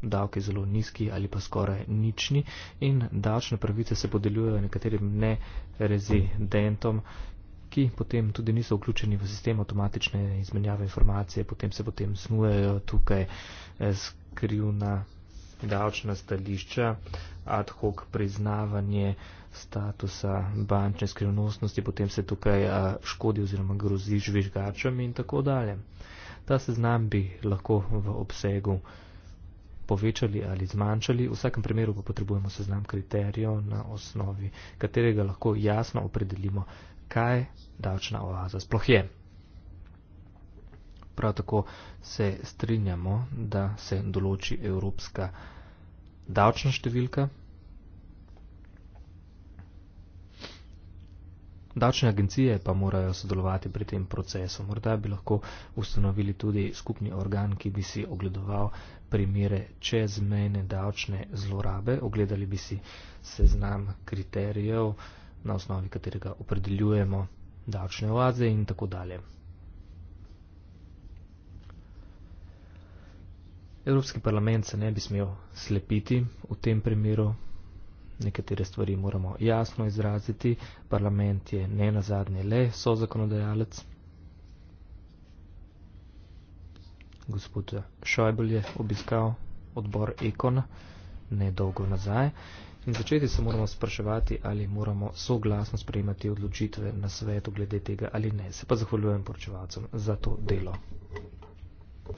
davke zelo nizki ali pa skoraj nični in davčne pravice se podeljujejo nekaterim nerezidentom, ki potem tudi niso vključeni v sistem avtomatične izmenjave informacije, potem se potem snujejo tukaj eh, skrivna davčna stališča, ad hoc priznavanje statusa bančne skrivnostnosti, potem se tukaj eh, škodi oziroma grozi žvižgačem in tako dalje. Ta seznam bi lahko v obsegu uh, povečali ali zmanjšali. V vsakem primeru pa potrebujemo seznam kriterijev, na osnovi katerega lahko jasno opredelimo, kaj davčna oaza sploh je. Prav tako se strinjamo, da se določi evropska davčna številka Davčne agencije pa morajo sodelovati pri tem procesu. Morda bi lahko ustanovili tudi skupni organ, ki bi si ogledoval primere čezmejne davčne zlorabe. Ogledali bi si seznam kriterijev, na osnovi katerega opredeljujemo davčne oaze in tako dalje. Evropski parlament se ne bi smel slepiti v tem primeru, nekatere stvari moramo jasno izraziti, parlament je ne na zadnje le so zakonodajalec. Gospod Šojbel je obiskal odbor Ekon nedolgo nazaj in začeti se moramo spraševati, ali moramo soglasno sprejemati odločitve na svetu glede tega ali ne. Se pa zahvaljujem poročevalcem za to delo.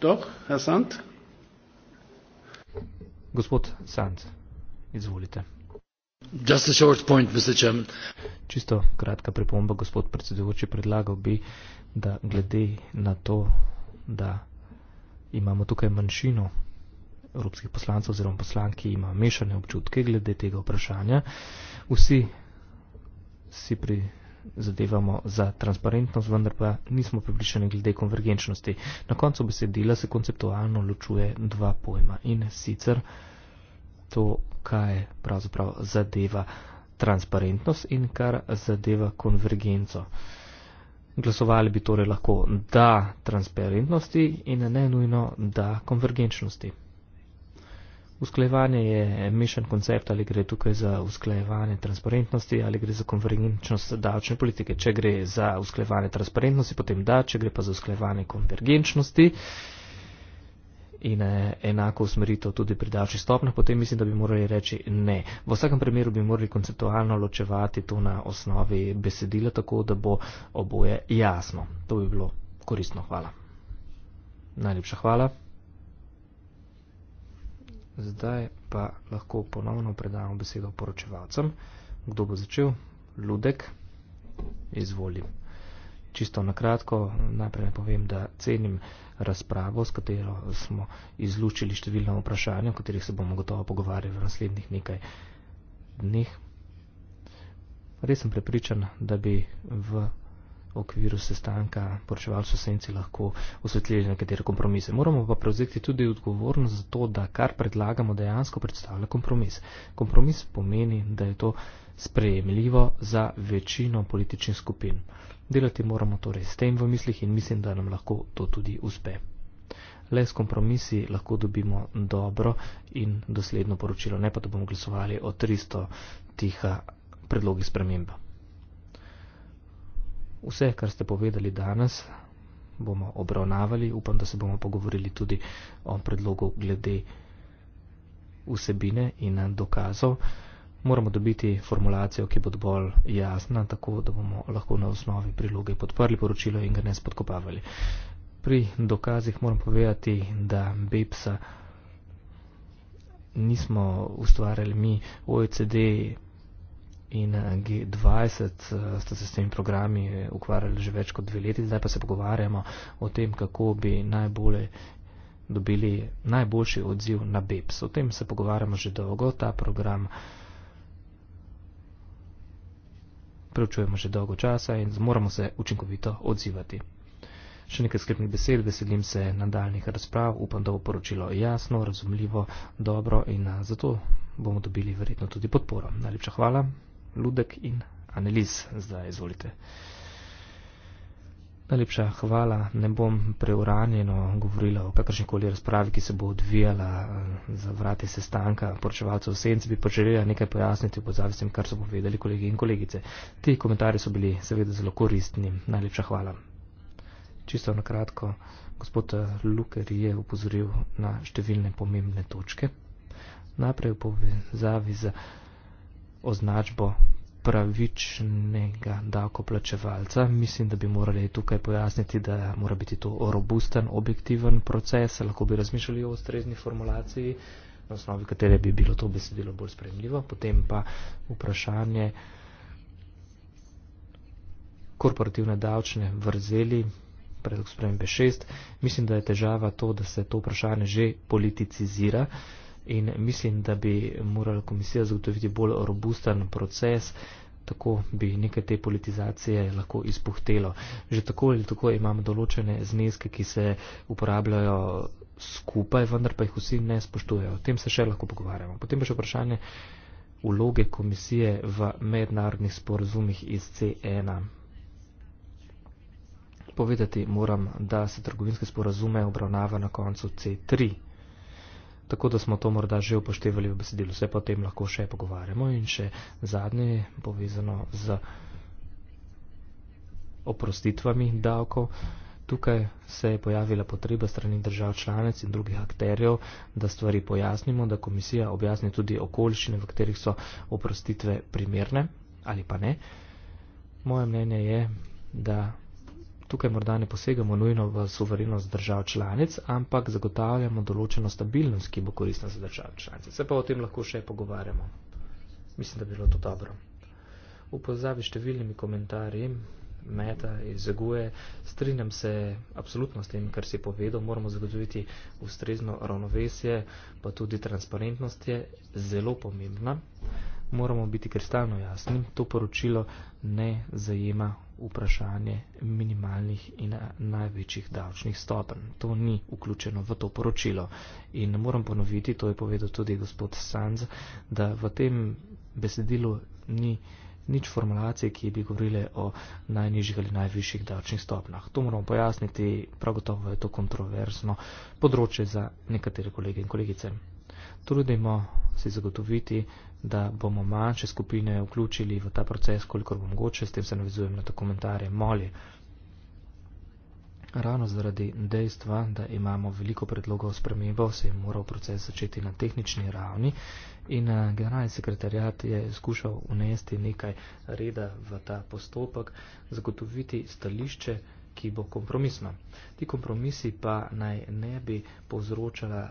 Doch, Herr Sand. Gospod Sand, izvolite. Čisto kratka pripomba, gospod predsedujoči, predlagal bi, da glede na to, da imamo tukaj manjšino evropskih poslancev oziroma poslank, ki ima mešane občutke glede tega vprašanja, vsi si pri zadevamo za transparentnost, vendar pa nismo približeni glede konvergenčnosti. Na koncu besedila se konceptualno ločuje dva pojma in sicer to, kaj pravzaprav zadeva transparentnost in kar zadeva konvergenco. Glasovali bi torej lahko da transparentnosti in ne nujno da konvergenčnosti. Usklajevanje je mešan koncept, ali gre tukaj za usklajevanje transparentnosti, ali gre za konvergenčnost davčne politike. Če gre za usklajevanje transparentnosti, potem da, če gre pa za usklajevanje konvergenčnosti, uh, in eh, enako usmeritev tudi pri davčnih stopnah, potem mislim, da bi morali reči ne. V vsakem primeru bi morali konceptualno ločevati to na osnovi besedila, tako da bo oboje jasno. To bi bilo koristno. Hvala. Najlepša hvala. Zdaj pa lahko ponovno predamo besedo poročevalcem. Kdo bo začel? Ludek. Izvolim čisto na kratko, najprej povem, da cenim razpravo, s katero smo izlučili številna vprašanja, o katerih se bomo gotovo pogovarjali v naslednjih nekaj dneh. Res sem prepričan, da bi v okviru sestanka poročevalcev senci lahko osvetlili nekatere kompromise. Moramo pa prevzeti tudi odgovornost za to, da kar predlagamo dejansko predstavlja kompromis. Kompromis pomeni, da je to sprejemljivo za večino političnih skupin. Delati moramo torej s tem v mislih in mislim, da nam lahko to tudi uspe. Le s kompromisi lahko dobimo dobro in dosledno poročilo, ne pa da bomo glasovali o 300 tiha predlogih sprememba. Vse, kar ste povedali danes, bomo obravnavali. Upam, da se bomo pogovorili tudi o predlogu glede vsebine in dokazov. Moramo dobiti formulacijo, ki bo bolj jasna, tako da bomo lahko na osnovi priloge podprli poročilo in ga ne spodkopavali. Pri dokazih moram povedati, da BEPS-a nismo ustvarjali mi, OECD in eh, G20 eh, sta se s temi programi eh, ukvarjali že več kot dve leti, zdaj pa se pogovarjamo o tem, kako bi najbolje dobili najboljši odziv na BEPS. O tem se pogovarjamo že dolgo, ta program preučujemo že dolgo časa in moramo se učinkovito odzivati. Še nekaj skrbnih besed, veselim se nadaljnih razprav, upam, da bo poročilo jasno, razumljivo, dobro in zato bomo dobili verjetno tudi podporo. Najlepša hvala. Ludek in Analiz. Zdaj izvolite. Najlepša hvala, ne bom preuranjeno govorila o kakršnikoli razpravi, ki se bo odvijala eh, za vrati sestanka poročevalcev v senci, bi pa želela nekaj pojasniti v pozavi s tem, kar so povedali kolegi in kolegice. Ti komentarji so bili seveda zelo koristni. Najlepša hvala. Čisto na kratko, gospod eh, Luker je upozoril na številne pomembne točke. Najprej v povezavi z označbo pravičnega davkoplačevalca. Mislim, da bi morali tukaj pojasniti, da mora biti to robusten, objektiven proces. Lahko bi razmišljali o ustrezni formulaciji, na osnovi katere bi bilo to besedilo bolj sprejemljivo. Potem pa vprašanje korporativne davčne vrzeli, predlog spremembe 6. Mislim, da je težava to, da se to vprašanje že politicizira in mislim, da bi morala komisija zagotoviti bolj robusten proces, tako bi nekaj te politizacije lahko izpuhtelo. Že tako ali tako imamo določene zneske, ki se uporabljajo skupaj, vendar pa jih vsi ne spoštujejo. O tem se še lahko pogovarjamo. Potem pa še vprašanje vloge komisije v mednarodnih sporozumih iz C1. Povedati moram, da se trgovinske sporazume obravnava na koncu C3 tako da smo to morda že upoštevali v besedilu, vse pa o tem lahko še pogovarjamo in še zadnje povezano z oprostitvami davkov. Tukaj se je pojavila potreba strani držav članec in drugih akterjev, da stvari pojasnimo, da komisija objasni tudi okoliščine, v katerih so oprostitve primerne ali pa ne. Moje mnenje je, da tukaj morda ne posegamo nujno v suverenost držav članic, ampak zagotavljamo določeno stabilnost, ki bo koristna za države članice. Se pa o tem lahko še pogovarjamo. Mislim, da bi bilo to dobro. V pozavi številnimi komentarji Meta iz Eguje strinjam se absolutno s tem, kar si povedal. Moramo zagotoviti ustrezno ravnovesje, pa tudi transparentnost je zelo pomembna. Moramo biti kristalno jasni, to poročilo ne zajema vprašanje minimalnih in največjih davčnih stopenj. To ni vključeno v to poročilo. In moram ponoviti, to je povedal tudi gospod Sanz, da v tem besedilu ni nič formulacije, ki bi govorile o najnižjih ali najvišjih davčnih stopnjah. To moramo pojasniti, prav gotovo je to kontroversno področje za nekatere kolege in kolegice trudimo si zagotoviti, da bomo manjše skupine vključili v ta proces, kolikor bo mogoče, s tem se navizujem na dokumentarje Moli. Ravno zaradi dejstva, da imamo veliko predlogov spremembo, se je moral proces začeti na tehnični ravni in eh, generalni sekretarjat je skušal unesti nekaj reda v ta postopek, zagotoviti stališče, ki bo kompromisno. Ti kompromisi pa naj ne bi povzročala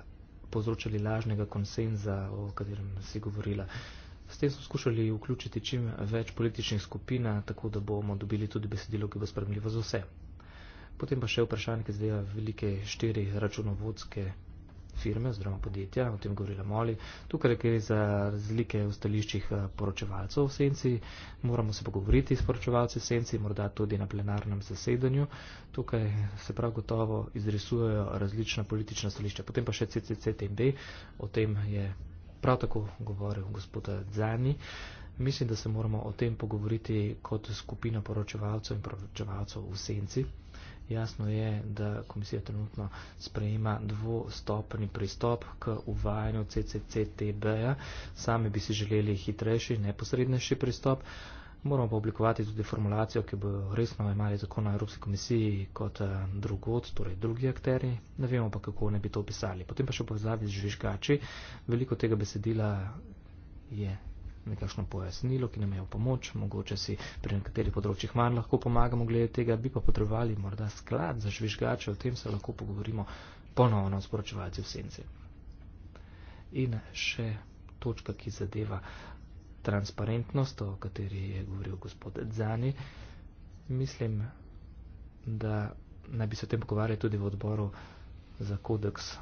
povzročali lažnega konsenza, o katerem si govorila. S tem smo skušali vključiti čim več političnih skupina, tako da bomo dobili tudi besedilo, ki bo spremljivo za vse. Potem pa še vprašanje, ki zveja velike štiri računovodske firme oziroma podjetja, o tem govorila Moli. Tukaj gre za razlike v stališčih eh, poročevalcev v senci, moramo se pogovoriti s poročevalci v senci, morda tudi na plenarnem zasedanju. Tukaj se prav gotovo izrisujejo različna politična stališča. Potem pa še CCCTB, o tem je prav tako govoril gospod Zani. Mislim, da se moramo o tem pogovoriti kot skupina poročevalcev in poročevalcev v senci. Jasno je, da komisija trenutno sprejema dvostopni pristop k uvajanju CCCTB-ja. Sami bi si želeli hitrejši, neposrednejši pristop. Moramo pa oblikovati tudi formulacijo, ki bo resno imali zakon na Evropski komisiji kot eh, drugod, torej drugi akteri. Ne vemo pa, kako ne bi to opisali. Potem pa še povezavi z žvižgači. Veliko tega besedila je nekakšno pojasnilo, ki nam je v pomoč, mogoče si pri nekaterih področjih manj lahko pomagamo glede tega, bi pa potrebovali morda sklad za žvižgače, o tem se lahko pogovorimo ponovno s poročevalci v senci. In še točka, ki zadeva transparentnost, o kateri je govoril gospod Dzani. Mislim, da naj bi se o tem pogovarjali tudi v odboru za kodeks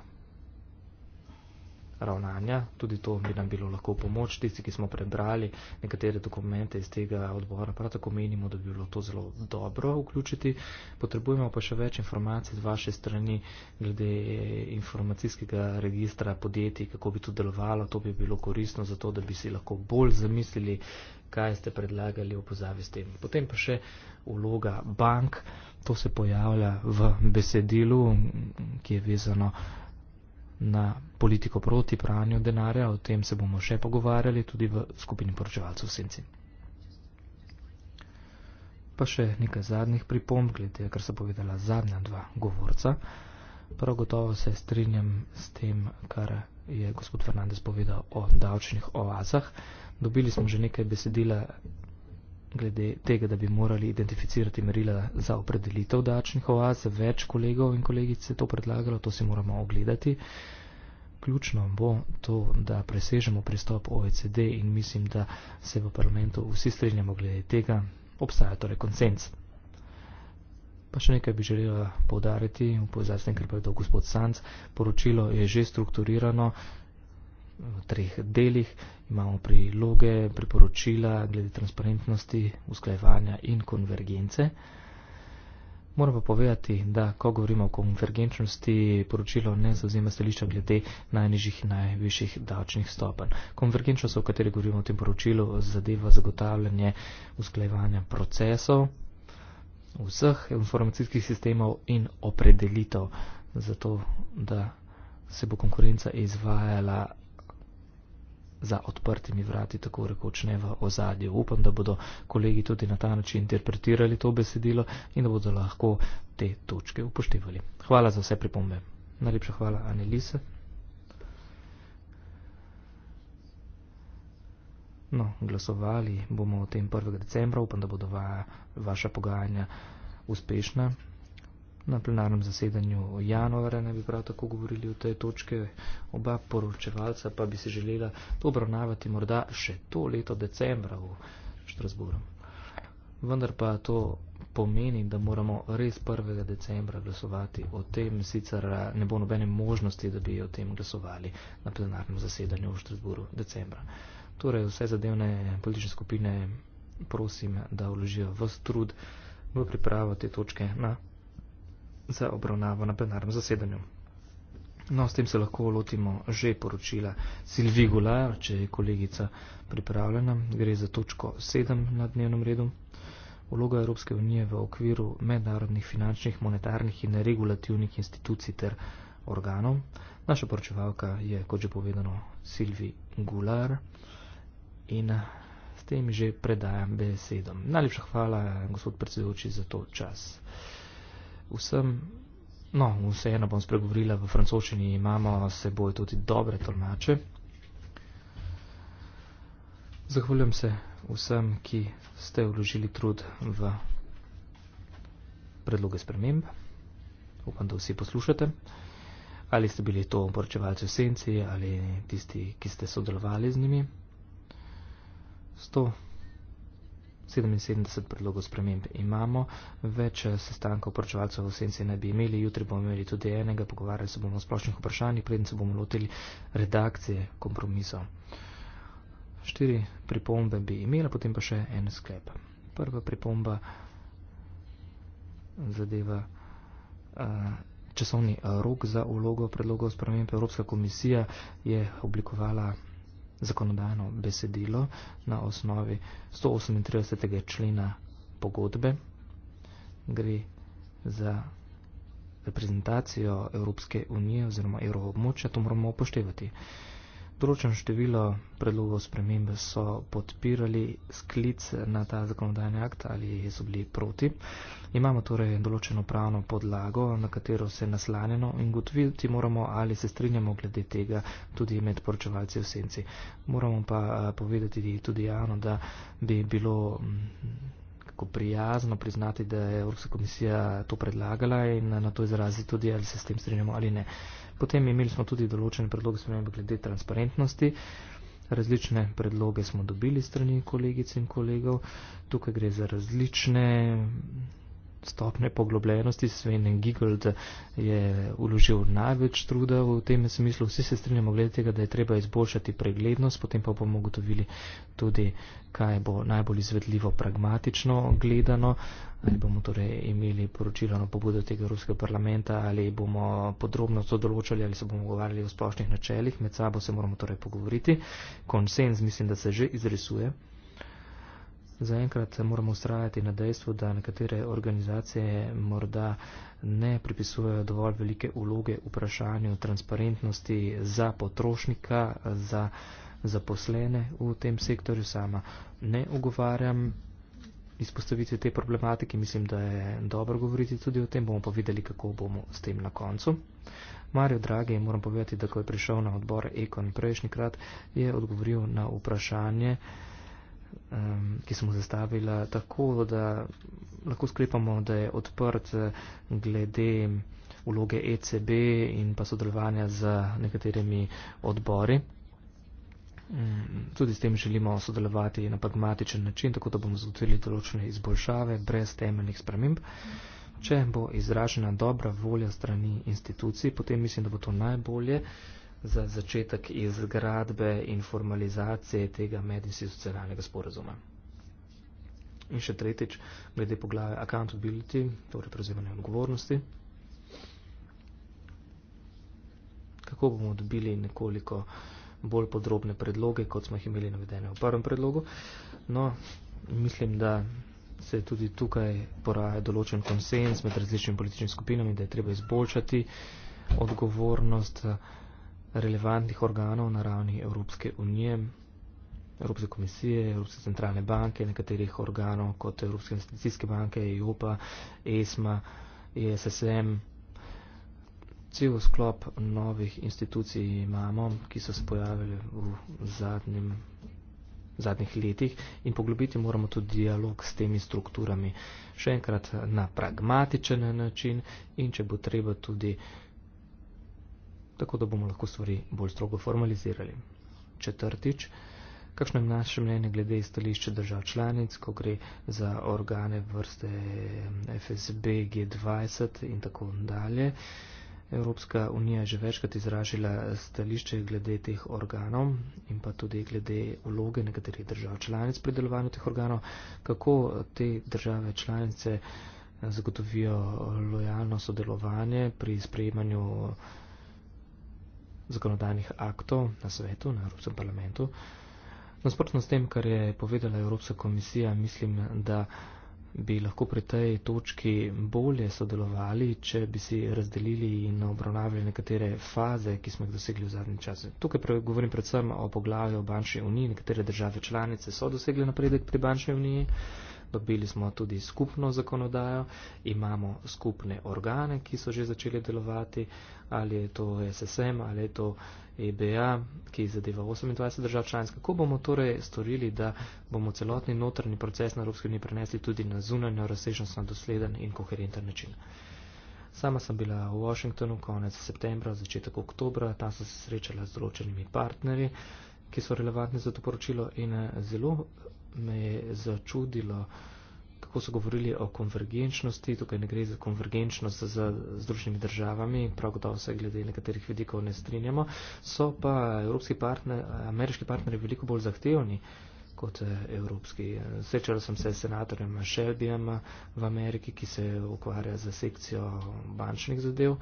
ravnanja. Tudi to bi nam bilo lahko pomoč. Tisti, ki smo prebrali nekatere dokumente iz tega odbora, prav tako menimo, da bi bilo to zelo dobro vključiti. Potrebujemo pa še več informacij z vaše strani glede informacijskega registra podjetij, kako bi to delovalo. To bi bilo koristno zato, da bi si lahko bolj zamislili, kaj ste predlagali v pozavi s tem. Potem pa še vloga bank. To se pojavlja v besedilu, ki je vezano na politiko proti pranju denarja, o tem se bomo še pogovarjali tudi v skupini poročevalcev Senci. Pa še nekaj zadnjih pripomb, glede, kar so povedala zadnja dva govorca. Prav gotovo se strinjam s tem, kar je gospod Fernandez povedal o davčnih oazah. Dobili smo že nekaj besedila glede tega, da bi morali identificirati merila za opredelitev davčnih oaz, več kolegov in kolegic je to predlagalo, to si moramo ogledati. Ključno bo to, da presežemo pristop OECD in mislim, da se v parlamentu vsi strinjamo glede tega, obstaja torej konsens. Pa še nekaj bi želela povdariti, upozoriti, ker pa je to gospod Sanc. Poročilo je že strukturirano, v treh delih. Imamo priloge, priporočila glede transparentnosti, usklajevanja in konvergence. Moram pa povedati, da ko govorimo o konvergenčnosti, poročilo ne zauzema stališča glede najnižjih in najvišjih davčnih stopenj. Konvergenčnost, o kateri govorimo v tem poročilu, zadeva zagotavljanje usklajevanja procesov vseh informacijskih sistemov in opredelitev, zato da se bo konkurenca izvajala za odprtimi vrati, tako rekoč ne v ozadju. Upam, da bodo kolegi tudi na ta način interpretirali to besedilo in da bodo lahko te točke upoštevali. Hvala za vse pripombe. Najlepša hvala, Anelise. No, glasovali bomo o tem 1. decembra. Upam, da bodo va, vaša pogajanja uspešna. Na plenarnem zasedanju januara ne bi prav tako govorili o tej točki, oba poročevalca pa bi se želela to obravnavati morda še to leto decembra v Štrasburu. Vendar pa to pomeni, da moramo res 1. decembra glasovati o tem, sicer eh, ne bo nobene možnosti, da bi o tem glasovali na plenarnem zasedanju v Štrasburu decembra. Torej vse zadevne politične skupine prosim, da vložijo v strud v pripravo te točke na za obravnavo na plenarnem zasedanju. No, s tem se lahko lotimo že poročila Silvi Gulaja, če je kolegica pripravljena. Gre za točko 7 na dnevnem redu. Vloga Evropske unije v okviru mednarodnih finančnih, monetarnih in regulativnih institucij ter organov. Naša poročevalka je, kot že povedano, Silvi Gular in s tem že predajam besedom. Najlepša hvala, gospod predsedujoči, za to čas. Uh, vsem, no, vseeno bom spregovorila v francoščini, imamo seboj tudi dobre tolmače. Zahvaljujem se vsem, ki ste vložili trud v predloge sprememb. Upam, da vsi poslušate. Ali ste bili to poročevalci v senci ali tisti, ki ste sodelovali z njimi. 100. 77 predlogov sprememb imamo, več eh, sestankov poročevalcev v senci ne bi imeli, jutri bomo imeli tudi enega, pogovarjali se bomo o splošnih vprašanjih, preden se bomo lotili redakcije kompromisov. Štiri pripombe bi imela, potem pa še en sklep. Prva pripomba zadeva eh, časovni eh, rok za ulogo predlogov sprememb. Evropska komisija je oblikovala zakonodajno besedilo na osnovi 138. člena pogodbe. Gre za reprezentacijo Evropske unije oziroma evroobmočja, to moramo upoštevati določen število predlogov spremembe so podpirali sklic na ta zakonodajni akt ali so bili proti. Imamo torej določeno pravno podlago, na katero se je naslanjeno in gotoviti moramo, ali se strinjamo glede tega tudi med poročevalci v senci. Moramo pa eh, povedati tudi javno, da bi bilo mm, kako prijazno priznati, da je Evropska komisija to predlagala in na to izrazi tudi, ali se s tem strinjamo ali ne. Potem imeli smo tudi določene predloge spremembe glede transparentnosti. Različne predloge smo dobili strani kolegic in kolegov. Tukaj gre za različne stopne poglobljenosti, Sven Gigold je uložil največ truda v tem smislu. Vsi se strinjamo glede tega, da je treba izboljšati preglednost, potem pa bomo ugotovili tudi, kaj bo najbolj izvedljivo pragmatično gledano. Ali bomo torej imeli poročilo na pobudo tega Evropskega parlamenta, ali bomo podrobno to določali, ali se bomo govarjali o splošnih načelih, med sabo se moramo torej pogovoriti. Konsens mislim, da se že izrisuje. Zaenkrat moramo ustrajati na dejstvu, da nekatere organizacije morda ne pripisujejo dovolj velike uloge vprašanju transparentnosti za potrošnika, za zaposlene v tem sektorju. Sama ne ugovarjam izpostavitve te problematike, mislim, da je dobro govoriti tudi o tem, bomo pa videli, kako bomo s tem na koncu. Mario Dragi, moram povedati, da ko je prišel na odbor Ekon prejšnjikrat, je odgovoril na vprašanje, um, ki smo zastavila, tako da lahko sklepamo, da je odprt glede vloge ECB in pa sodelovanja z nekaterimi odbori. Mm, tudi s tem želimo sodelovati na pragmatičen način, tako da bomo zagotovili določene izboljšave brez temeljnih sprememb. Če bo izražena dobra volja strani institucij, potem mislim, da bo to najbolje. Uh, za začetek izgradbe in formalizacije tega medinstitucionalnega sporazuma. In še tretjič, glede poglave accountability, torej prevzemanje odgovornosti. Kako bomo dobili nekoliko bolj podrobne predloge, kot smo jih imeli navedene v prvem predlogu. No, mislim, da se tudi tukaj poraja določen konsens med različnimi političnimi skupinami, da je treba izboljšati odgovornost uh, relevantnih organov na ravni Evropske unije, Evropske komisije, Evropske centralne banke, nekaterih organov kot Evropske investicijske banke, EIOPA, ESMA, ESSM. Cel sklop novih institucij imamo, ki so se pojavili v zadnjem zadnjih letih in poglobiti moramo tudi dialog s temi strukturami. Še enkrat na pragmatičen način in če bo treba tudi tako da bomo lahko stvari bolj strogo formalizirali. Četrtič, kakšno je naše mnenje glede stališče držav članic, ko gre za organe vrste FSB, G20 in tako dalje. Evropska unija je že večkrat izražila stališče glede teh organov in pa tudi glede vloge nekaterih držav članic pri delovanju teh organov, kako te države članice zagotovijo lojalno sodelovanje pri sprejemanju zakonodajnih aktov na svetu, na Evropskem parlamentu. Nasprotno s tem, kar je povedala Evropska komisija, mislim, da bi lahko pri tej točki bolje sodelovali, če bi si razdelili in obravnavali nekatere faze, ki smo jih dosegli v zadnjem času. Tukaj govorim predvsem o poglavju o bančni uniji. Nekatere države članice so dosegli napredek pri bančni uniji dobili smo tudi skupno zakonodajo, imamo skupne organe, ki so že začeli delovati, ali je to SSM, ali je to EBA, ki zadeva 28 držav članskih. Kako bomo torej storili, da bomo celotni notrni proces na Evropski uniji prenesli tudi na zunanjo razsežnost na dosleden in koherenten način? Sama sem bila v Washingtonu konec septembra, začetek oktobra, tam sem se srečala z določenimi partnerji, ki so relevantni za to poročilo in eh, zelo me je začudilo, kako so govorili o konvergenčnosti. Tukaj ne gre za konvergenčnost z združenimi državami, prav gotovo se glede nekaterih vidikov ne strinjamo. So pa evropski partner, ameriški partneri veliko bolj zahtevni kot eh, evropski. Srečala sem se s senatorjem Shelbyjem v Ameriki, ki se ukvarja za sekcijo bančnih zadev. Uh,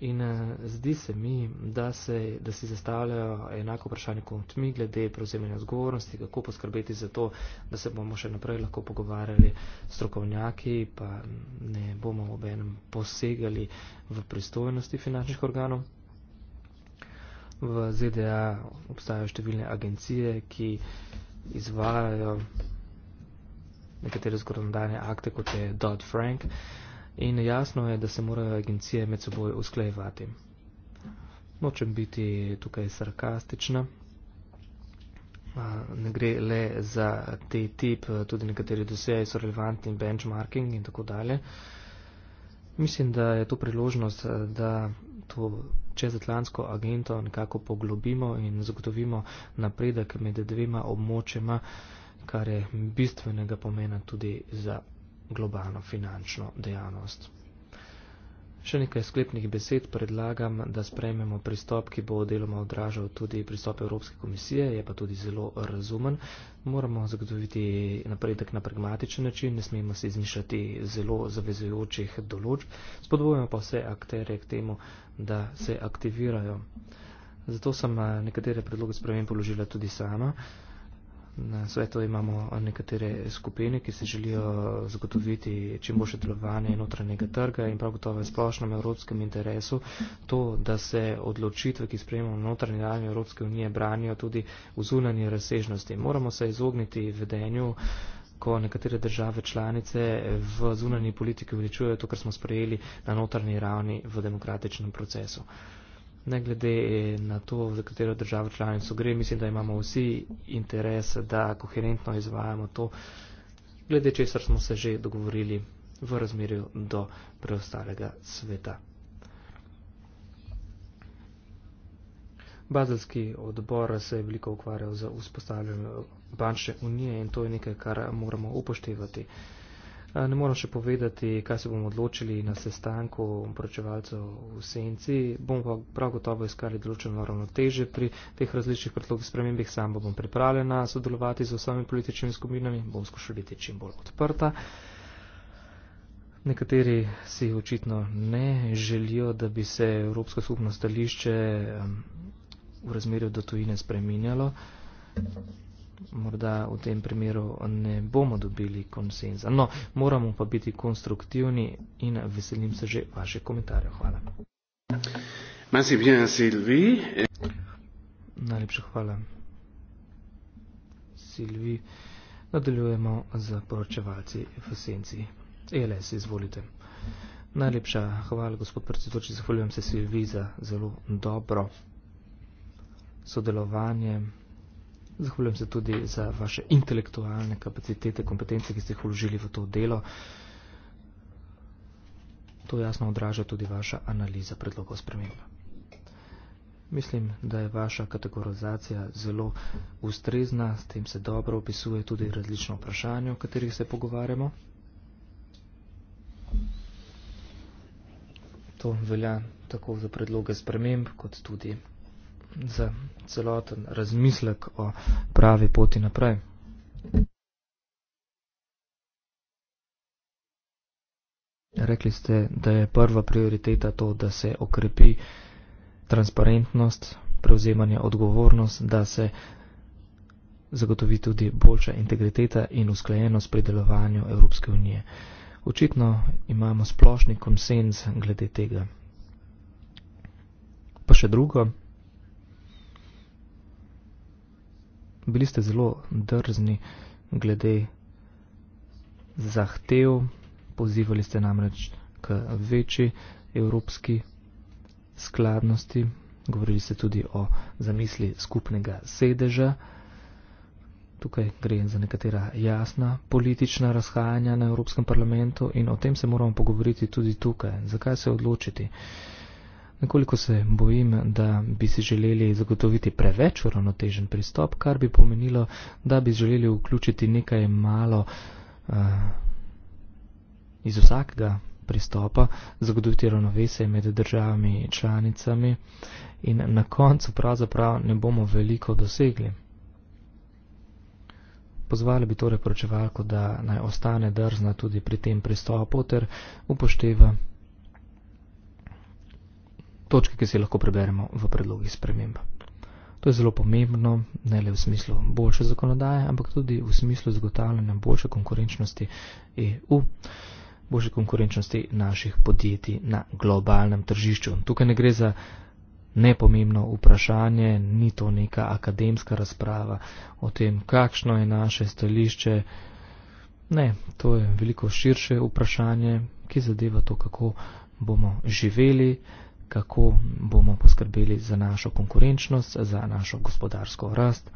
In eh, zdi se mi, da, se, da si zastavljajo enako vprašanje kot mi glede prevzemanja odgovornosti, kako poskrbeti za to, da se bomo še naprej lahko pogovarjali strokovnjaki, pa ne bomo ob enem posegali v pristojnosti finančnih organov. V ZDA obstajajo številne agencije, ki izvajajo nekatere zakonodajne akte, kot je Dodd-Frank. Uh, in jasno je, da se morajo agencije med seboj usklejevati. Nočem biti tukaj sarkastična. Ne gre le za te tip, tudi nekateri dosejaj so relevantni, benchmarking in tako dalje. Mislim, da je to priložnost, da to čezatlansko agento nekako poglobimo in zagotovimo napredek med dvema območjema, kar je bistvenega pomena tudi za globalno finančno dejavnost. Še nekaj sklepnih besed predlagam, da sprejmemo pristop, ki bo deloma odražal tudi pristop Evropske komisije, je pa tudi zelo razumen. Moramo zagotoviti napredek na pragmatičen način, ne smemo se izmišljati zelo zavezujočih določb, spodbujamo pa vse akterje k temu, da se aktivirajo. Zato sem eh, nekatere predloge sprejem položila tudi sama. Uh, na svetu imamo nekatere skupine, ki se želijo zagotoviti čim boljše delovanje notranjega trga in prav gotovo v splošnem evropskem interesu to, da se odločitve, ki sprejemamo v notranjem ravni Evropske unije, branijo tudi v zunanji razsežnosti. Moramo se izogniti vedenju ko nekatere države članice v zunanji politiki uničujejo to, kar smo sprejeli na notranji ravni v demokratičnem procesu ne glede eh, na to, za katero državo članico gre, mislim, da imamo vsi interes, da koherentno izvajamo to, glede česar smo se že dogovorili v razmerju do preostalega sveta. Bazelski odbor se je veliko ukvarjal z vzpostavljanjem bančne unije in to je nekaj, kar moramo upoštevati. Uh, Eh, ne moram še povedati, kaj se bomo odločili na sestanku poročevalcev v senci. Bom pa prav gotovo iskali določeno ravnoteže pri teh različnih predlogih spremembih. Sam bom pripravljena sodelovati z vsemi političnimi skupinami, bom skušala biti čim bolj odprta. Nekateri si očitno ne želijo, da bi se Evropsko skupno stališče v razmerju do tujine spreminjalo morda v tem primeru ne bomo dobili konsenza. No, moramo pa biti konstruktivni in veselim se že vaše komentarje. Hvala. Najlepša hvala. Silvi, nadaljujemo z poročevalci v senci. ELS, izvolite. Najlepša hvala, gospod predsedoči. Zahvaljujem se Silvi za zelo dobro sodelovanje. Zahvaljujem se tudi za vaše intelektualne kapacitete, kompetence, ki ste jih vložili v to delo. To jasno odraža tudi vaša analiza predlogov sprememb. Mislim, da je vaša kategorizacija zelo ustrezna, s tem se dobro opisuje tudi različno vprašanje, o katerih se pogovarjamo. To velja tako za predloge sprememb, kot tudi za celoten razmislek o pravi poti naprej. Rekli ste, da je prva prioriteta to, da se okrepi transparentnost, prevzemanje odgovornost, da se zagotovi tudi boljša integriteta in usklajenost pri delovanju Evropske unije. Očitno imamo splošni konsens glede tega. Pa še drugo. bili ste zelo drzni glede zahtev, pozivali ste namreč k večji evropski skladnosti, govorili ste tudi o zamisli skupnega sedeža. Tukaj gre za nekatera jasna politična razhajanja na Evropskem parlamentu in o tem se moramo pogovoriti tudi tukaj. Zakaj se odločiti? Uh, Nekoliko se bojim, da bi si želeli zagotoviti preveč uravnotežen pristop, kar bi pomenilo, da bi želeli vključiti nekaj malo uh, iz vsakega pristopa, zagotoviti ravnovesje med državami in članicami in na koncu pravzaprav ne bomo veliko dosegli. Pozvali bi torej poročevalko, da naj ostane drzna tudi pri tem pristopu ter upošteva točke, ki si lahko preberemo v predlogi sprememb. To je zelo pomembno, ne le v smislu boljše zakonodaje, ampak tudi v smislu zagotavljanja boljše konkurenčnosti EU, boljše konkurenčnosti naših podjetij na globalnem tržišču. Tukaj ne gre za nepomembno vprašanje, ni to neka akademska razprava o tem, kakšno je naše stališče. Ne, to je veliko širše vprašanje, ki zadeva to, kako bomo živeli kako bomo poskrbeli za našo konkurenčnost, za našo gospodarsko rast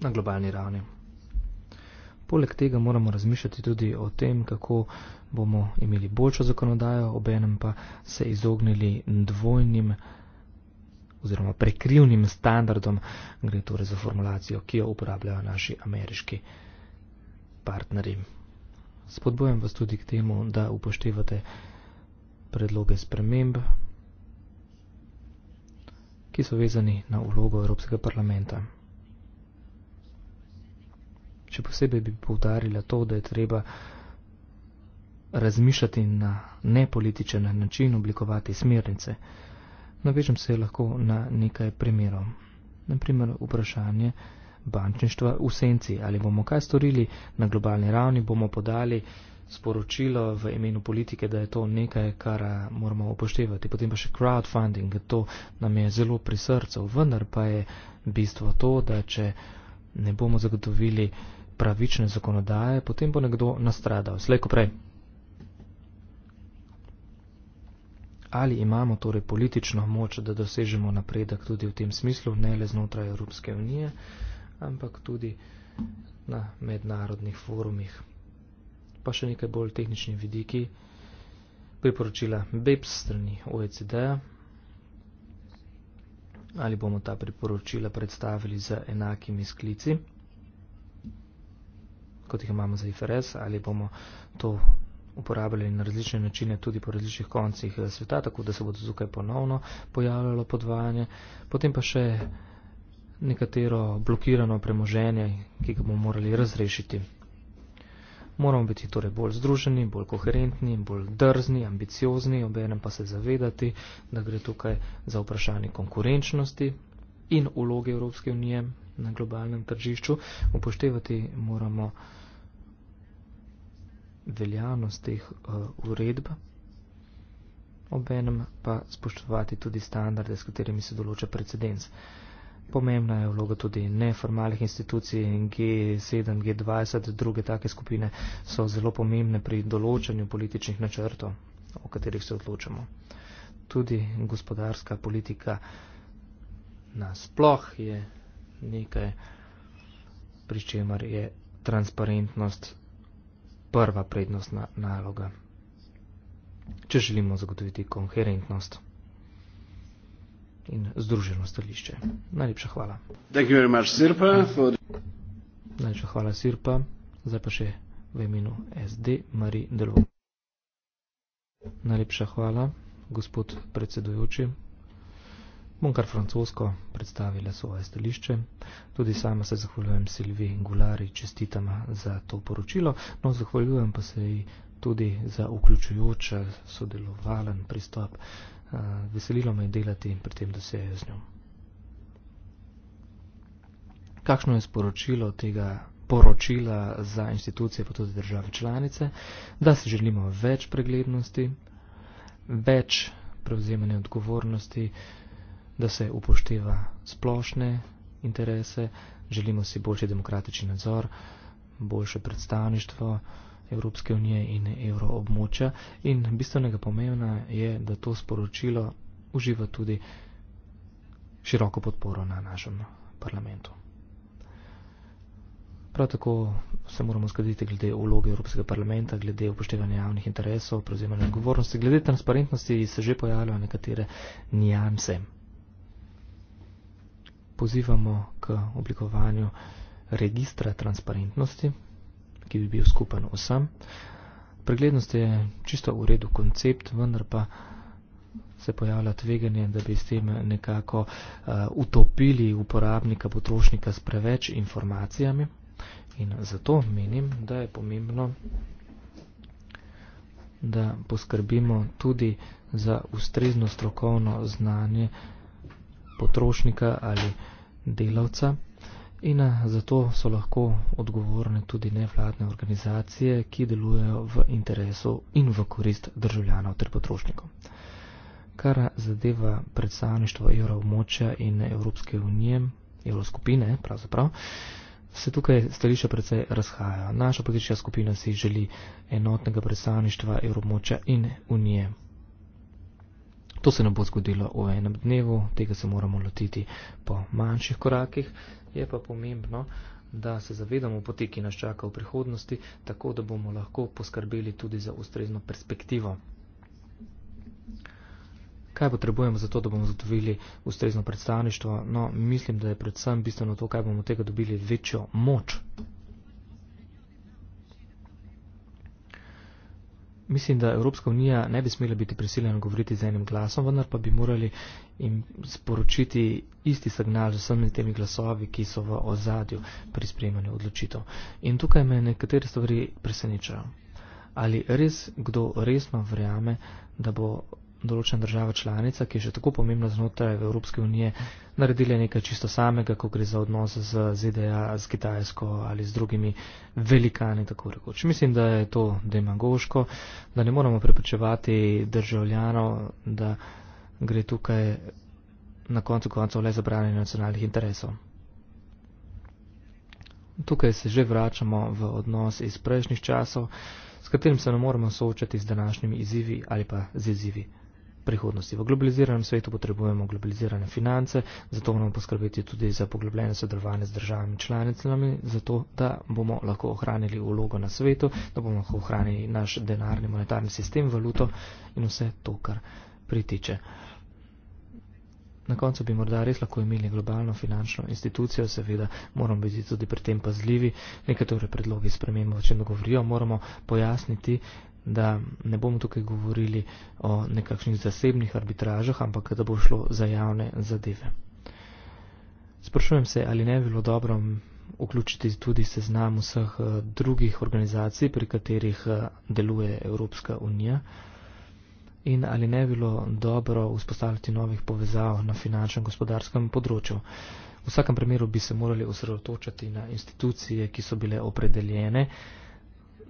na globalni ravni. Poleg tega moramo razmišljati tudi o tem, kako bomo imeli boljšo zakonodajo, obenem pa se izognili dvojnim oziroma prekrivnim standardom, gre torej za formulacijo, ki jo uporabljajo naši ameriški partnerji. Spodbujam vas tudi k temu, da upoštevate predloge sprememb, ki so vezani na vlogo Evropskega parlamenta. Še posebej bi povdarila to, da je treba razmišljati na nepolitičen način, oblikovati smernice. Navežem se lahko na nekaj primerov. Naprimer, vprašanje bančništva v senci. Ali bomo kaj storili na globalni ravni, bomo podali sporočilo v imenu politike, da je to nekaj, kar eh, moramo upoštevati. Potem pa še crowdfunding, to nam je zelo pri srcu, vendar pa je bistvo to, da če ne bomo zagotovili pravične zakonodaje, potem bo nekdo nastradal. Slejko prej. Ali imamo torej politično moč, da dosežemo napredek tudi v tem smislu, ne le znotraj Evropske unije, ampak tudi na mednarodnih forumih pa še nekaj bolj tehnični vidiki priporočila BEPS strani OECD-a. Ali bomo ta priporočila predstavili z enakimi sklici, kot jih imamo za IFRS, ali bomo to uporabljali na različne načine tudi po različnih koncih eh, sveta, tako da se bodo tukaj ponovno pojavljalo podvajanje. Potem pa še nekatero blokirano premoženje, ki ga bomo morali razrešiti moramo biti torej bolj združeni, bolj koherentni, bolj drzni, ambiciozni, obenem pa se zavedati, da gre tukaj za vprašanje konkurenčnosti in uloge Evropske unije na globalnem tržišču. Upoštevati moramo veljavnost teh uh, uredb, obenem pa spoštovati tudi standarde, s katerimi se določa precedens. Uh, Pomembna je vloga tudi neformalnih institucij G7, G20, druge take skupine so zelo pomembne pri določanju političnih načrtov, o katerih se odločamo. Tudi gospodarska politika nasploh je nekaj, pri čemer je transparentnost prva prednostna naloga, če želimo zagotoviti koherentnost in združeno stališče. Najlepša hvala. Much, Sirpa, for... Najlepša hvala, Sirpa. Zdaj pa še v imenu SD Mari Delov. Najlepša hvala, gospod predsedujoči. Bom kar francosko predstavila svoje stališče. Tudi sama se zahvaljujem Silvi in Gulari čestitama za to poročilo, no zahvaljujem pa se ji tudi za vključujoče sodelovalen pristop Eh, veselilo me je delati pri tem, da se je z njo. Kakšno je sporočilo tega poročila za institucije, pa tudi države članice, da si želimo več preglednosti, več prevzemanja odgovornosti, da se upošteva splošne interese, želimo si boljši demokratični nadzor, boljše predstavništvo. Evropske unije in evroobmoča in bistvenega pomena je, da to sporočilo uživa tudi široko podporo na našem parlamentu. Prav tako se moramo skrbiti glede vloge Evropskega parlamenta, glede upoštevanja javnih interesov, prevzemanja odgovornosti, glede transparentnosti se že pojavljajo nekatere nijanse. Pozivamo k oblikovanju registra transparentnosti, ki bi bil skupen vsem. Preglednost je čisto v redu koncept, vendar pa se pojavlja tveganje, da bi s tem nekako uh, utopili uporabnika, potrošnika s preveč informacijami. In zato menim, da je pomembno, da poskrbimo tudi za ustrezno strokovno znanje potrošnika ali delavca. In eh, zato so lahko odgovorne tudi nevladne organizacije, ki delujejo v interesu in v korist državljanov ter potrošnikov. Kar zadeva predstavništvo evroobmočja in Evropske unije, evroskupine pravzaprav, se tukaj stališča precej razhajajo. Naša politična skupina si želi enotnega predstavništva evroobmočja in unije To se nam bo zgodilo v enem dnevu, tega se moramo lotiti po manjših korakih. Je pa pomembno, da se zavedamo poti, ki nas čaka v prihodnosti, tako da bomo lahko poskrbeli tudi za ustrezno perspektivo. Kaj potrebujemo za to, da bomo zagotovili ustrezno predstavništvo? No, mislim, da je predvsem bistveno to, kaj bomo od tega dobili večjo moč. mislim, da Evropska unija ne bi smela biti prisiljena govoriti z enim glasom, vendar pa bi morali jim sporočiti isti signal z vsemi temi glasovi, ki so v ozadju pri sprejemanju odločitev. In tukaj me nekatere stvari presenečajo. Ali res kdo resno verjame, da bo določena država članica, ki je še tako pomembna znotraj Evropske unije, naredile nekaj čisto samega, ko gre za odnos z ZDA, z Kitajsko ali z drugimi velikani, tako rekoč. Mislim, da je to demagoško, da ne moramo prepričevati državljanov, da gre tukaj na koncu koncev le za branje nacionalnih interesov. Tukaj se že vračamo v odnos iz prejšnjih časov, s katerim se ne moremo soočati z današnjimi izzivi ali pa z izzivi prihodnosti. V globaliziranem svetu potrebujemo globalizirane finance, zato moramo poskrbeti tudi za poglobljene sodelovanje z državami članicami, zato da bomo lahko ohranili ulogo na svetu, da bomo lahko ohranili naš denarni monetarni sistem, valuto in vse to, kar pritiče. Na koncu bi morda res lahko imeli globalno finančno institucijo, seveda moramo biti tudi pri tem pazljivi, nekatere predloge spremembo, če ne govorijo, moramo pojasniti, da ne bomo tukaj govorili o nekakšnih zasebnih arbitražah, ampak da bo šlo za javne zadeve. Sprašujem se, ali ne bi bilo dobro vključiti tudi seznam vseh eh, drugih organizacij, pri katerih eh, deluje Evropska unija in ali ne bi bilo dobro vzpostaviti novih povezav na finančnem gospodarskem področju. V vsakem primeru bi se morali osredotočati na institucije, ki so bile opredeljene,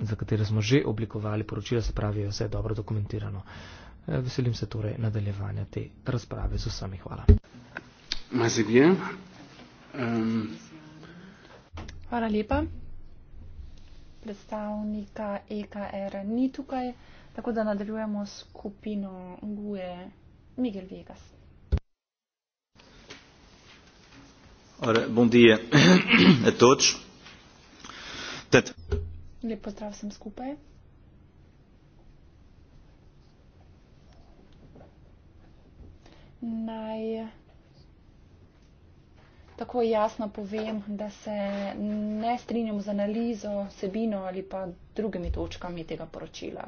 za katere smo že oblikovali poročila, se pravi, je vse dobro dokumentirano. Eh, veselim se torej nadaljevanja te razprave z vsemi. Hvala. Hvala lepa. Predstavnika EKR ni tukaj, tako da nadaljujemo skupino Guje Miguel Vegas. Ora, bom dia a todos. Lepo zdrav vsem skupaj. Naj tako jasno povem, da se ne strinjam z analizo, sebino ali pa drugimi točkami tega poročila.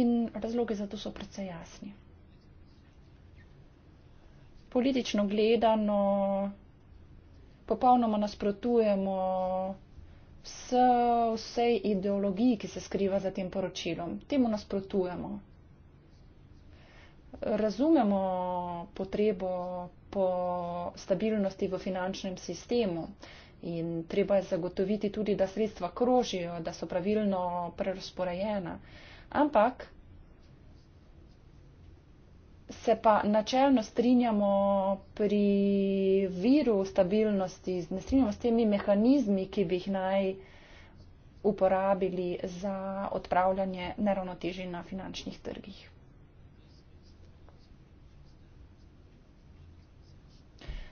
In razloge za to so predvsej jasni. Politično gledano popolnoma nasprotujemo vse, vsej ideologiji, ki se skriva za tem poročilom. Temu nasprotujemo. Razumemo potrebo po stabilnosti v finančnem sistemu in treba je zagotoviti tudi, da sredstva krožijo, da so pravilno prerasporejena. Ampak se pa načelno strinjamo pri viru stabilnosti, ne strinjamo s temi mehanizmi, ki bi jih naj uporabili za odpravljanje neravnoteži na finančnih trgih.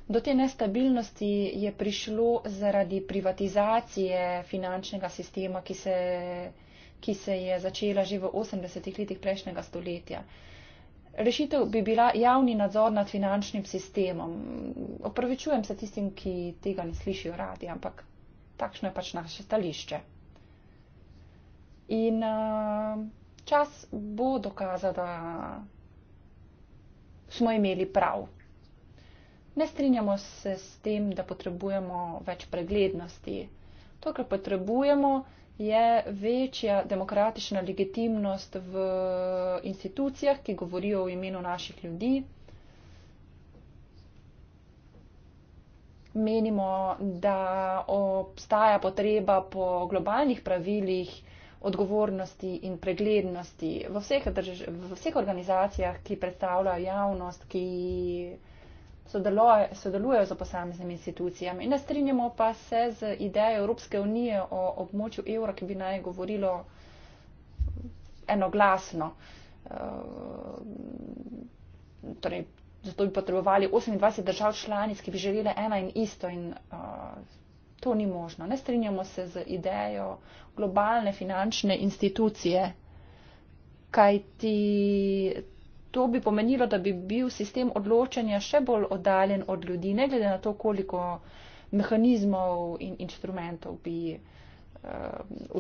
Do te nestabilnosti je prišlo zaradi privatizacije finančnega sistema, ki se, ki se je začela že v 80-ih letih prejšnjega stoletja. Uh, Rešitev bi bila javni nadzor nad finančnim sistemom. Opravičujem se tistim, ki tega ne slišijo radi, ampak takšno je pač naše stališče. In eh, čas bo dokazal, da smo imeli prav. Ne strinjamo se s tem, da potrebujemo več preglednosti. To, kar potrebujemo, je večja demokratična legitimnost v institucijah, ki govorijo v imenu naših ljudi. Menimo, da obstaja potreba po globalnih pravilih odgovornosti in preglednosti v vseh, drž v vseh organizacijah, ki predstavljajo javnost, ki sodelujejo, sodelujejo za posameznimi institucijami. Ne strinjamo pa se z idejo Evropske unije o območju evra, ki bi naj govorilo enoglasno. Ehm, torej, zato bi potrebovali 28 držav članic, ki bi želeli ena in isto in ehm, to ni možno. Ne strinjamo se z idejo globalne finančne institucije, kaj ti To bi pomenilo, da bi bil sistem odločanja še bolj oddaljen od ljudi, ne glede na to, koliko mehanizmov in inštrumentov bi uh,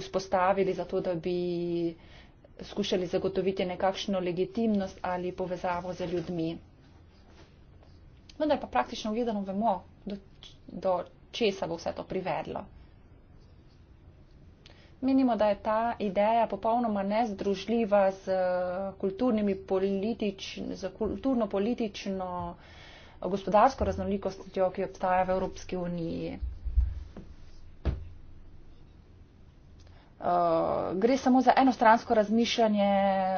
vzpostavili za to, da bi skušali zagotoviti nekakšno legitimnost ali povezavo z ljudmi. Vendar pa praktično gledano vemo, do, do česa bo vse to privedlo. Menimo, da je ta ideja popolnoma nezdružljiva z, eh, politič, z kulturno-politično eh, gospodarsko raznolikostjo, ki obstaja v Evropski uniji. Uh, gre samo za enostransko razmišljanje,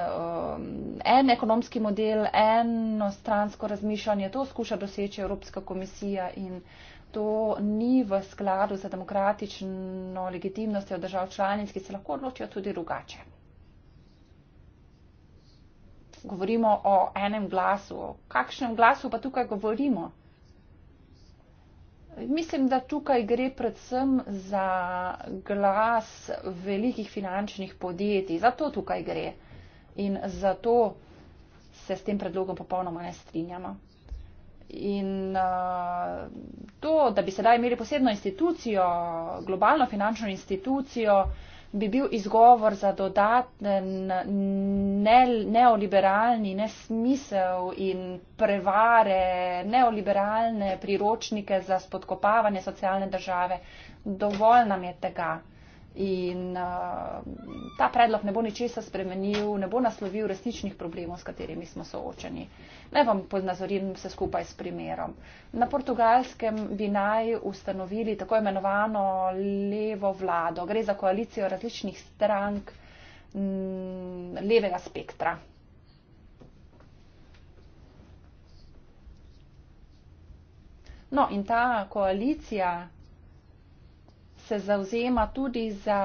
uh, en ekonomski model, enostransko razmišljanje. To skuša doseči Evropska komisija in uh, to ni v skladu z demokratično legitimnostjo držav članic, ki se lahko odločijo tudi drugače. Govorimo o enem glasu. O kakšnem glasu pa tukaj govorimo? Mislim, da tukaj gre predvsem za glas velikih finančnih podjetij. Zato tukaj gre. In zato se s tem predlogom popolnoma ne strinjamo. In uh, to, da bi sedaj imeli posebno institucijo, globalno finančno institucijo, bi bil izgovor za dodaten ne, neoliberalni nesmisel in prevare, neoliberalne priročnike za spodkopavanje socialne države. Dovolj nam je tega. In uh, ta predlog ne bo ničesa spremenil, ne bo naslovil resničnih problemov, s katerimi smo soočeni. Naj vam poznazorim se skupaj s primerom. Na portugalskem bi naj ustanovili tako imenovano levo vlado. Gre za koalicijo različnih strank mm, levega spektra. No, in ta koalicija se zauzema tudi za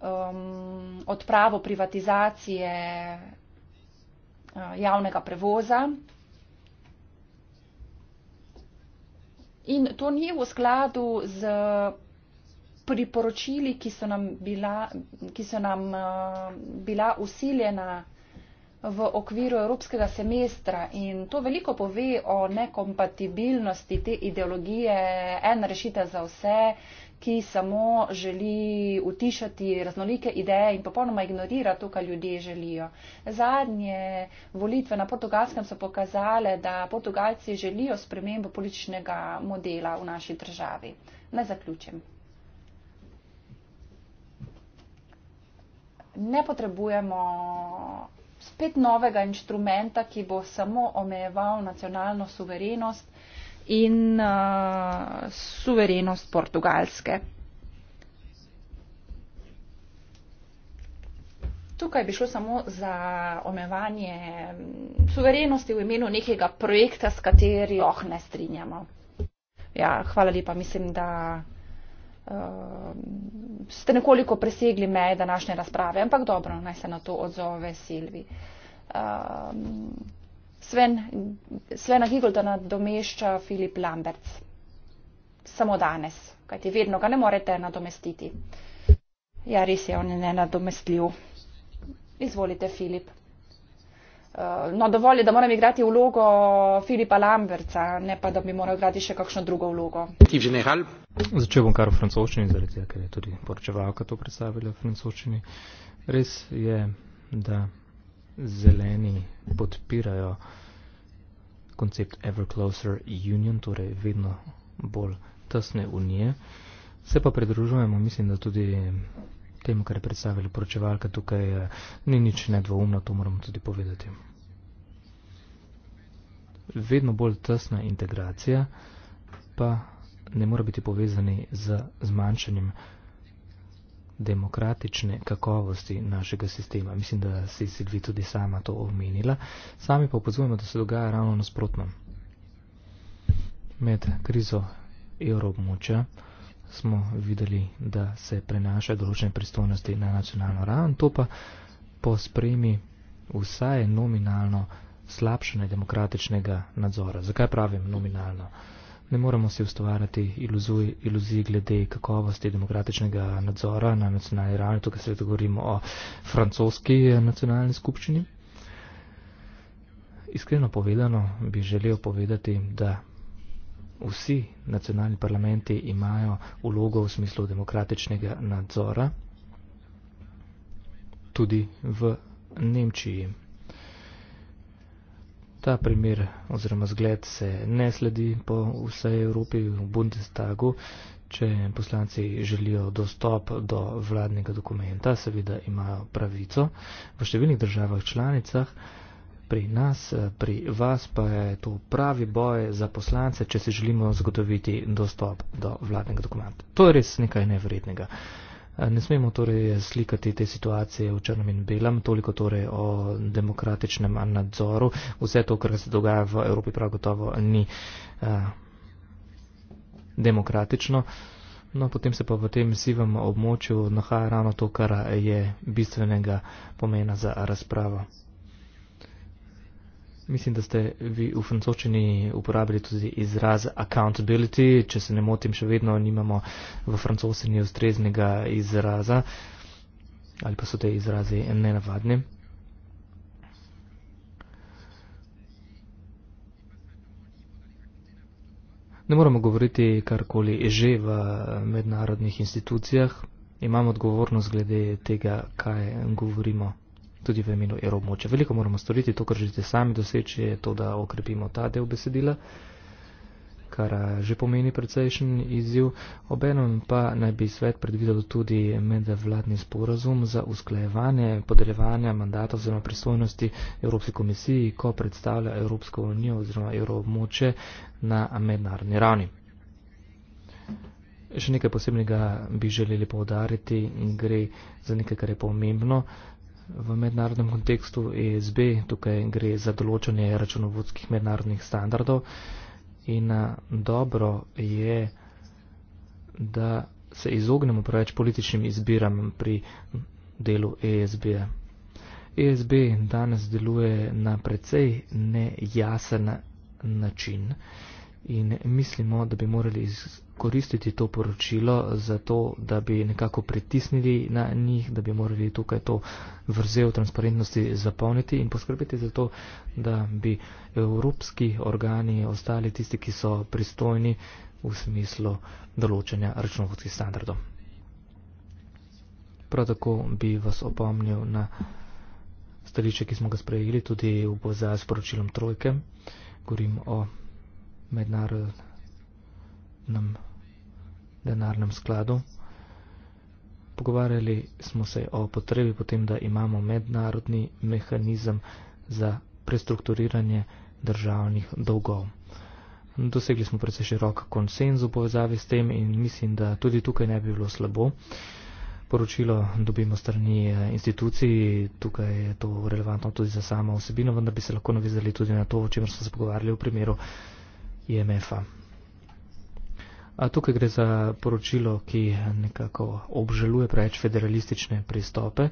um, odpravo privatizacije uh, javnega prevoza. In to ni v skladu z priporočili, ki so nam bila, ki so nam, uh, bila usiljena v okviru evropskega semestra in to veliko pove o nekompatibilnosti te ideologije, ena rešitev za vse, ki samo želi utišati raznolike ideje in popolnoma ignorira to, kar ljudje želijo. Zadnje volitve na portugalskem so pokazale, da portugalci želijo spremembo političnega modela v naši državi. Naj zaključim. Ne potrebujemo spet novega inštrumenta, ki bo samo omejeval nacionalno suverenost in uh, suverenost portugalske. Tukaj bi šlo samo za omejevanje suverenosti v imenu nekega projekta, s katerim lahko ne strinjamo. Ja, hvala lepa, mislim, da uh, ste nekoliko presegli meje današnje razprave, ampak dobro, naj se na to odzove Silvi. Uh, Sven, Svena Higolda nadomešča Filip Lambert. Samo danes, kajti vedno ga ne morete nadomestiti. Ja, res je, on je nenadomestljiv. Izvolite, Filip. Eh, no, dovolj je, da moram igrati vlogo Filipa Lamberca, ne pa, da bi moral igrati še kakšno drugo vlogo. Začel bom kar v francoščini, zaradi tega, ker je tudi poročevalka to predstavila v francoščini. Res je, da zeleni podpirajo koncept Ever Closer Union, torej vedno bolj tesne unije. Se pa pridružujemo, mislim, da tudi temu, kar je predstavila poročevalka, tukaj eh, ni nič nedvoumno, to moramo tudi povedati. Vedno bolj tesna integracija pa ne mora biti povezani z zmanjšanjem demokratične kakovosti našega sistema. Mislim, da si Silvi tudi sama to omenila. Sami pa opozujemo, da se dogaja ravno nasprotno. Med krizo evroobmočja smo videli, da se prenaša določene pristojnosti na nacionalno raven, to pa pospremi vsaj nominalno slabšanje demokratičnega nadzora. Zakaj pravim nominalno? Ne moremo si ustvarjati iluzij, iluzij glede kakovosti demokratičnega nadzora na nacionalni ravni, tukaj se govorimo o francoski nacionalni skupščini. Iskreno povedano bi želel povedati, da vsi nacionalni parlamenti imajo vlogo v smislu demokratičnega nadzora, tudi v Nemčiji. Ta primer oziroma zgled se ne sledi po vsej Evropi v Bundestagu. Če poslanci želijo dostop do vladnega dokumenta, seveda imajo pravico. V številnih državah članicah pri nas, eh, pri vas pa je to pravi boj za poslance, če si želimo zagotoviti dostop do vladnega dokumenta. To je res nekaj nevrednega. Eh, ne smemo torej slikati te situacije v črnem in belem, toliko torej o demokratičnem nadzoru. Vse to, kar se dogaja v Evropi, prav gotovo ni eh, demokratično. No, potem se pa v tem sivem območju nahaja ravno to, kar je bistvenega pomena za razpravo mislim, da ste vi v francoščini uporabili tudi izraz accountability, če se ne motim, še vedno nimamo v francoščini ustreznega izraza ali pa so te izrazi nenavadni. Ne moramo govoriti karkoli že v mednarodnih institucijah, imamo odgovornost glede tega, kaj govorimo tudi v imenu evro območja. Veliko moramo storiti, to, kar želite sami doseči, je to, da okrepimo ta del besedila, kar že pomeni precejšen izziv. Obenem pa naj bi svet predvidel tudi medvladni sporazum za usklajevanje podeljevanja mandatov oziroma pristojnosti Evropske komisiji, ko predstavlja Evropsko unijo oziroma evro območje na mednarodni ravni. Še nekaj posebnega bi želeli povdariti in gre za nekaj, kar je pomembno v mednarodnem kontekstu ESB, tukaj gre za določanje računovodskih mednarodnih standardov in dobro je, da se izognemo preveč političnim izbiram pri delu ESB. ESB danes deluje na precej nejasen način in mislimo, da bi morali koristiti to poročilo za to, da bi nekako pritisnili na njih, da bi morali tukaj to vrzel transparentnosti zapolniti in poskrbeti za to, da bi evropski organi ostali tisti, ki so pristojni v smislu določanja računovodskih standardov. Prav tako bi vas opomnil na stališče, ki smo ga sprejeli tudi v povezavi s poročilom trojke. Govorim o mednarodnem denarnem skladu. Pogovarjali smo se o potrebi potem, da imamo mednarodni mehanizem za prestrukturiranje državnih dolgov. Dosegli smo precej širok konsenz v povezavi s tem in mislim, da tudi tukaj ne bi bilo slabo. Poročilo dobimo strani eh, institucij, tukaj je to relevantno tudi za samo osebino, vendar bi se lahko navezali tudi na to, o čemer smo se pogovarjali v primeru IMF-a. Tukaj gre za poročilo, ki nekako obžaluje preveč federalistične pristope.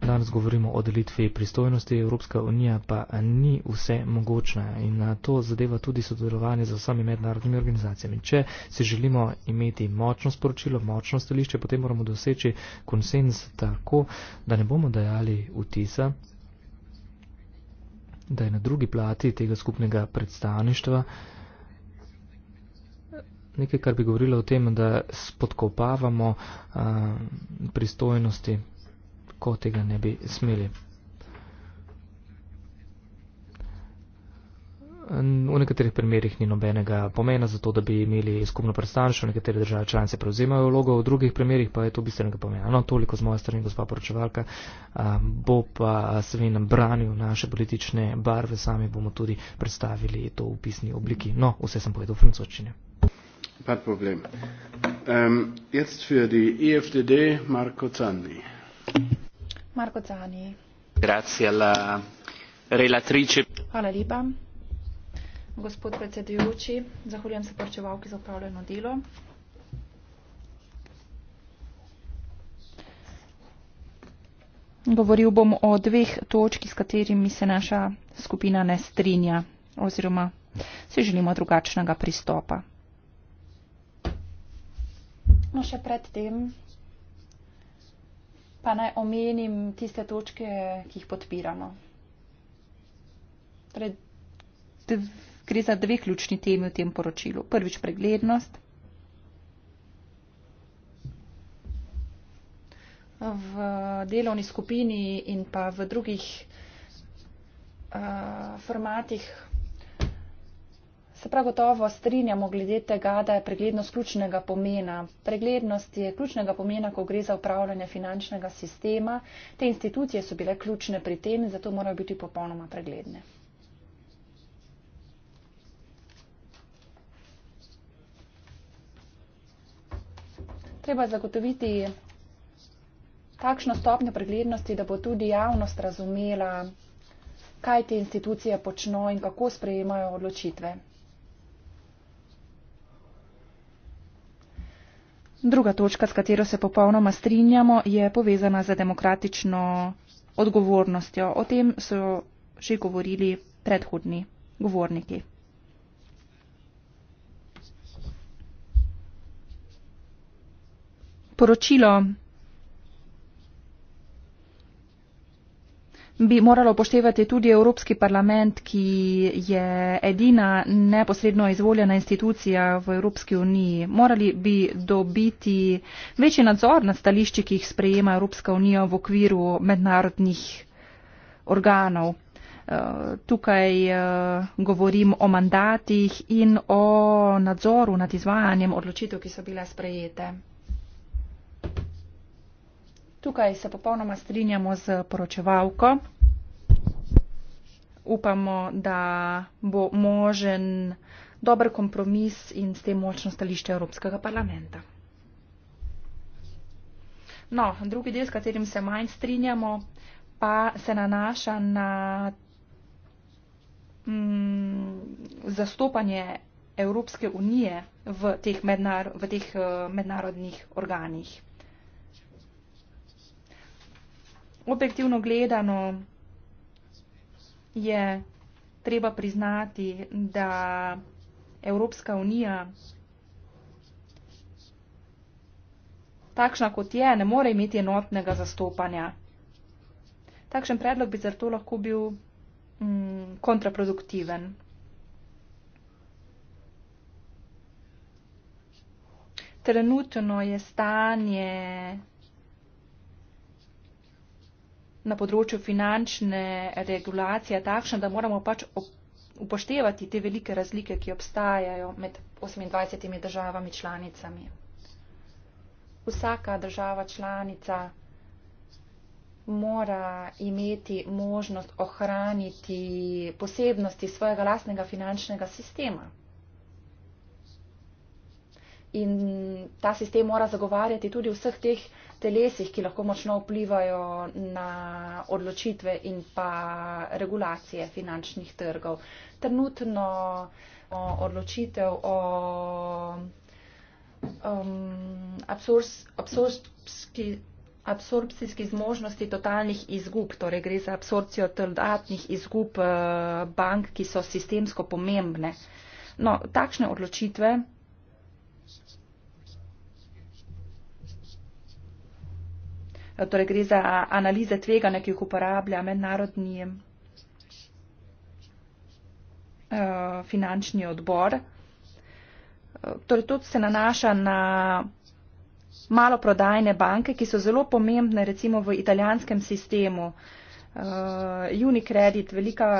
Danes govorimo o delitvi pristojnosti, Evropska unija pa ni vse mogočna in to zadeva tudi sodelovanje z vsemi mednarodnimi organizacijami. Če si želimo imeti močno sporočilo, močno stališče, potem moramo doseči konsens tako, da ne bomo dajali vtisa da je na drugi plati tega skupnega predstavništva nekaj, kar bi govorilo o tem, da spodkopavamo uh, pristojnosti, ko tega ne bi smeli. V nekaterih primerjih ni nobenega pomena za to, da bi imeli skupno predstavništvo, nekatere države članice prevzemajo vlogo, v drugih primerjih pa je to bistvenega pomena. No, toliko z moje strani, gospa poročevalka, eh, bo pa seveda branil naše politične barve, sami bomo tudi predstavili to v pisni obliki. No, vse sem povedal v francoščini. Kein Problem. Ähm, jetzt für die EFDD Marco Zanni. Marco Zanni. Grazie alla relatrice. Hvala lepa, gospod predsedujoči. Zahvaljujem se poročevalki za upravljeno delo. Govoril bom o dveh točki, s katerimi se naša skupina ne strinja oziroma si želimo drugačnega pristopa. No, še predtem pa naj omenim tiste točke, ki jih podpiramo. Torej, gre za dve ključni temi v tem poročilu. Prvič preglednost. V delovni skupini in pa v drugih uh, formatih Se prav gotovo strinjamo glede tega, da je preglednost ključnega pomena. Preglednost je ključnega pomena, ko gre za upravljanje finančnega sistema. Te institucije so bile ključne pri tem in zato morajo biti popolnoma pregledne. Treba zagotoviti takšno stopnjo preglednosti, da bo tudi javnost razumela, kaj te institucije počno in kako sprejemajo odločitve. Druga točka, s katero se popolnoma strinjamo, je povezana z demokratično odgovornostjo. O tem so že govorili predhodni govorniki. Poročilo bi moralo poštevati tudi Evropski parlament, ki je edina neposredno izvoljena institucija v Evropski uniji. Morali bi dobiti večji nadzor nad stališči, ki jih sprejema Evropska unija v okviru mednarodnih organov. Eh, tukaj eh, govorim o mandatih in o nadzoru nad izvajanjem odločitev, ki so bile sprejete. Tukaj se popolnoma strinjamo z poročevalko. Upamo, da bo možen dober kompromis in s tem močno stališče Evropskega parlamenta. No, drugi del, s katerim se manj strinjamo, pa se nanaša na mm, zastopanje Evropske unije v teh, mednar v teh uh, mednarodnih organih. objektivno gledano je treba priznati, da Evropska unija takšna kot je, ne more imeti enotnega zastopanja. Takšen predlog bi zato lahko bil mm, kontraproduktiven. Trenutno je stanje na področju finančne regulacije takšna, da moramo pač upoštevati te velike razlike, ki obstajajo med 28 državami članicami. Vsaka država članica mora imeti možnost ohraniti posebnosti svojega lastnega finančnega sistema in ta sistem mora zagovarjati tudi vseh teh telesih, ki lahko močno vplivajo na odločitve in pa regulacije finančnih trgov. Trenutno odločitev o um, absorpski absorpcijski zmožnosti totalnih izgub, torej gre za absorpcijo dodatnih izgub eh, bank, ki so sistemsko pomembne. No, takšne odločitve torej gre za analize tveganja, ki jih uporablja mednarodni eh, finančni odbor. Torej, to se nanaša na maloprodajne banke, ki so zelo pomembne, recimo v italijanskem sistemu. Eh, Unicredit, velika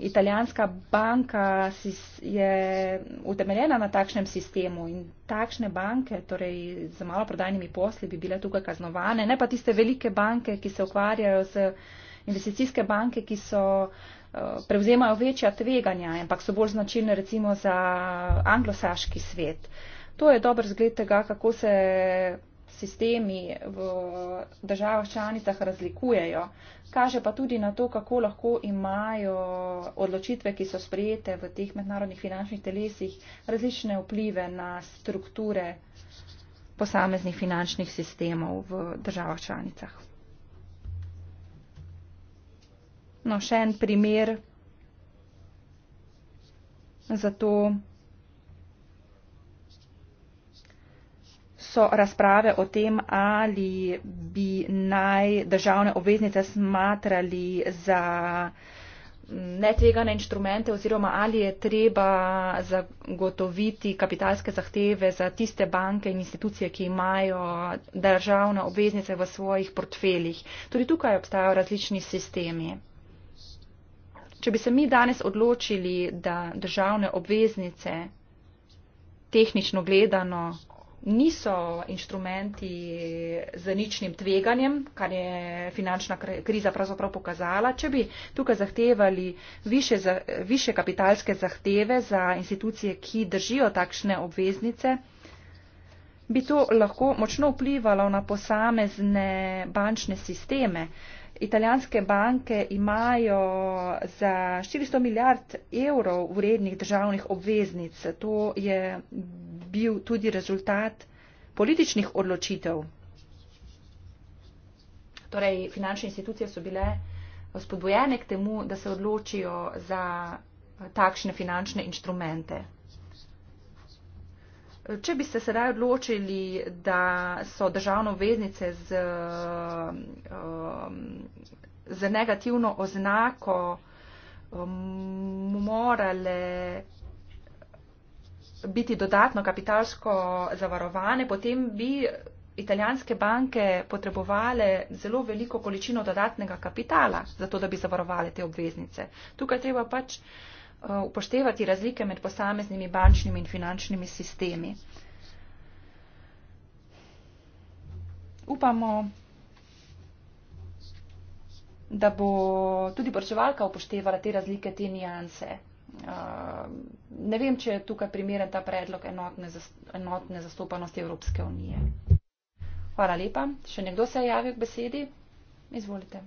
italijanska banka je utemeljena na takšnem sistemu in takšne banke, torej z maloprodajnimi posli, bi bile tukaj kaznovane, ne pa tiste velike banke, ki se ukvarjajo z investicijske banke, ki so eh, prevzemajo večja tveganja, ampak so bolj značilne recimo za anglosaški svet. To je dober zgled tega, kako se sistemi v državah članicah razlikujejo kaže pa tudi na to, kako lahko imajo odločitve, ki so sprejete v teh mednarodnih finančnih telesih, različne vplive na strukture posameznih finančnih sistemov v državah članicah. No, še en primer za to, so razprave o tem, ali bi naj državne obveznice smatrali za mm, netvegane inštrumente oziroma ali je treba zagotoviti kapitalske zahteve za tiste banke in institucije, ki imajo državne obveznice v svojih portfeljih. Tudi tukaj obstajajo različni sistemi. Če bi se mi danes odločili, da državne obveznice tehnično gledano niso inštrumenti z ničnim tveganjem, kar je finančna kriza pravzaprav pokazala. Če bi tukaj zahtevali više, za, više kapitalske zahteve za institucije, ki držijo takšne obveznice, bi to lahko močno vplivalo na posamezne bančne sisteme. Italijanske banke imajo za 400 milijard evrov vrednih državnih obveznic. To je bil tudi rezultat političnih odločitev. Torej, finančne institucije so bile eh, spodbojene k temu, da se odločijo za eh, takšne finančne inštrumente. Če bi se sedaj odločili, da so državno veznice z, eh, z negativno oznako morale biti dodatno kapitalsko zavarovane, potem bi italijanske banke potrebovale zelo veliko količino dodatnega kapitala, zato da bi zavarovale te obveznice. Tukaj treba pač eh, upoštevati razlike med posameznimi bančnimi in finančnimi sistemi. Upamo, da bo tudi borčevalka upoštevala te razlike, te nijanse. Eh, ne vem, če je tukaj primeren ta predlog enotne, enotne zastopanosti Evropske unije. Hvala lepa. Še nekdo se je javil k besedi? Izvolite.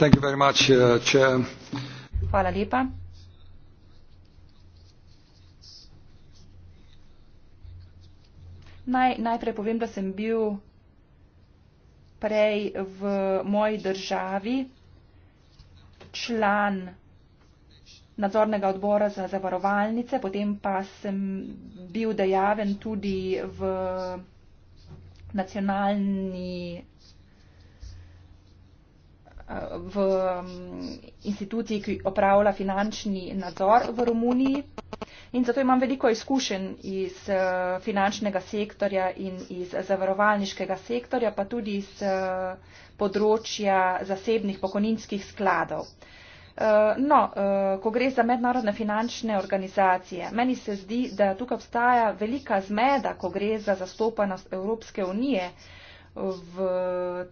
Thank you very much, eh, chair. Hvala lepa. Naj, najprej povem, da sem bil prej v moji državi član nadzornega odbora za zavarovalnice, potem pa sem bil dejaven tudi v nacionalni v mm, instituciji, ki opravlja finančni nadzor v Romuniji. In zato imam veliko izkušenj iz eh, finančnega sektorja in iz zavarovalniškega sektorja, pa tudi iz eh, področja zasebnih pokojninskih skladov. Eh, no, eh, ko gre za mednarodne finančne organizacije, meni se zdi, da tukaj obstaja velika zmeda, ko gre za zastopanost Evropske unije v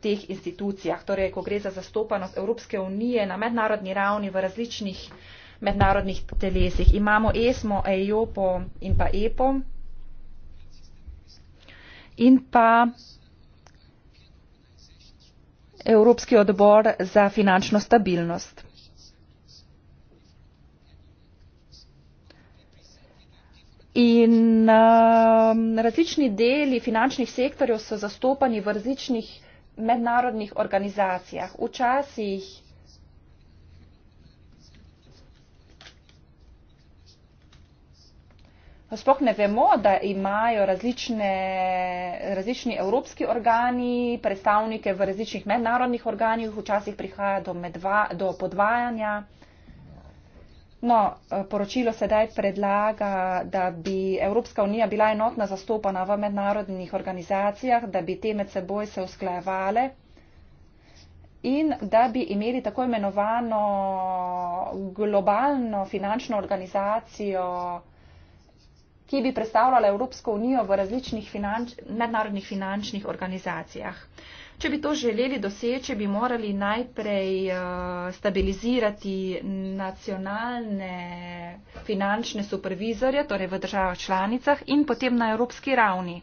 teh institucijah, torej ko gre za zastopanost Evropske unije na mednarodni ravni v različnih mednarodnih telesih. Imamo ESMO, EIOPO in pa EPO in pa Evropski odbor za finančno stabilnost. In um, različni deli finančnih sektorjev so zastopani v različnih mednarodnih organizacijah. Včasih sploh ne vemo, da imajo različne, različni evropski organi, predstavnike v različnih mednarodnih organih, včasih prihaja do, medva, do podvajanja. No, eh, poročilo sedaj predlaga, da bi Evropska unija bila enotna zastopana v mednarodnih organizacijah, da bi te med seboj se usklajevale in da bi imeli tako imenovano globalno finančno organizacijo, ki bi predstavljala Evropsko unijo v različnih finanč, mednarodnih finančnih organizacijah. Če bi to želeli doseči, bi morali najprej eh, stabilizirati nacionalne finančne supervizorje, torej v državah članicah in potem na evropski ravni.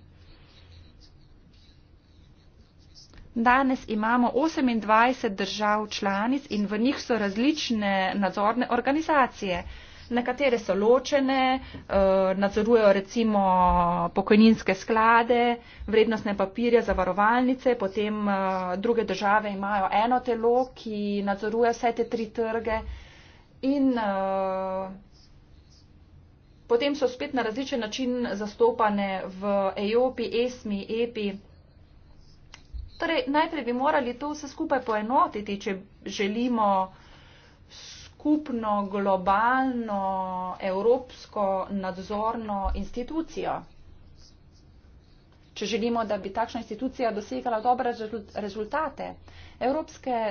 Danes imamo 28 držav članic in v njih so različne nadzorne organizacije. Uh, nekatere so ločene, eh, nadzorujejo recimo pokojninske sklade, vrednostne papirje, zavarovalnice, potem eh, druge države imajo eno telo, ki nadzoruje vse te tri trge. In eh, potem so spet na različen način zastopane v EOPI, ESMI, EPI. Torej, najprej bi morali to vse skupaj poenotiti, če želimo skupno, globalno, evropsko nadzorno institucijo. Če želimo, da bi takšna institucija dosegala dobre rezultate, evropske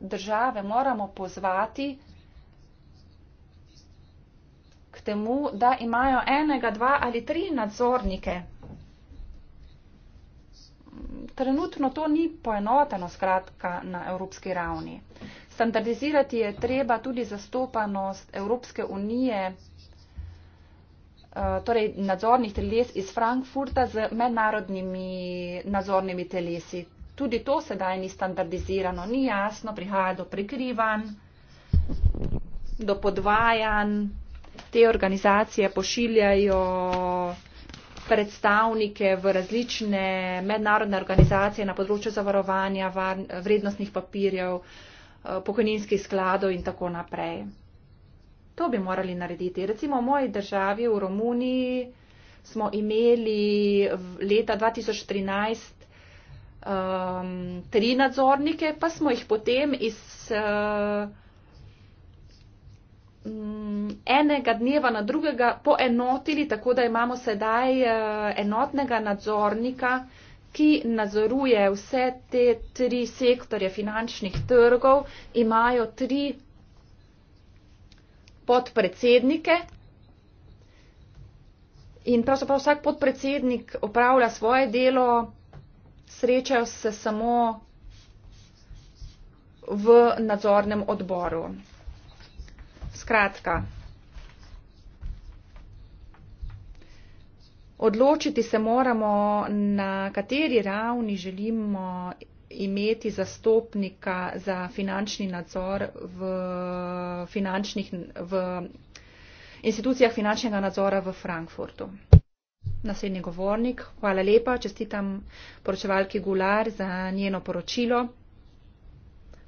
države moramo pozvati k temu, da imajo enega, dva ali tri nadzornike trenutno to ni poenoteno skratka na evropski ravni. Standardizirati je treba tudi zastopanost Evropske unije, eh, torej nadzornih teles iz Frankfurta z mednarodnimi nadzornimi telesi. Tudi to sedaj ni standardizirano, ni jasno, prihaja do prikrivanj, do podvajanj. Te organizacije pošiljajo predstavnike v različne mednarodne organizacije na področju zavarovanja, var, vrednostnih papirjev, eh, pokojninskih skladov in tako naprej. To bi morali narediti. Recimo v moji državi, v Romuniji, smo imeli leta 2013 um, ehm, tri nadzornike, pa smo jih potem iz. Uh, um, enega dneva na drugega poenotili, tako da imamo sedaj eh, enotnega nadzornika, ki nadzoruje vse te tri sektorje finančnih trgov, imajo tri podpredsednike. In pravzaprav vsak podpredsednik opravlja svoje delo, srečajo se samo v nadzornem odboru. Skratka. Odločiti se moramo, na kateri ravni želimo imeti zastopnika za finančni nadzor v, v institucijah finančnega nadzora v Frankfurtu. Naslednji govornik, hvala lepa, čestitam poročevalki Gular za njeno poročilo.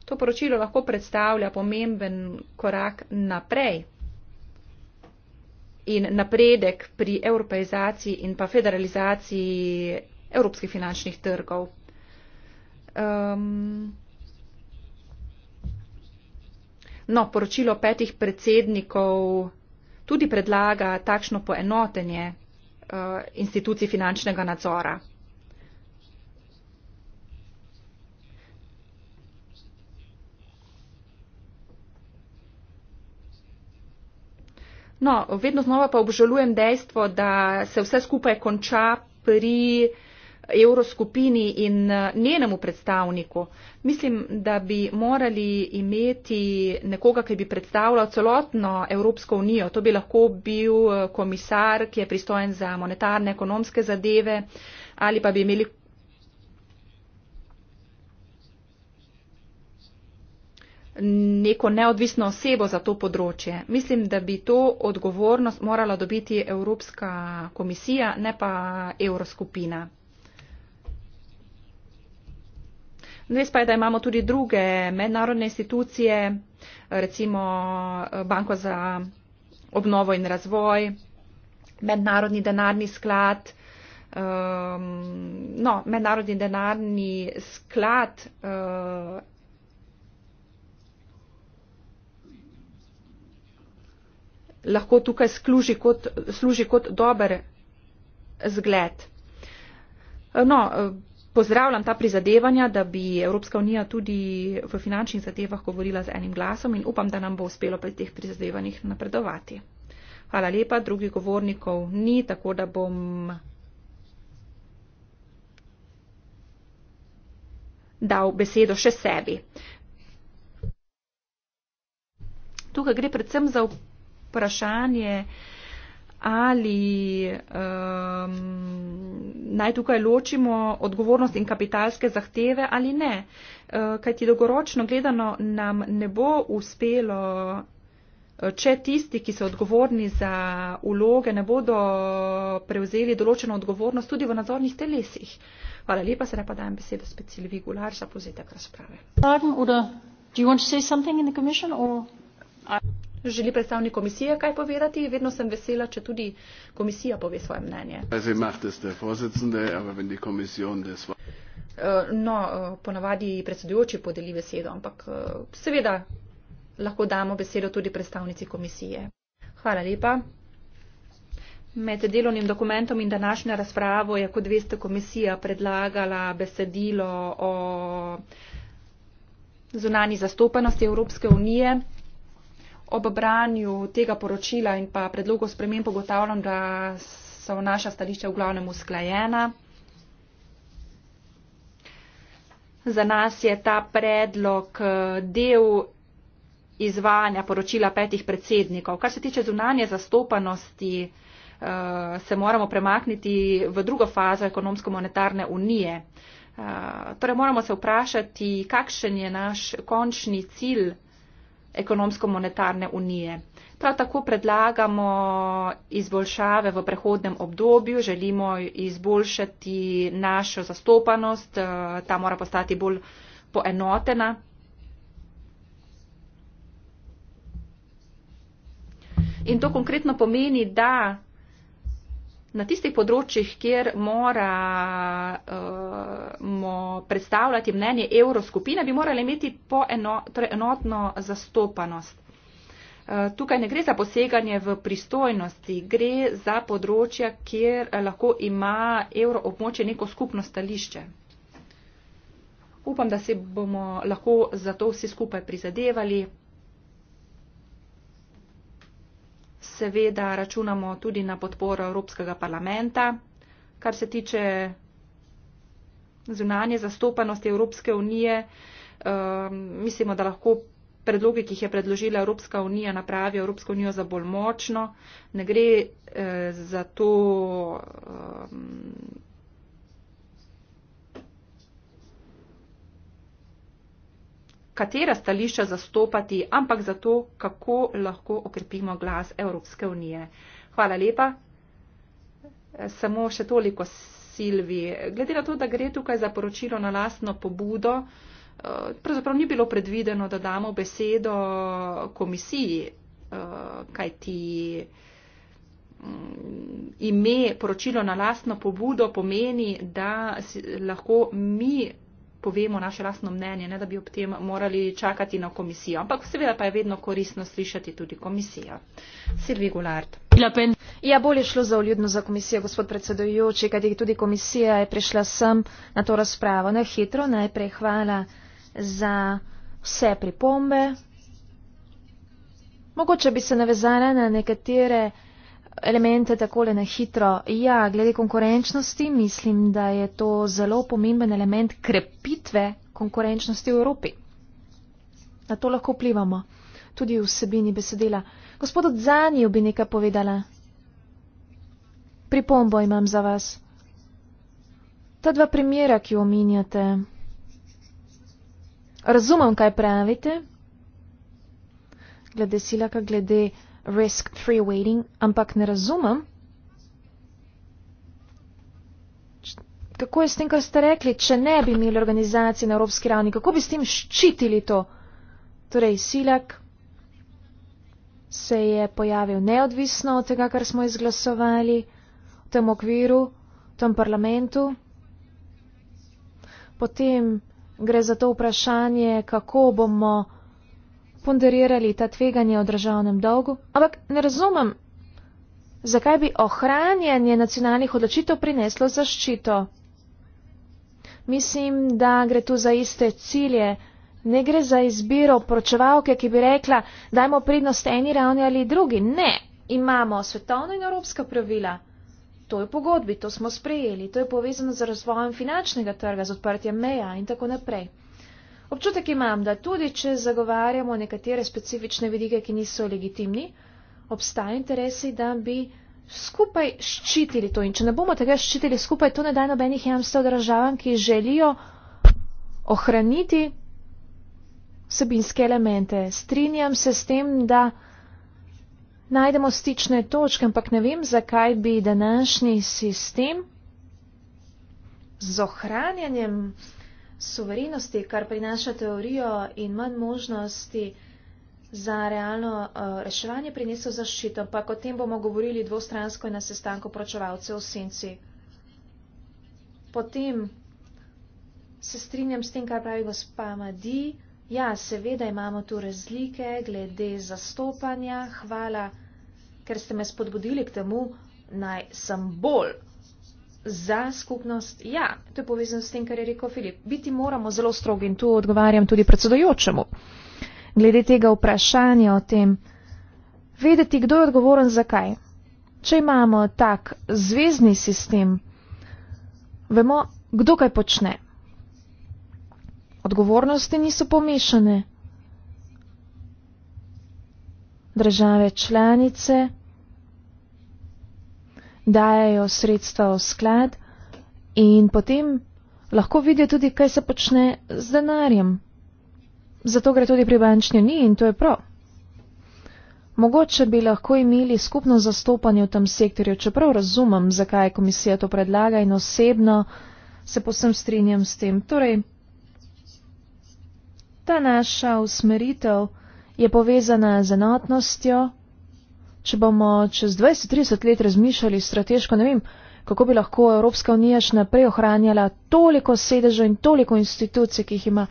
To poročilo lahko predstavlja pomemben korak naprej in napredek pri evropeizaciji in pa federalizaciji evropskih finančnih trgov. Um, no, poročilo petih predsednikov tudi predlaga takšno poenotenje uh, institucij finančnega nadzora. No, vedno znova pa obžalujem dejstvo, da se vse skupaj konča pri evroskupini in eh, njenemu predstavniku. Mislim, da bi morali imeti nekoga, ki bi predstavljal celotno Evropsko unijo. To bi lahko bil eh, komisar, ki je pristojen za monetarne, ekonomske zadeve ali pa bi imeli neko neodvisno osebo za to področje. Mislim, da bi to odgovornost morala dobiti Evropska komisija, ne pa Evroskupina. Res pa je, da imamo tudi druge mednarodne institucije, recimo eh, Banko za obnovo in razvoj, Mednarodni denarni sklad. Um, no, Mednarodni denarni sklad uh, lahko tukaj služi kot, služi kot dober zgled. No, pozdravljam ta prizadevanja, da bi Evropska unija tudi v finančnih zadevah govorila z enim glasom in upam, da nam bo uspelo pri teh prizadevanjih napredovati. Hvala lepa, drugih govornikov ni, tako da bom. dal besedo še sebi. Tukaj gre predvsem za vprašanje, ali um, naj tukaj ločimo odgovornost in kapitalske zahteve ali ne. Uh, Kaj ti dolgoročno gledano nam ne bo uspelo, uh, če tisti, ki so odgovorni za uloge, ne bodo prevzeli določeno odgovornost tudi v nadzornih telesih. Hvala lepa, sedaj pa dajem besedo spet Silvi Gular za povzetek razprave. Pardon, Uda, do you want to say something in the commission or... I... Želi predstavnik komisije kaj povedati? Vedno sem vesela, če tudi komisija pove svoje mnenje. Eh, no, eh, ponavadi predsedujoči podeli besedo, ampak eh, seveda lahko damo besedo tudi predstavnici komisije. Hvala lepa. Med delovnim dokumentom in današnjo razpravo je kot veste komisija predlagala besedilo o zunani zastopanosti Evropske unije ob branju tega poročila in pa predlogo spremen pogotavljam, da so naša stališča v glavnem usklajena. Za nas je ta predlog eh, del izvajanja poročila petih predsednikov. Kar se tiče zunanje zastopanosti, eh, se moramo premakniti v drugo fazo ekonomsko-monetarne unije. Eh, torej moramo se vprašati, kakšen je naš končni cilj ekonomsko-monetarne unije. Prav tako predlagamo izboljšave v prehodnem obdobju, želimo izboljšati našo zastopanost, eh, ta mora postati bolj poenotena. In to konkretno pomeni, da na tistih področjih, kjer moramo eh, predstavljati mnenje evroskupine, bi morali imeti eno, torej enotno zastopanost. Eh, tukaj ne gre za poseganje v pristojnosti, gre za področja, kjer eh, lahko ima evroobmočje neko skupno stališče. Upam, da se bomo lahko za to vsi skupaj prizadevali. seveda računamo tudi na podporo Evropskega parlamenta. Kar se tiče zunanje zastopanosti Evropske unije, eh, mislimo, da lahko predloge, ki jih je predložila Evropska unija, napravi Evropsko unijo za bolj močno. Ne gre eh, za to eh, katera stališča zastopati, ampak za to, kako lahko okrepimo glas Evropske unije. Hvala lepa. Samo še toliko Silvi. Glede na to, da gre tukaj za poročilo na lastno pobudo, eh, pravzaprav ni bilo predvideno, da damo besedo komisiji, eh, kaj ti mm, ime poročilo na lastno pobudo pomeni, da lahko mi povemo naše lastno mnenje, ne da bi ob tem morali čakati na komisijo. Ampak seveda pa je vedno koristno slišati tudi komisijo. Silvi Gulard. Ja, bolje šlo za uljudno za komisijo, gospod predsedujoči, kajti tudi komisija je prišla sem na to razpravo. Ne hitro, najprej hvala za vse pripombe. Mogoče bi se navezala na nekatere elemente takole na hitro. Ja, glede konkurenčnosti mislim, da je to zelo pomemben element krepitve konkurenčnosti v Evropi. Na to lahko vplivamo. Tudi vsebini besedila. Gospodo Dzanju bi nekaj povedala. Pripombo imam za vas. Ta dva primera, ki omenjate. Razumem, kaj pravite. Glede silaka, glede risk-free waiting, ampak ne razumem, kako je s tem, kar ste rekli, če ne bi imeli organizacije na evropski ravni, kako bi s tem ščitili to. Torej, silak se je pojavil neodvisno od tega, kar smo izglasovali v tem okviru, v tem parlamentu. Potem gre za to vprašanje, kako bomo ponderirali ta tveganje o državnem dolgu, ampak ne razumem, zakaj bi ohranjanje nacionalnih odločitev prineslo zaščito. Mislim, da gre tu za iste cilje, ne gre za izbiro poročevalke, ki bi rekla, dajmo prednost eni ravni ali drugi. Ne, imamo svetovna in evropska pravila. To je pogodbi, to smo sprejeli, to je povezano z razvojem finančnega trga, z odprtjem meja in tako naprej. Občutek imam, da tudi če zagovarjamo nekatere specifične vidike, ki niso legitimni, obstaja interesi, da bi skupaj ščitili to. In če ne bomo tega ščitili skupaj, to ne da nobenih jamstev državam, ki želijo ohraniti vsebinske elemente. Strinjam se s tem, da najdemo stične točke, ampak ne vem, zakaj bi današnji sistem z ohranjanjem suverenosti, kar prinaša teorijo in manj možnosti za realno uh, reševanje, prinesel zaščito, pa o tem bomo govorili dvostransko in na sestanku pročevalcev v senci. Potem se strinjam s tem, kar pravi gospa Madi. Ja, seveda imamo tu razlike glede zastopanja. Hvala, ker ste me spodbudili k temu, naj sem bolj za skupnost. Ja, to je povezano s tem, kar je rekel Filip. Biti moramo zelo strogi in tu odgovarjam tudi predsedojočemu. Glede tega vprašanja o tem, vedeti, kdo je odgovoren za kaj. Če imamo tak zvezdni sistem, vemo, kdo kaj počne. Odgovornosti niso pomešane. Države članice dajajo sredstva v sklad in potem lahko vidijo tudi, kaj se počne z denarjem. Zato gre tudi pri bančni uniji in to je prav. Mogoče bi lahko imeli skupno zastopanje v tem sektorju, čeprav razumem, zakaj komisija to predlaga in osebno se posem strinjam s tem. Torej, ta naša usmeritev je povezana z enotnostjo, če bomo čez 20-30 let razmišljali strateško, ne vem, kako bi lahko Evropska unija še naprej ohranjala toliko sedežev in toliko institucij, ki jih ima.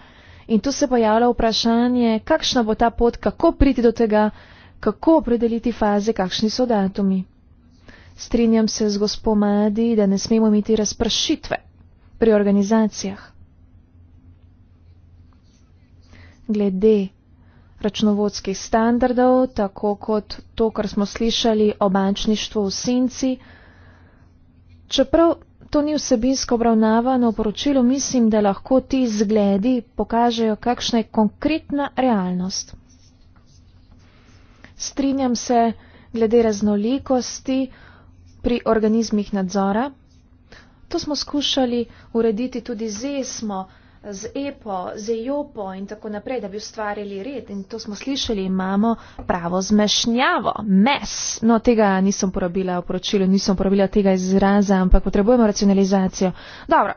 In tu se pojavlja vprašanje, kakšna bo ta pot, kako priti do tega, kako opredeliti faze, kakšni so datumi. Strinjam se z gospomadi, da ne smemo imeti razpršitve pri organizacijah. Glede računovodskih standardov, tako kot to, kar smo slišali o bančništvu v senci. Čeprav to ni vsebinsko obravnavano v poročilu, mislim, da lahko ti zgledi pokažejo, kakšna je konkretna realnost. Strinjam se glede raznolikosti pri organizmih nadzora. To smo skušali urediti tudi z ESMO z epo, z jopo e in tako naprej, da bi ustvarili red. In to smo slišali, imamo pravo zmešnjavo, mes. No, tega nisem porabila v poročilu, nisem porabila tega izraza, ampak potrebujemo racionalizacijo. Dobro.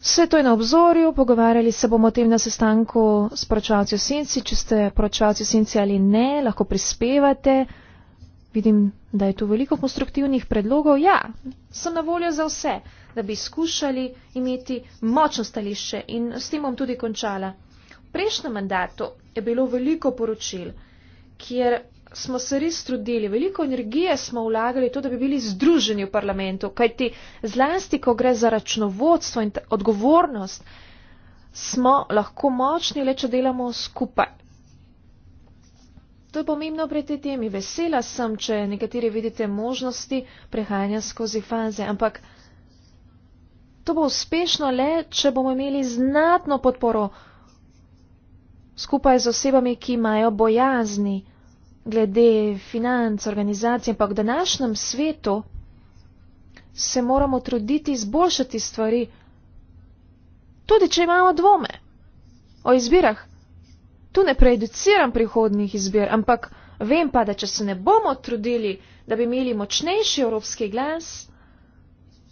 Vse to je na obzorju, pogovarjali se bomo o tem na sestanku s poročevalci v senci. Če ste poročevalci v senci ali ne, lahko prispevate. Vidim, da je tu veliko konstruktivnih predlogov. Ja, sem na voljo za vse da bi skušali imeti močno stališče in s tem bom tudi končala. V prejšnjem mandatu je bilo veliko poročil, kjer smo se res trudili, veliko energije smo vlagali to, da bi bili združeni v parlamentu, kajti zlasti, ko gre za računovodstvo in odgovornost, smo lahko močni le, če delamo skupaj. To je pomembno pri tej temi. Vesela sem, če nekateri vidite možnosti prehajanja skozi faze, ampak to bo uspešno le, če bomo imeli znatno podporo skupaj z osebami, ki imajo bojazni glede financ, organizacije, ampak v današnjem svetu se moramo truditi izboljšati stvari, tudi če imamo dvome o izbirah. Tu ne prejudiciram prihodnih izbir, ampak vem pa, da če se ne bomo trudili, da bi imeli močnejši evropski glas,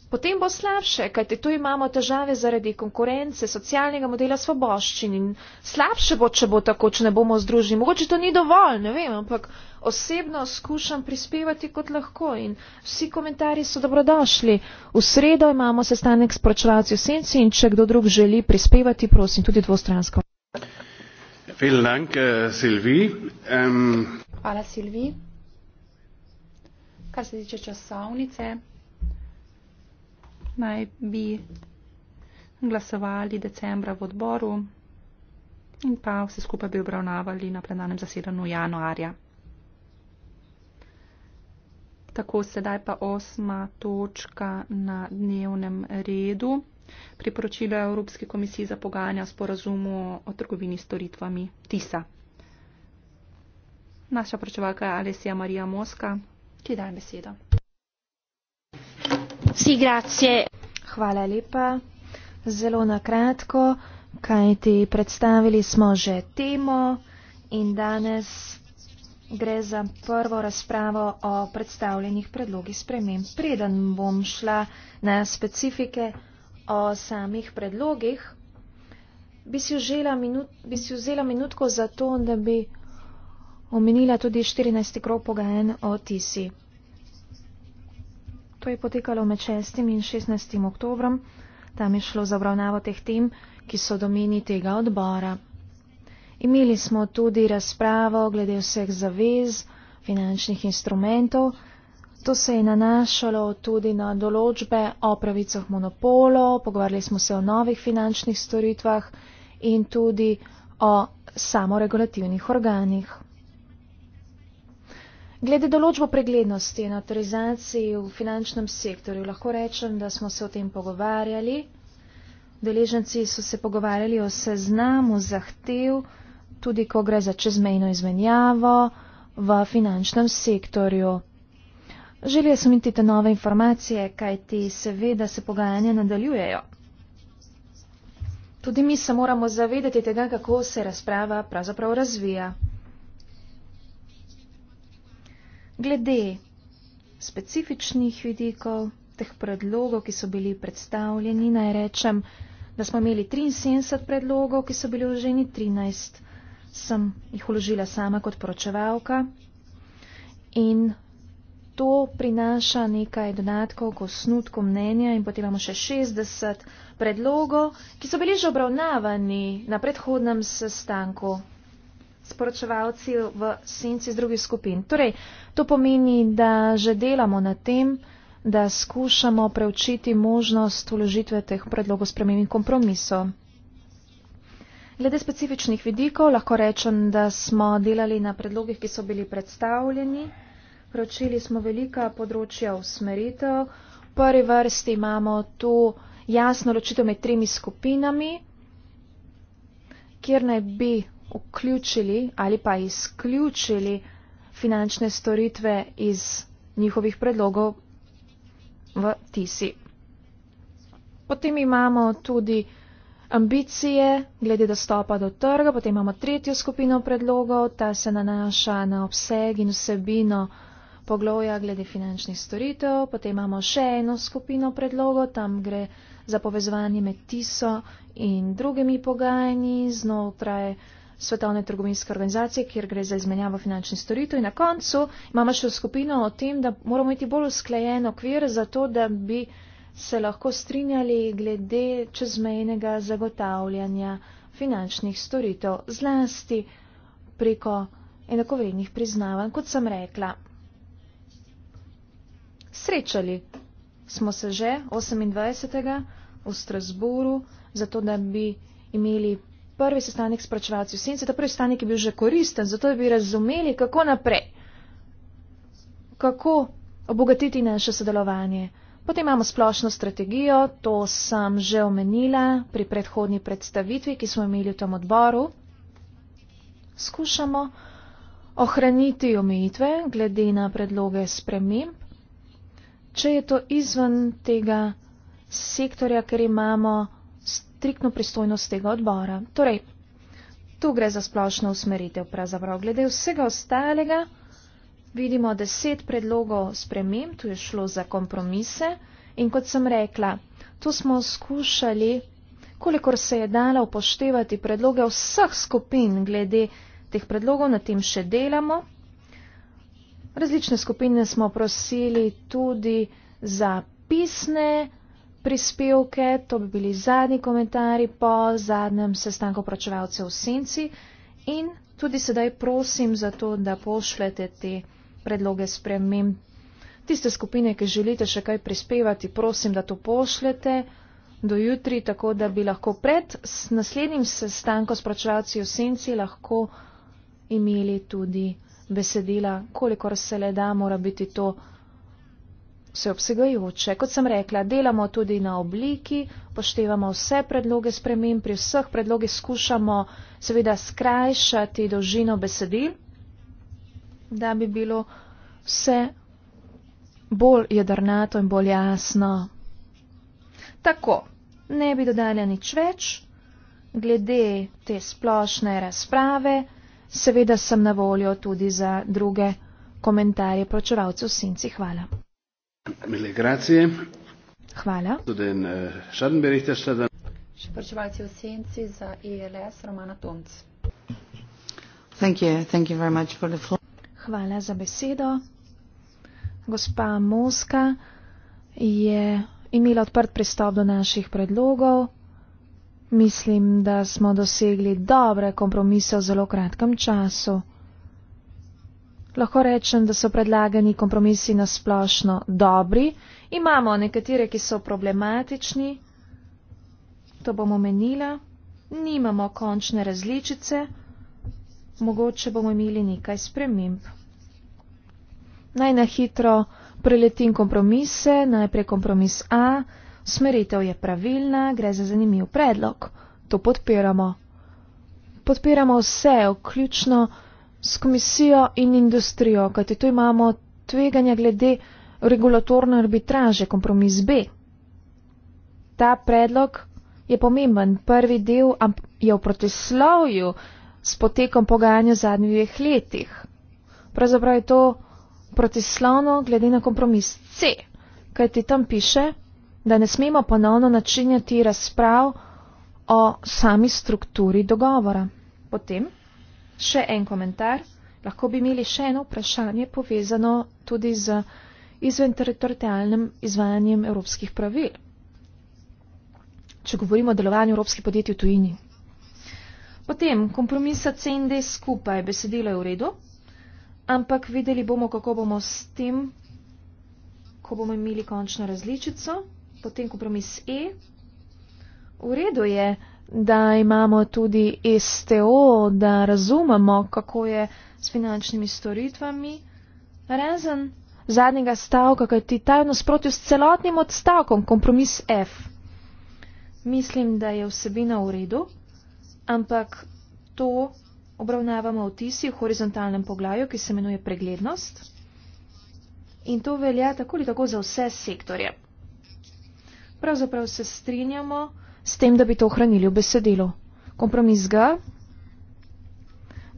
Potem bo slabše, kajte tu imamo težave zaradi konkurence, socialnega modela svoboščin in slabše bo, če bo tako, če ne bomo združili. Mogoče to ni dovolj, ne vem, ampak osebno skušam prispevati, kot lahko in vsi komentarji so dobrodošli. V sredo imamo sestanek s pročevalci v senci in če kdo drug želi prispevati, prosim, tudi dvostransko. Dank, uh, eh, Silvi. Um... Ähm, Hvala, Silvi. Kar se tiče časovnice naj bi glasovali decembra v odboru in pa vse skupaj bi obravnavali na plenarnem zasedanju januarja. Tako sedaj pa osma točka na dnevnem redu. Priporočila Evropske komisije za pogajanja o sporazumu o trgovini storitvami TISA. Naša pročevalka je Alessia Marija Moska, ki daje besedo. Hvala lepa. Zelo nakratko, kaj ti predstavili smo že temo in danes gre za prvo razpravo o predstavljenih predlogih sprememb. Preden bom šla na specifike o samih predlogih, bi si vzela, minut, bi si vzela minutko za to, da bi omenila tudi 14. krog pogajen o TISI. To je potekalo med 6. in 16. oktobrom. Tam je šlo za obravnavo teh tem, ki so domeni tega odbora. Imeli smo tudi razpravo glede vseh zavez, finančnih instrumentov. To se je nanašalo tudi na določbe o pravicah monopolov, pogovarjali smo se o novih finančnih storitvah in tudi o samoregulativnih organih. Glede določbo preglednosti in avtorizaciji v finančnem sektorju lahko rečem, da smo se o tem pogovarjali. Deleženci so se pogovarjali o seznamu zahtev, tudi ko gre za čezmejno izmenjavo v finančnem sektorju. Želijo sem imeti te nove informacije, kajti seveda se pogajanja nadaljujejo. Tudi mi se moramo zavedati tega, kako se razprava pravzaprav razvija glede specifičnih vidikov teh predlogov, ki so bili predstavljeni, naj rečem, da smo imeli 73 predlogov, ki so bili vloženi, 13 sem jih vložila sama kot poročevalka in to prinaša nekaj dodatkov k osnutku mnenja in potem imamo še 60 predlogov, ki so bili že obravnavani na predhodnem sestanku sporočevalci v senci z drugih skupin. Torej, to pomeni, da že delamo na tem, da skušamo preučiti možnost uložitve teh predlogov spremeni kompromiso. Glede specifičnih vidikov lahko rečem, da smo delali na predlogih, ki so bili predstavljeni. Preučili smo velika področja usmeritev. V prvi vrsti imamo tu jasno ločitev med tremi skupinami, kjer naj bi vključili ali pa izključili finančne storitve iz njihovih predlogov v TISI. Potem imamo tudi ambicije glede dostopa do trga, potem imamo tretjo skupino predlogov, ta se nanaša na obseg in vsebino pogloja glede finančnih storitev, potem imamo še eno skupino predlogov, tam gre za povezovanje med TISO in drugimi pogajanji znotraj svetovne trgovinske organizacije, kjer gre za izmenjavo finančnih storitev. In na koncu imamo še skupino o tem, da moramo imeti bolj usklajen okvir za to, da bi se lahko strinjali glede čezmejnega zagotavljanja finančnih storitev, zlasti preko enakovrednih priznavanj, kot sem rekla. Srečali smo se že 28. v Strasburu, zato da bi imeli prvi sestanek s pračevalci v senci, ta prvi sestanek je bil že koristen, zato da bi razumeli, kako naprej, kako obogatiti naše sodelovanje. Potem imamo splošno strategijo, to sem že omenila pri predhodni predstavitvi, ki smo imeli v tem odboru. Skušamo ohraniti omejitve glede na predloge sprememb, če je to izven tega sektorja, ker imamo striktno pristojnost tega odbora. Torej, tu gre za splošno usmeritev, pravzaprav glede vsega ostalega. Vidimo deset predlogov sprememb, tu je šlo za kompromise in kot sem rekla, tu smo skušali, kolikor se je dala upoštevati predloge vseh skupin glede teh predlogov, na tem še delamo. Različne skupine smo prosili tudi za pisne predloge prispevke, to bi bili zadnji komentarji po zadnjem sestanku pročevalcev v Senci in tudi sedaj prosim za to, da pošljete te predloge spremem. Tiste skupine, ki želite še kaj prispevati, prosim, da to pošljete do jutri, tako da bi lahko pred naslednjim sestankom spračevalci v Senci lahko imeli tudi besedila, kolikor se le da, mora biti to vse obsegajoče. Kot sem rekla, delamo tudi na obliki, poštevamo vse predloge sprememb, pri vseh predlogih skušamo seveda skrajšati dolžino besedil, da bi bilo vse bolj jedrnato in bolj jasno. Tako, ne bi dodala nič več glede te splošne razprave, seveda sem na voljo tudi za druge komentarje pročevalcev Sinci. Hvala. Hvala. Eh, Prečevalci v senci za ILS e Romana Tomc. Thank you. Thank you very much for the floor. Hvala za besedo. Gospa Moska je imela odprt pristop do naših predlogov. Mislim, da smo dosegli dobre kompromise v zelo kratkem času. Lahko rečem, da so predlagani kompromisi nasplošno dobri. Imamo nekatere, ki so problematični, to bom omenila. Nimamo končne različice, mogoče bomo imeli nekaj sprememb. Naj na hitro preletim kompromise, najprej kompromis A, smeritev je pravilna, gre za zanimiv predlog, to podpiramo. Podpiramo vse, vključno s komisijo in industrijo, kajti tu imamo tveganja glede regulatorne arbitraže, kompromis B. Ta predlog je pomemben, prvi del je v protislovju s potekom pogajanja v zadnjih dveh letih. Pravzaprav je to protislovno glede na kompromis C, kajti tam piše, da ne smemo ponovno načinjati razprav o sami strukturi dogovora. Potem Še en komentar. Lahko bi imeli še eno vprašanje povezano tudi z izventeritorijalnim izvajanjem evropskih pravil. Če govorimo o delovanju evropskih podjetij v tujini. Potem kompromisa CND skupaj, besedilo je v redu, ampak videli bomo, kako bomo s tem, ko bomo imeli končno različico. Potem kompromis E. V redu je da imamo tudi STO, da razumemo, kako je s finančnimi storitvami, razen zadnjega stavka, kaj ti ta je v nasprotju s celotnim odstavkom, kompromis F. Mislim, da je vsebina v redu, ampak to obravnavamo v tisi v horizontalnem poglavju, ki se imenuje preglednost. In to velja tako ali tako za vse sektorje. Pravzaprav se strinjamo, s tem, da bi to ohranili v besedilu. Kompromis G.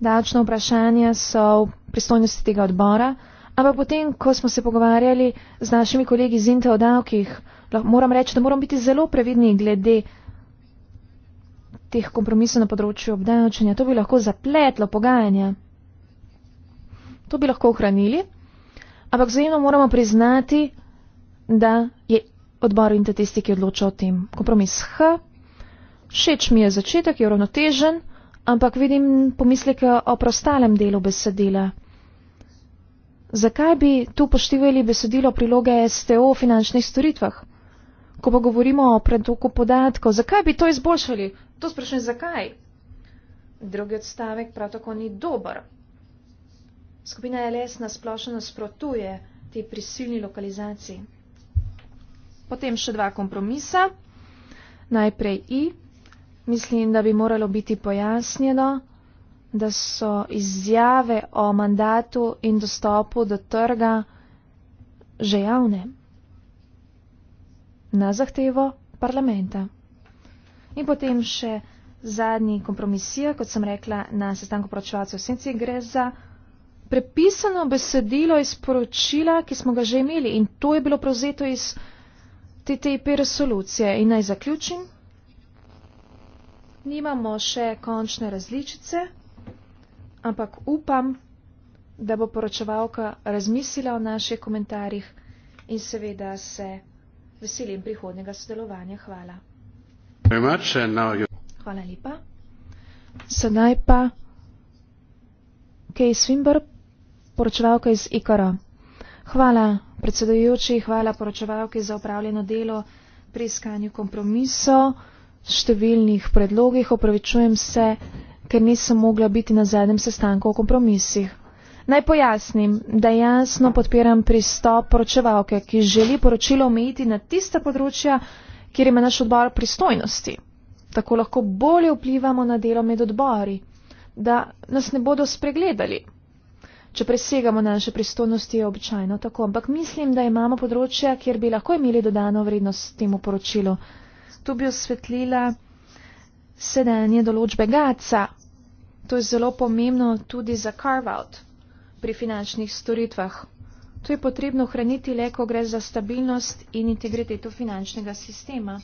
Davčno vprašanje so v pristojnosti tega odbora, ampak potem, ko smo se pogovarjali z našimi kolegi iz Inta o davkih, moram reči, da moram biti zelo previdni glede teh kompromisov na področju obdavčanja. To bi lahko zapletlo pogajanja. To bi lahko ohranili, ampak zajemno moramo priznati, da je odboru in tisti, ki odloča o tem. Kompromis H. Všeč mi je začetek, je uravnotežen, ampak vidim pomisleke o preostalem delu besedila. Zakaj bi tu poštivali besedilo priloge STO o finančnih storitvah? Ko pa govorimo o pretoku podatkov, zakaj bi to izboljšali? To sprašujem, zakaj? Drugi odstavek prav tako ni dober. Skupina LS nasplošno nasprotuje te prisilni lokalizaciji. Potem še dva kompromisa. Najprej i. Mislim, da bi moralo biti pojasnjeno, da so izjave o mandatu in dostopu do trga že javne. Na zahtevo parlamenta. In potem še zadnji kompromisija, kot sem rekla na sestanku poročevalcev senci, gre za prepisano besedilo iz poročila, ki smo ga že imeli in to je bilo prevzeto iz TTIP resolucije. In naj zaključim. Nimamo še končne različice, ampak upam, da bo poročevalka razmislila o naših komentarjih in seveda se veselim prihodnega sodelovanja. Hvala. Hvala lepa. Sedaj pa Kej Svimbr, poročevalka iz IKR. Hvala. Predsedujoči, hvala poročevalki za upravljeno delo pri iskanju kompromiso, številnih predlogih. Opravičujem se, ker nisem mogla biti na zadnjem sestanku o kompromisih. Naj pojasnim, da jasno podpiram pristop poročevalke, ki želi poročilo omejiti na tista področja, kjer ima naš odbor pristojnosti. Tako lahko bolje vplivamo na delo med odbori, da nas ne bodo spregledali če presegamo naše pristojnosti, je običajno tako. Ampak mislim, da imamo področja, kjer bi lahko imeli dodano vrednost temu poročilu. Tu bi osvetlila sedanje določbe GACA. To je zelo pomembno tudi za carve-out pri finančnih storitvah. To je potrebno hraniti le, ko gre za stabilnost in integriteto finančnega sistema.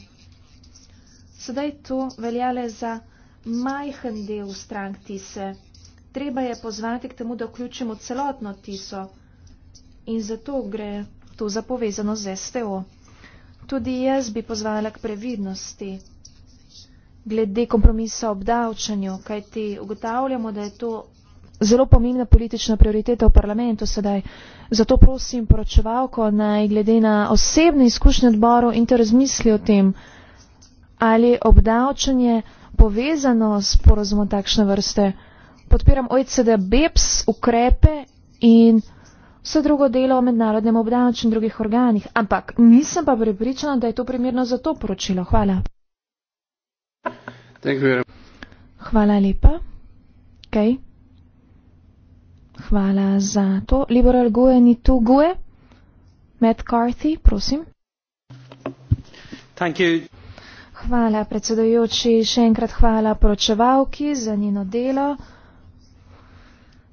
Sedaj to velja le za majhen del strank tise treba je pozvati k temu, da vključimo celotno tiso in zato gre to za povezano z STO. Tudi jaz bi pozvala k previdnosti glede kompromisa ob davčanju, kajti ugotavljamo, da je to zelo pomembna politična prioriteta v parlamentu sedaj. Zato prosim poročevalko naj glede na osebne izkušnje odboru in to razmisli o tem, ali obdavčanje povezano s porozumom takšne vrste podpiram OECD BEPS ukrepe in vse drugo delo o mednarodnem obdavčenju drugih organih, ampak nisem pa prepričana, da je to primerno za to poročilo. Hvala. Hvala lepa. Okay. Hvala za to. Liberal Gue ni tu. Gue? Matt Carthy, prosim. Thank you. Hvala predsedujoči, še enkrat hvala poročevalki za njeno delo.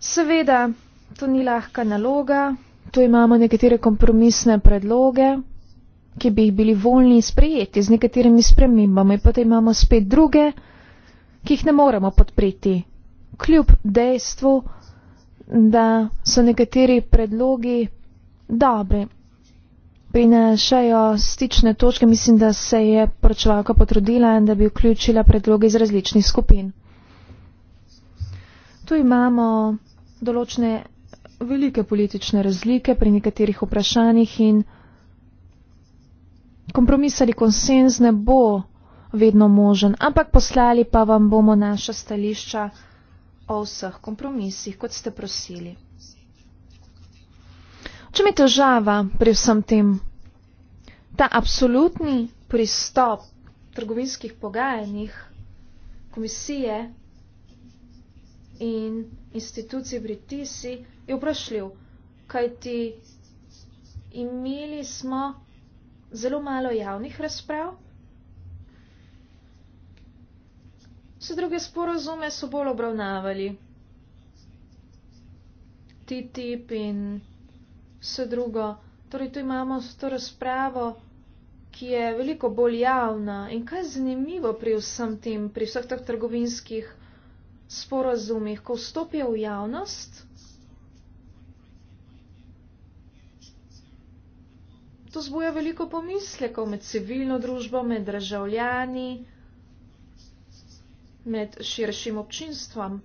Seveda, to ni lahka naloga. Tu imamo nekatere kompromisne predloge, ki bi jih bili voljni sprejeti z nekaterimi spremembami, potem imamo spet druge, ki jih ne moremo podpreti. Kljub dejstvu, da so nekateri predlogi dobri, prinašajo stične točke, mislim, da se je poročevalka potrudila in da bi vključila predloge iz različnih skupin. Tu imamo določene velike politične razlike pri nekaterih vprašanjih in kompromis ali konsenz ne bo vedno možen, ampak poslali pa vam bomo naša stališča o vseh kompromisih, kot ste prosili. Če mi težava pri vsem tem, ta absolutni pristop trgovinskih pogajanjih komisije, in institucij v Ritisi, je vprašljiv, kaj ti imeli smo zelo malo javnih razprav. Vse druge sporozume so bolj obravnavali. TTIP in vse drugo. Torej, tu imamo to razpravo, ki je veliko bolj javna. In kaj je zanimivo pri vsem tem, pri vseh teh trgovinskih sporazumih, ko vstopijo v javnost, to zbuja veliko pomislekov med civilno družbo, med državljani, med širšim občinstvom.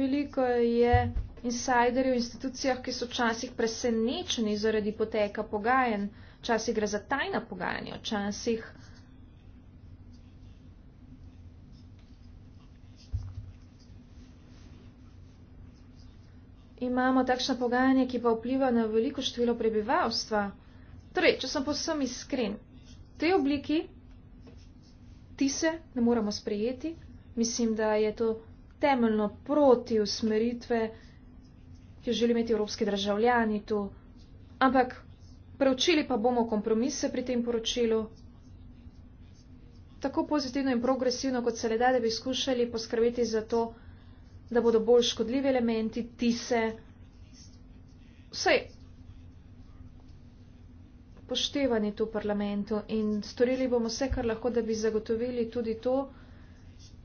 Veliko je insajderjev v institucijah, ki so včasih presenečeni zaradi poteka pogajanj, včasih gre za tajna pogajanja, včasih. imamo takšno pogajanje, ki pa vpliva na veliko število prebivalstva. Torej, če sem posem iskren, te obliki, ti se ne moramo sprejeti, mislim, da je to temeljno proti usmeritve, ki jo želi imeti evropski državljani tu. Ampak preučili pa bomo kompromise pri tem poročilu, tako pozitivno in progresivno, kot se le da, da bi skušali poskrbeti za to, da bodo bolj škodljivi elementi, tise, vse poštevani tu v parlamentu in storili bomo vse, kar lahko, da bi zagotovili tudi to,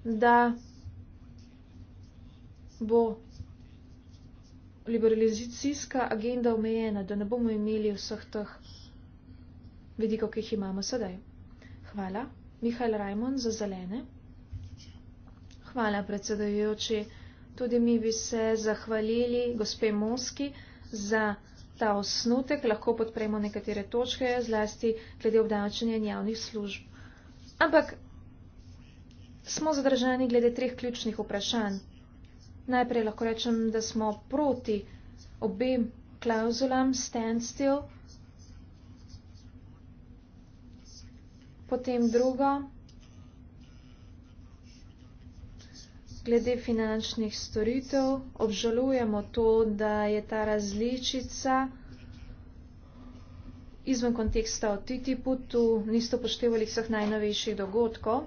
da bo liberalizacijska agenda omejena, da ne bomo imeli vseh teh vidikov, ki jih imamo sedaj. Hvala. Mihajl Rajmon za zelene. Hvala, predsedajoči. Tudi mi bi se zahvalili gospe Moski za ta osnutek, lahko podpremo nekatere točke, zlasti glede obdavčanja in javnih služb. Ampak smo zadržani glede treh ključnih vprašanj. Najprej lahko rečem, da smo proti obem klauzulam standstill. Potem drugo. glede finančnih storitev. Obžalujemo to, da je ta različica izven konteksta o TTIP-u, tu niste upoštevali vseh najnovejših dogodkov.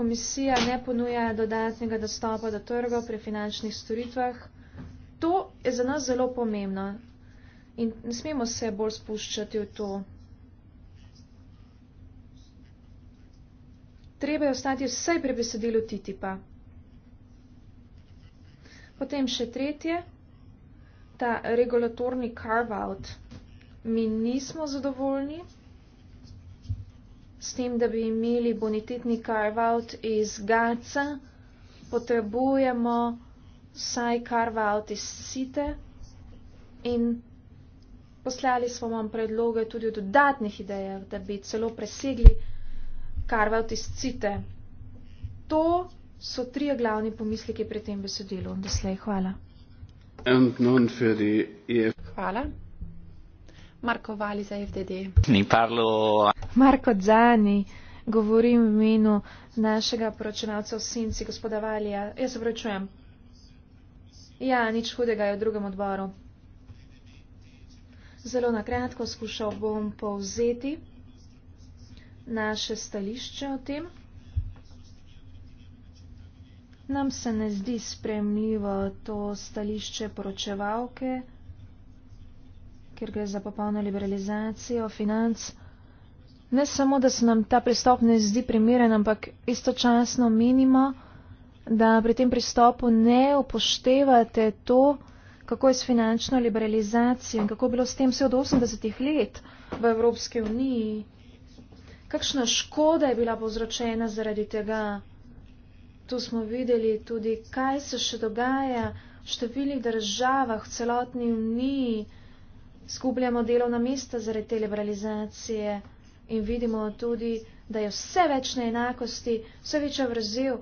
Komisija ne ponuja dodatnega dostopa do trga pri finančnih storitvah. To je za nas zelo pomembno in ne smemo se bolj spuščati v to. treba je ostati vsaj pri besedilu TTIP-a. Potem še tretje, ta regulatorni carve-out. Mi nismo zadovoljni s tem, da bi imeli bonitetni carve-out iz GACA, potrebujemo saj carve-out iz SITE in poslali smo vam predloge tudi o dodatnih idejah, da bi celo presegli karvati scite. To so tri glavni pomisliki pri tem besedilu. Doslej, hvala. Um, e hvala. Marko Vali za e FDD. Ni parlo. Marko Zani, govorim v imenu našega poročevalca v Sinci, gospoda Valija. Jaz se vračujem. Ja, nič hudega je v drugem odboru. Zelo na kratko skušal bom povzeti naše stališče o tem. Nam se ne zdi spremljivo to stališče poročevalke, ker gre za popolno liberalizacijo financ. Ne samo, da se nam ta pristop ne zdi primeren, ampak istočasno menimo, da pri tem pristopu ne upoštevate to, kako je s finančno liberalizacijo in kako je bilo s tem vse od 80-ih let v Evropski uniji kakšna škoda je bila povzročena zaradi tega. Tu smo videli tudi, kaj se še dogaja v številnih državah, v celotni uniji. Skupljamo delovna mesta zaradi te liberalizacije in vidimo tudi, da je vse več neenakosti, vse več vrzel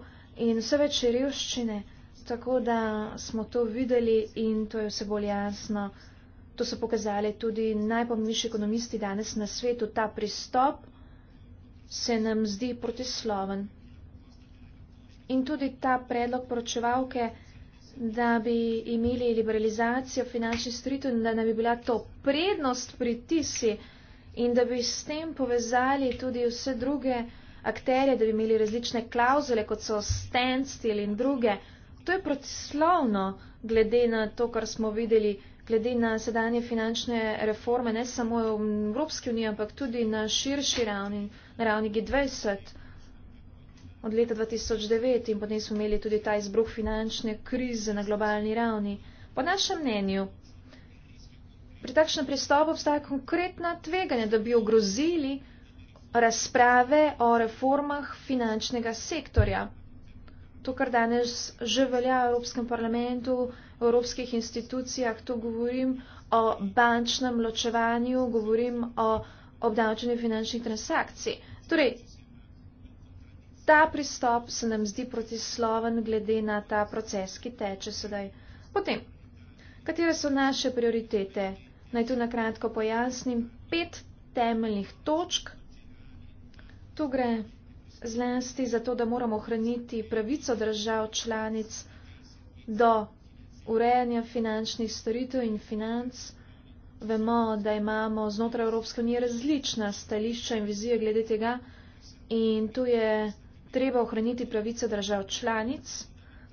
in vse več revščine. Tako da smo to videli in to je vse bolj jasno. To so pokazali tudi najpomembnejši ekonomisti danes na svetu, ta pristop se nam zdi protisloven. In tudi ta predlog poročevalke, da bi imeli liberalizacijo finančnih storitev in da ne bi bila to prednost pri tisi in da bi s tem povezali tudi vse druge akterje, da bi imeli različne klauzule, kot so standstill in druge. To je protislovno glede na to, kar smo videli glede na sedanje finančne reforme, ne samo v Evropski uniji, ampak tudi na širši ravni, na ravni G20 od leta 2009 in potem smo imeli tudi ta izbruh finančne krize na globalni ravni. Po našem mnenju, pri takšnem pristopu obstaja konkretna tveganja, da bi ogrozili razprave o reformah finančnega sektorja. To, kar danes že velja v Evropskem parlamentu, v evropskih institucijah, tu govorim o bančnem ločevanju, govorim o obdavčenju finančnih transakcij. Torej, ta pristop se nam zdi protisloven glede na ta proces, ki teče sedaj. Potem, katere so naše prioritete? Naj tu nakratko pojasnim pet temeljnih točk. Tu gre zlasti za to, da moramo ohraniti pravico držav članic do urejanja finančnih storitev in financ, vemo, da imamo znotraj Evropske unije različna stališča in vizije glede tega in tu je treba ohraniti pravice držav članic.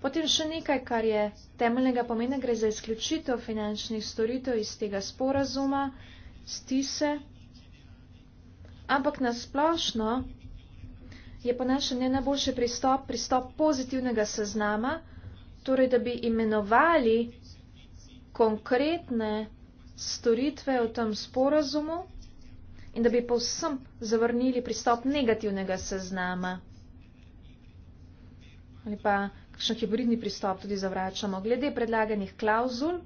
Potem še nekaj, kar je temeljnega pomena, gre za izključitev finančnih storitev iz tega sporazuma, stise. Ampak nasplošno je po našem mnenju najboljši pristop, pristop pozitivnega seznama, torej da bi imenovali konkretne storitve v tem sporazumu in da bi povsem zavrnili pristop negativnega seznama. Ali pa kakšen hibridni pristop tudi zavračamo. Glede predlaganih klauzul,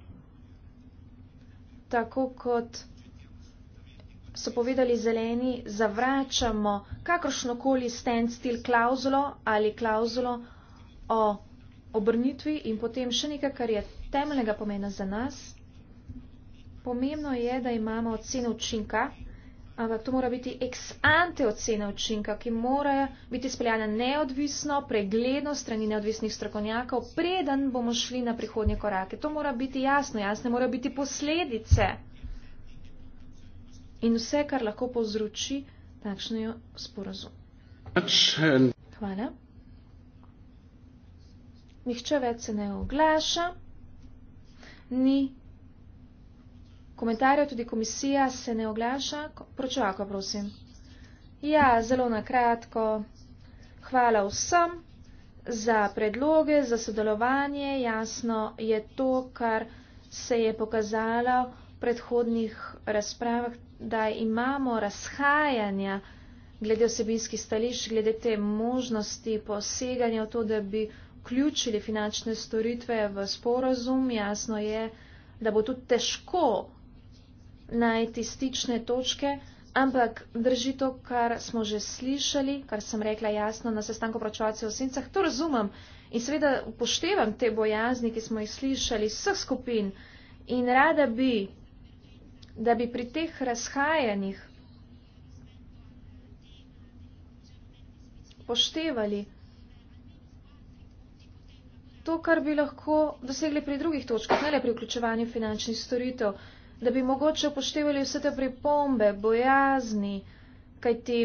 tako kot so povedali zeleni, zavračamo kakršnokoli stand still klauzulo ali klauzulo o obrnitvi in potem še nekaj, kar je temeljnega pomena za nas. Pomembno je, da imamo oceno učinka, ampak to mora biti ex ante ocena učinka, ki mora biti speljana neodvisno, pregledno strani neodvisnih strokovnjakov, preden bomo šli na prihodnje korake. To mora biti jasno, jasne mora biti posledice in vse, kar lahko povzroči takšnejo sporozum. Hvala nihče več se ne oglaša, ni komentarjev, tudi komisija se ne oglaša. Pročovako, prosim. Ja, zelo nakratko. Hvala vsem za predloge, za sodelovanje. Jasno je to, kar se je pokazalo v predhodnih razpravah, da imamo razhajanja glede osebinskih stališč, glede te možnosti poseganja v to, da bi vključili finančne storitve v sporozum, jasno je, da bo tudi težko najti stične točke, ampak drži to, kar smo že slišali, kar sem rekla jasno na sestanku pročevalcev v Sincah, to razumem in seveda upoštevam te bojazni, ki smo jih slišali vseh skupin in rada bi, da bi pri teh razhajanjih poštevali to, kar bi lahko dosegli pri drugih točkah, ne le pri vključevanju finančnih storitev, da bi mogoče upoštevali vse te pripombe, bojazni, kajti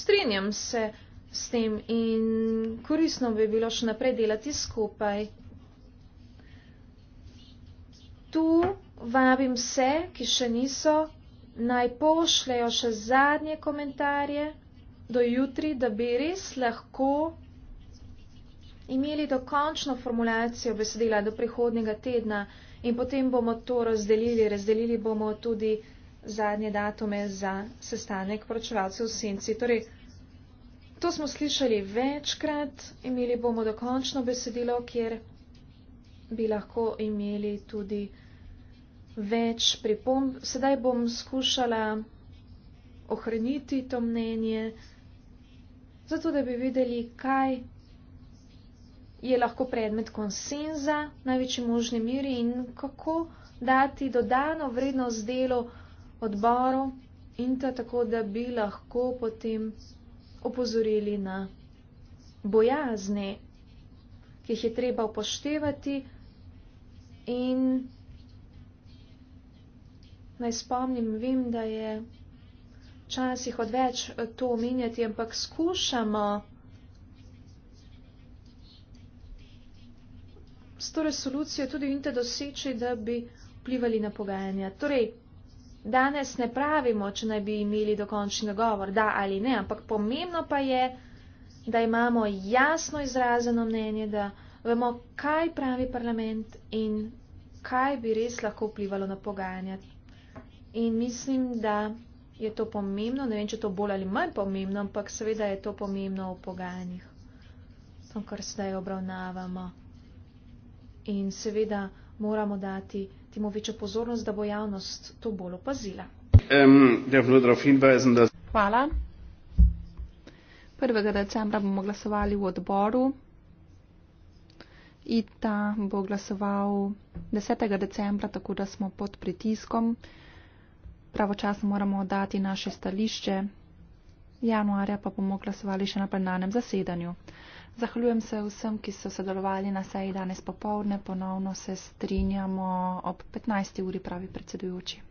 strinjam se s tem in korisno bi bilo še naprej delati skupaj. Tu vabim vse, ki še niso, naj pošljajo še zadnje komentarje do jutri, da bi res lahko imeli dokončno formulacijo besedila do prihodnega tedna in potem bomo to razdelili. Razdelili bomo tudi zadnje datume za sestanek poročevalcev v senci. Torej, to smo slišali večkrat, imeli bomo dokončno besedilo, kjer bi lahko imeli tudi več pripomb. Sedaj bom skušala ohraniti to mnenje, zato da bi videli, kaj je lahko predmet konsenza v največji možni miri in kako dati dodano vrednost delu odboru in to tako, da bi lahko potem opozorili na bojazne, ki jih je treba upoštevati in naj spomnim, vem, da je včasih odveč to omenjati, ampak skušamo s to resolucijo tudi vite doseči, da bi vplivali na pogajanja. Torej, danes ne pravimo, če naj bi imeli dokončni dogovor, da ali ne, ampak pomembno pa je, da imamo jasno izraženo mnenje, da vemo, kaj pravi parlament in kaj bi res lahko vplivalo na pogajanja. In mislim, da je to pomembno, ne vem, če to bolj ali manj pomembno, ampak seveda je to pomembno v pogajanjih, to, kar zdaj obravnavamo in seveda moramo dati temu večjo pozornost, da bo javnost to bolj opazila. Ja, Hvala. 1. decembra bomo glasovali v odboru. Ita bo glasoval 10. decembra, tako da smo pod pritiskom. Pravočasno moramo dati naše stališče. Januarja pa bomo glasovali še na plenarnem zasedanju. Zahvaljujem se vsem, ki so sodelovali na seji danes popovdne. Ponovno se strinjamo ob 15. uri pravi predsedujoči.